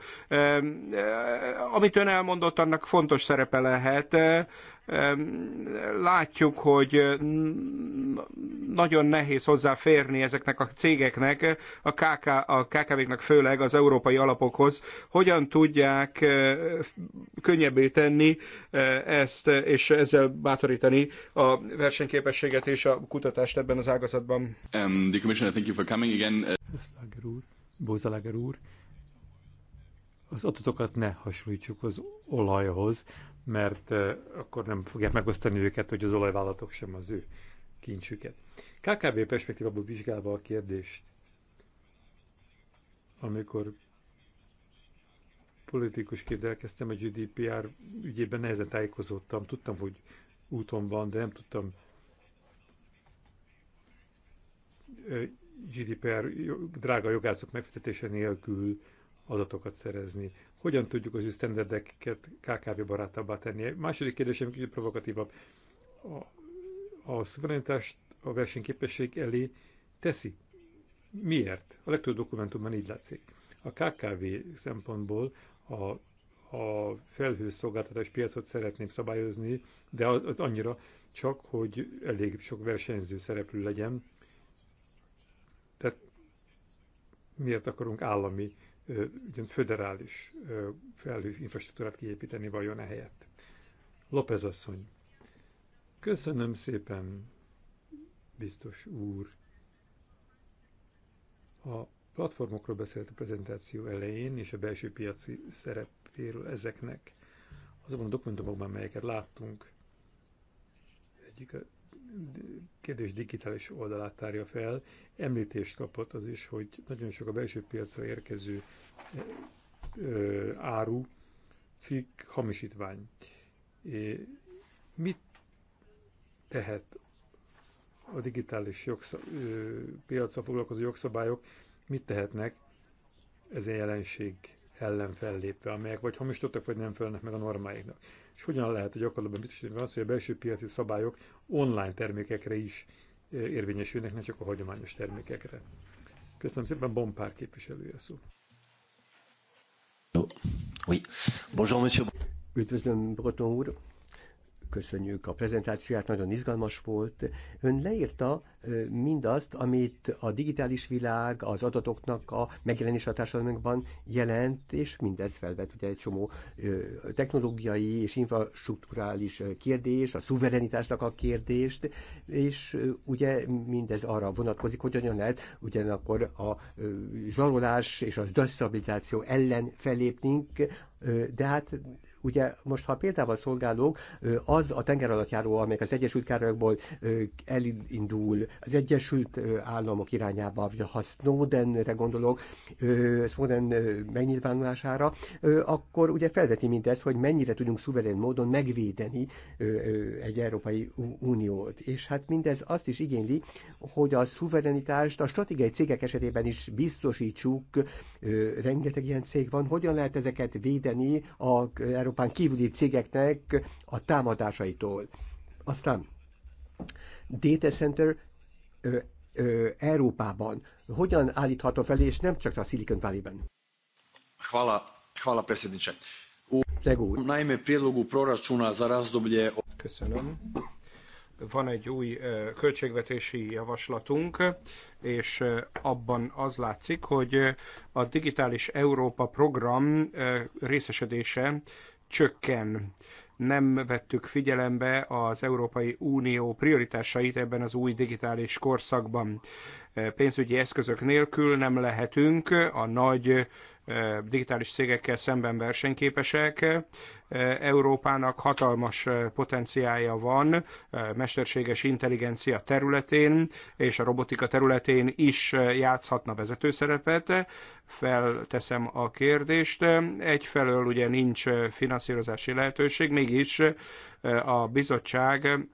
Amit ön elmondott, annak fontos szerepe lehet Látjuk, hogy eh, nagyon nehéz hozzáférni ezeknek a cégeknek, a, KK, a kkv knek főleg az európai alapokhoz. Hogyan tudják eh, könnyebbé tenni eh, ezt, és ezzel bátorítani a versenyképességet és a kutatást ebben az ágazatban? Um, the Commissioner, thank you for coming again. Bozalager úr, az adatokat ne hasonlítsuk az olajhoz, mert akkor nem fogják megosztani őket, hogy az olajvállalatok sem az ő kincsüket. KKV perspektívából vizsgálva a kérdést, amikor politikusként elkezdtem a GDPR ügyében, nehezen tájékozódtam, tudtam, hogy úton van, de nem tudtam GDPR drága jogászok megfizetése nélkül adatokat szerezni hogyan tudjuk az standardeket KKV barátabbá tenni. A második kérdésem kicsit provokatívabb. A, a szuverenitást a versenyképesség elé teszi. Miért? A legtöbb dokumentumban így látszik. A KKV szempontból a, a felhőszolgáltatás piacot szeretném szabályozni, de az, az annyira csak, hogy elég sok versenyző szereplő legyen. Tehát miért akarunk állami ugyan föderális felhő infrastruktúrát kiépíteni vajon ehelyett. López asszony. Köszönöm szépen, biztos úr. A platformokról beszélt a prezentáció elején, és a belső piaci szerepéről ezeknek. Azokban a dokumentumokban, melyeket láttunk, egyik a kérdés digitális oldalát tárja fel. Említést kapott az is, hogy nagyon sok a belső piacra érkező eh, eh, áru, cikk, hamisítvány. Mit tehet a digitális jogszab- eh, piacra foglalkozó jogszabályok, mit tehetnek a jelenség ellen fellépve, amelyek vagy hamisítottak, vagy nem felnek meg a normáiknak és hogyan lehet a gyakorlatban biztosítani azt, hogy a belső piaci szabályok online termékekre is eh, érvényesülnek, ne csak a hagyományos termékekre. Köszönöm szépen, Bompár képviselője szó. Oui. Bonjour, monsieur. Üdvözlöm, Breton úr. Köszönjük a prezentációját, nagyon izgalmas volt. Ön leírta mindazt, amit a digitális világ az adatoknak a megjelenés a társadalmunkban jelent, és mindez felvet ugye egy csomó technológiai és infrastruktúrális kérdés, a szuverenitásnak a kérdést, és ugye mindez arra vonatkozik, hogy hogyan lehet ugyanakkor a zsarolás és a destabilizáció ellen felépnünk, de hát Ugye most, ha példával szolgálunk, az a tengeralattjáró, amelyek az Egyesült Károlyokból elindul az Egyesült Államok irányába, vagy ha Snowdenre gondolok, Snowden megnyilvánulására, akkor ugye felveti mindez, hogy mennyire tudunk szuverén módon megvédeni egy Európai Uniót. És hát mindez azt is igényli, hogy a szuverenitást a stratégiai cégek esetében is biztosítsuk, rengeteg ilyen cég van, hogyan lehet ezeket védeni az Európai Európán kívüli cégeknek a támadásaitól. Aztán data center ö, ö, Európában hogyan állítható fel, és nem csak a Silicon Valley-ben? Hvala, hvala predsjedniče. U Legúr. naime prijedlogu proračuna za razdoblje... Köszönöm. Van egy új költségvetési javaslatunk, és abban az látszik, hogy a Digitális Európa program részesedése csökken. Nem vettük figyelembe az Európai Unió prioritásait ebben az új digitális korszakban pénzügyi eszközök nélkül nem lehetünk a nagy digitális cégekkel szemben versenyképesek. Európának hatalmas potenciája van mesterséges intelligencia területén és a robotika területén is játszhatna vezető szerepet. Felteszem a kérdést. Egyfelől ugye nincs finanszírozási lehetőség, mégis a bizottság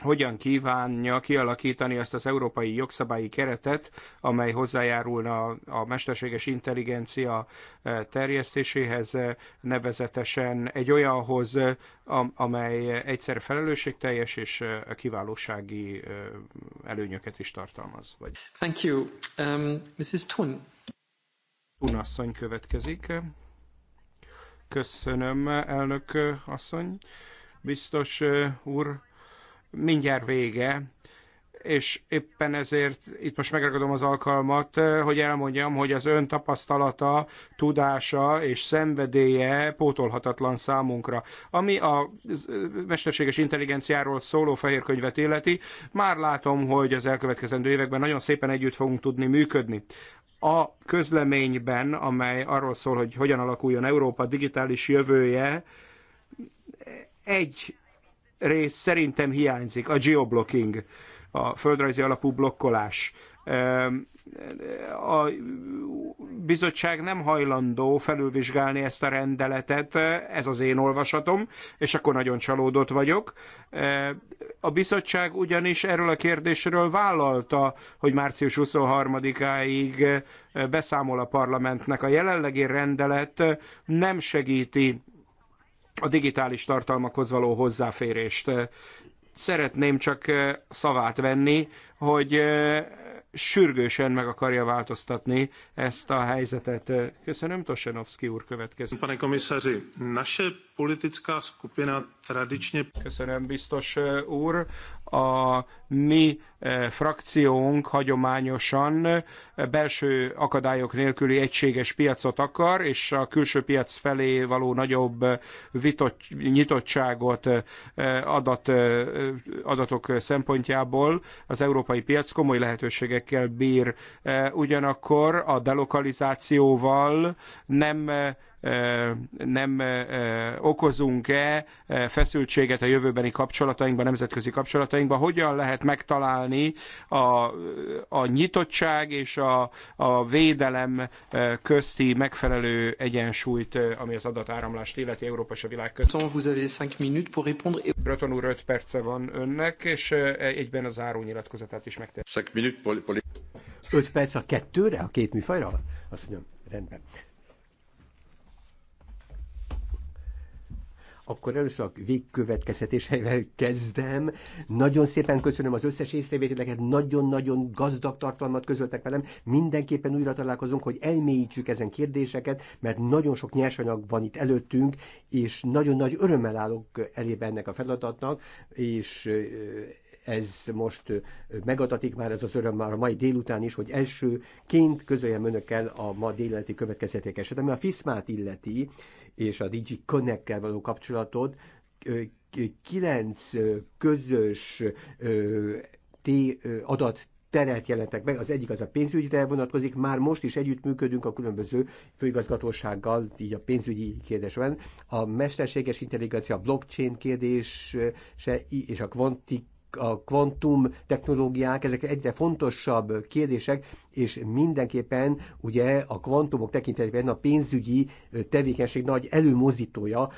hogyan kívánja kialakítani azt az európai jogszabályi keretet, amely hozzájárulna a mesterséges intelligencia eh, terjesztéséhez, eh, nevezetesen egy olyanhoz, eh, amely egyszer felelősségteljes és kiválósági előnyöket is tartalmaz. Vagy... Thank you. Um, Mrs. Tun. Tun asszony következik. Köszönöm, elnök asszony. Biztos úr, mindjárt vége, és éppen ezért itt most megragadom az alkalmat, eh, hogy elmondjam, hogy az ön tapasztalata, tudása és szenvedélye pótolhatatlan számunkra. Ami a mesterséges intelligenciáról szóló fehér könyvet illeti, már látom, hogy az elkövetkezendő években nagyon szépen együtt fogunk tudni működni. A közleményben, amely arról szól, hogy hogyan alakuljon Európa digitális jövője, egy rész szerintem hiányzik, a geoblocking, a földrajzi alapú blokkolás. A bizottság nem hajlandó felülvizsgálni ezt a rendeletet, ez az én olvasatom, és akkor nagyon csalódott vagyok. A bizottság ugyanis erről a kérdésről vállalta, hogy március 23-áig beszámol a parlamentnek. A jelenlegi rendelet nem segíti a digitális tartalmakhoz való hozzáférést. Szeretném csak szavát venni, hogy sürgősen meg akarja változtatni ezt a helyzetet. Köszönöm, Tosenovszki úr következik. Pane komisaři, naše politická skupina tradičně... Köszönöm, biztos úr a mi eh, frakciónk hagyományosan eh, belső akadályok nélküli egységes piacot akar, és a külső piac felé való nagyobb eh, vitott, nyitottságot adat, adatok szempontjából az európai piac komoly lehetőségekkel bír. Ugyanakkor a delokalizációval nem nem okozunk-e feszültséget a jövőbeni kapcsolatainkban, nemzetközi kapcsolatainkban, hogyan lehet megtalálni a, a nyitottság és a, a védelem közti megfelelő egyensúlyt, ami az adatáramlást illeti Európa és a világ között. Breton úr 5 perce van önnek, és egyben a záró nyilatkozatát is megtehet. 5 perc a kettőre, a két műfajra? Azt mondjam, rendben. akkor először a végkövetkeztetéseivel kezdem. Nagyon szépen köszönöm az összes észrevételeket, nagyon-nagyon gazdag tartalmat közöltek velem. Mindenképpen újra találkozunk, hogy elmélyítsük ezen kérdéseket, mert nagyon sok nyersanyag van itt előttünk, és nagyon nagy örömmel állok elébe ennek a feladatnak, és ez most megadatik már, ez az öröm már a mai délután is, hogy elsőként közöljem önökkel a ma délelőtti következetékeset. Ami a FISZMÁT illeti, és a Digi Connect-kel való kapcsolatod kilenc közös adat teret jelentek meg, az egyik az a pénzügyre vonatkozik, már most is együttműködünk a különböző főigazgatósággal, így a pénzügyi kérdésben. A mesterséges intelligencia, a blockchain kérdése és a kvantik a kvantum technológiák, ezek egyre fontosabb kérdések, és mindenképpen ugye a kvantumok tekintetében a pénzügyi tevékenység nagy előmozítója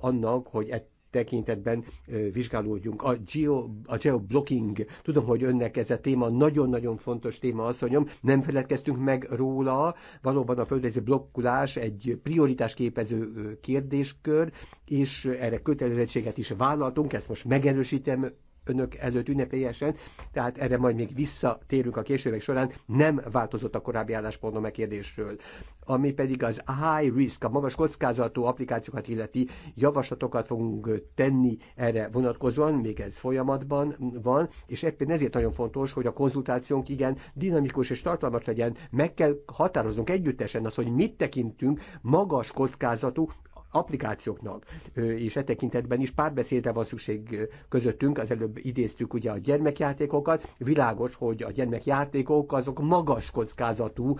annak, hogy ett tekintetben vizsgálódjunk. A, geo, a geoblocking, tudom, hogy önnek ez a téma nagyon-nagyon fontos téma, mondjam, nem feledkeztünk meg róla, valóban a földrajzi blokkulás egy prioritás képező kérdéskör, és erre kötelezettséget is vállaltunk, ezt most megerősítem önök előtt ünnepélyesen, tehát erre majd még visszatérünk a későbbek során, nem változott a korábbi álláspontom a e kérdésről. Ami pedig az high risk, a magas kockázatú applikációkat illeti javaslatokat fogunk tenni erre vonatkozóan, még ez folyamatban van, és éppen ezért nagyon fontos, hogy a konzultációnk igen dinamikus és tartalmas legyen, meg kell határoznunk együttesen azt, hogy mit tekintünk magas kockázatú applikációknak, és e tekintetben is párbeszédre van szükség közöttünk, az előbb idéztük ugye a gyermekjátékokat, világos, hogy a gyermekjátékok azok magas kockázatú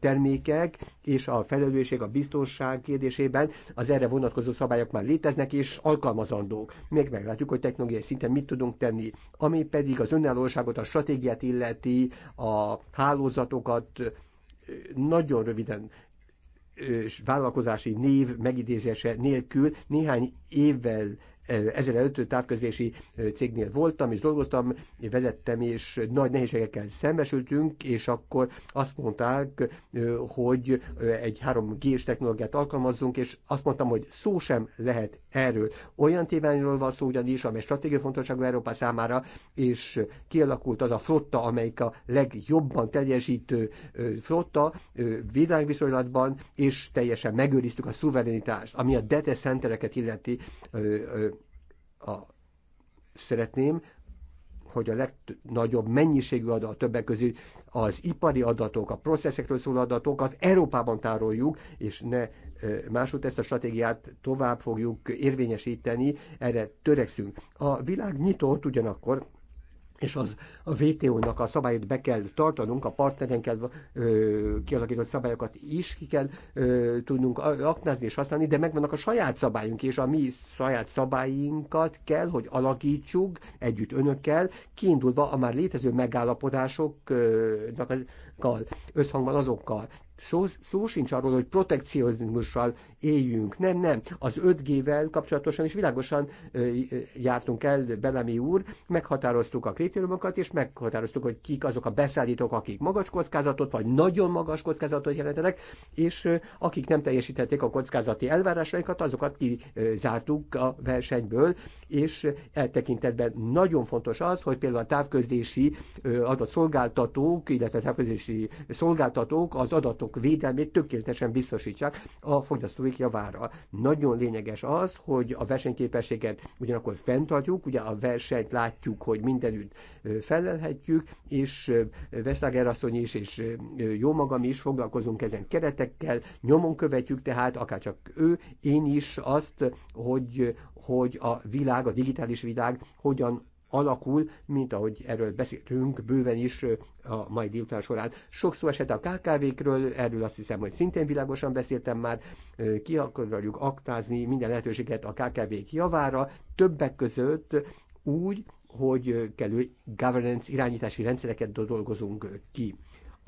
termékek, és a felelősség, a biztonság kérdésében az erre vonatkozó szabályok már léteznek, és alkalmazandók. Még meglátjuk, hogy technológiai szinten mit tudunk tenni. Ami pedig az önállóságot, a stratégiát illeti, a hálózatokat, nagyon röviden és vállalkozási név megidézése nélkül néhány évvel ezelőtt távközlési cégnél voltam és dolgoztam, vezettem, és nagy nehézségekkel szembesültünk, és akkor azt mondták, hogy egy 3G-s technológiát alkalmazzunk, és azt mondtam, hogy szó sem lehet erről. Olyan téványról van szó ugyanis, amely stratégiai fontosságú Európa számára, és kialakult az a flotta, amelyik a legjobban teljesítő flotta világviszonylatban, és teljesen megőriztük a szuverenitást, ami a data centereket illeti, a, szeretném, hogy a legnagyobb mennyiségű adat, a többek közül az ipari adatok, a processzekről szóló adatokat Európában tároljuk, és ne máshogy ezt a stratégiát tovább fogjuk érvényesíteni, erre törekszünk. A világ nyitott ugyanakkor, és az a VTO-nak a szabályt be kell tartanunk, a partnerenkkel kialakított szabályokat is ki kell ö, tudnunk aknázni és használni, de megvannak a saját szabályunk, és a mi saját szabályinkat kell, hogy alakítsuk együtt önökkel, kiindulva a már létező megállapodásoknak az, összhangban azokkal. Szó, szó sincs arról, hogy protekcionizmussal éljünk. Nem, nem. Az 5G-vel kapcsolatosan is világosan ö, jártunk el, Belemi úr, meghatároztuk a kritériumokat, és meghatároztuk, hogy kik azok a beszállítók, akik magas kockázatot, vagy nagyon magas kockázatot jelentenek, és ö, akik nem teljesítették a kockázati elvárásaikat, azokat kizártuk a versenyből, és eltekintetben nagyon fontos az, hogy például a távközlési ö, adott szolgáltatók, illetve távközlési szolgáltatók az adatok adatok védelmét tökéletesen biztosítsák a fogyasztóik javára. Nagyon lényeges az, hogy a versenyképességet ugyanakkor fenntartjuk, ugye a versenyt látjuk, hogy mindenütt felelhetjük, és Veszlager asszony is, és jó magam is foglalkozunk ezen keretekkel, nyomon követjük tehát, akár csak ő, én is azt, hogy, hogy a világ, a digitális világ hogyan alakul, mint ahogy erről beszéltünk bőven is a mai délután során. Sok szó esett a KKV-kről, erről azt hiszem, hogy szintén világosan beszéltem már, ki akarjuk aktázni minden lehetőséget a KKV-k javára, többek között úgy, hogy kellő governance irányítási rendszereket dolgozunk ki.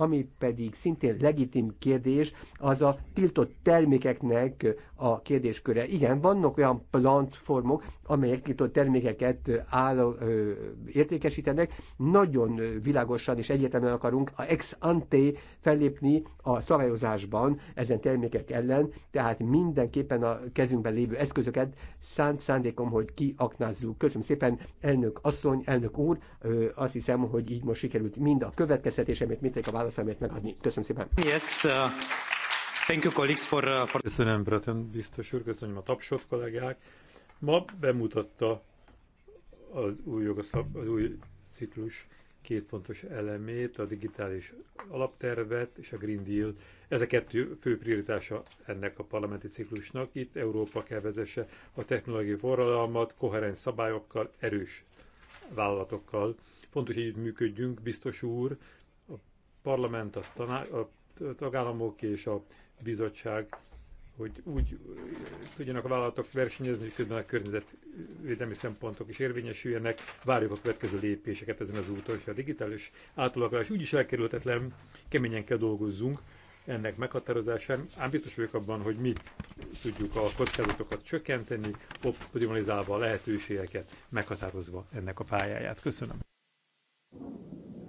Ami pedig szintén legitim kérdés, az a tiltott termékeknek a kérdésköre. Igen, vannak olyan platformok, amelyek tiltott termékeket áll, ö, értékesítenek. Nagyon világosan és egyértelműen akarunk a ex ante fellépni a szabályozásban ezen termékek ellen, tehát mindenképpen a kezünkben lévő eszközöket szánt szándékom, hogy kiaknázzuk. Köszönöm szépen, elnök asszony, elnök úr, ö, azt hiszem, hogy így most sikerült mind a következtetésemet, mint a válasz a szemét megadni. Köszönöm szépen. Yes, uh, thank you colleagues for, uh, for... Köszönöm, Breton biztos úr, köszönöm a tapsot kollégák. Ma bemutatta az új, jogoszab, az új ciklus két fontos elemét, a digitális alaptervet és a Green Deal. Ez a kettő fő prioritása ennek a parlamenti ciklusnak. Itt Európa kell vezesse a technológiai forradalmat koherens szabályokkal, erős vállalatokkal. Fontos, hogy itt működjünk, biztos úr, parlament, a, taná, a tagállamok és a bizottság, hogy úgy eh, tudjanak a vállalatok versenyezni, hogy közben a környezetvédelmi szempontok is érvényesüljenek. Várjuk a következő lépéseket ezen az úton, és a digitális átalakulás úgyis elkerülhetetlen, keményen kell dolgozzunk ennek meghatározásán. Ám biztos vagyok abban, hogy mi tudjuk a kockázatokat csökkenteni, optimalizálva a lehetőségeket, meghatározva ennek a pályáját. Köszönöm.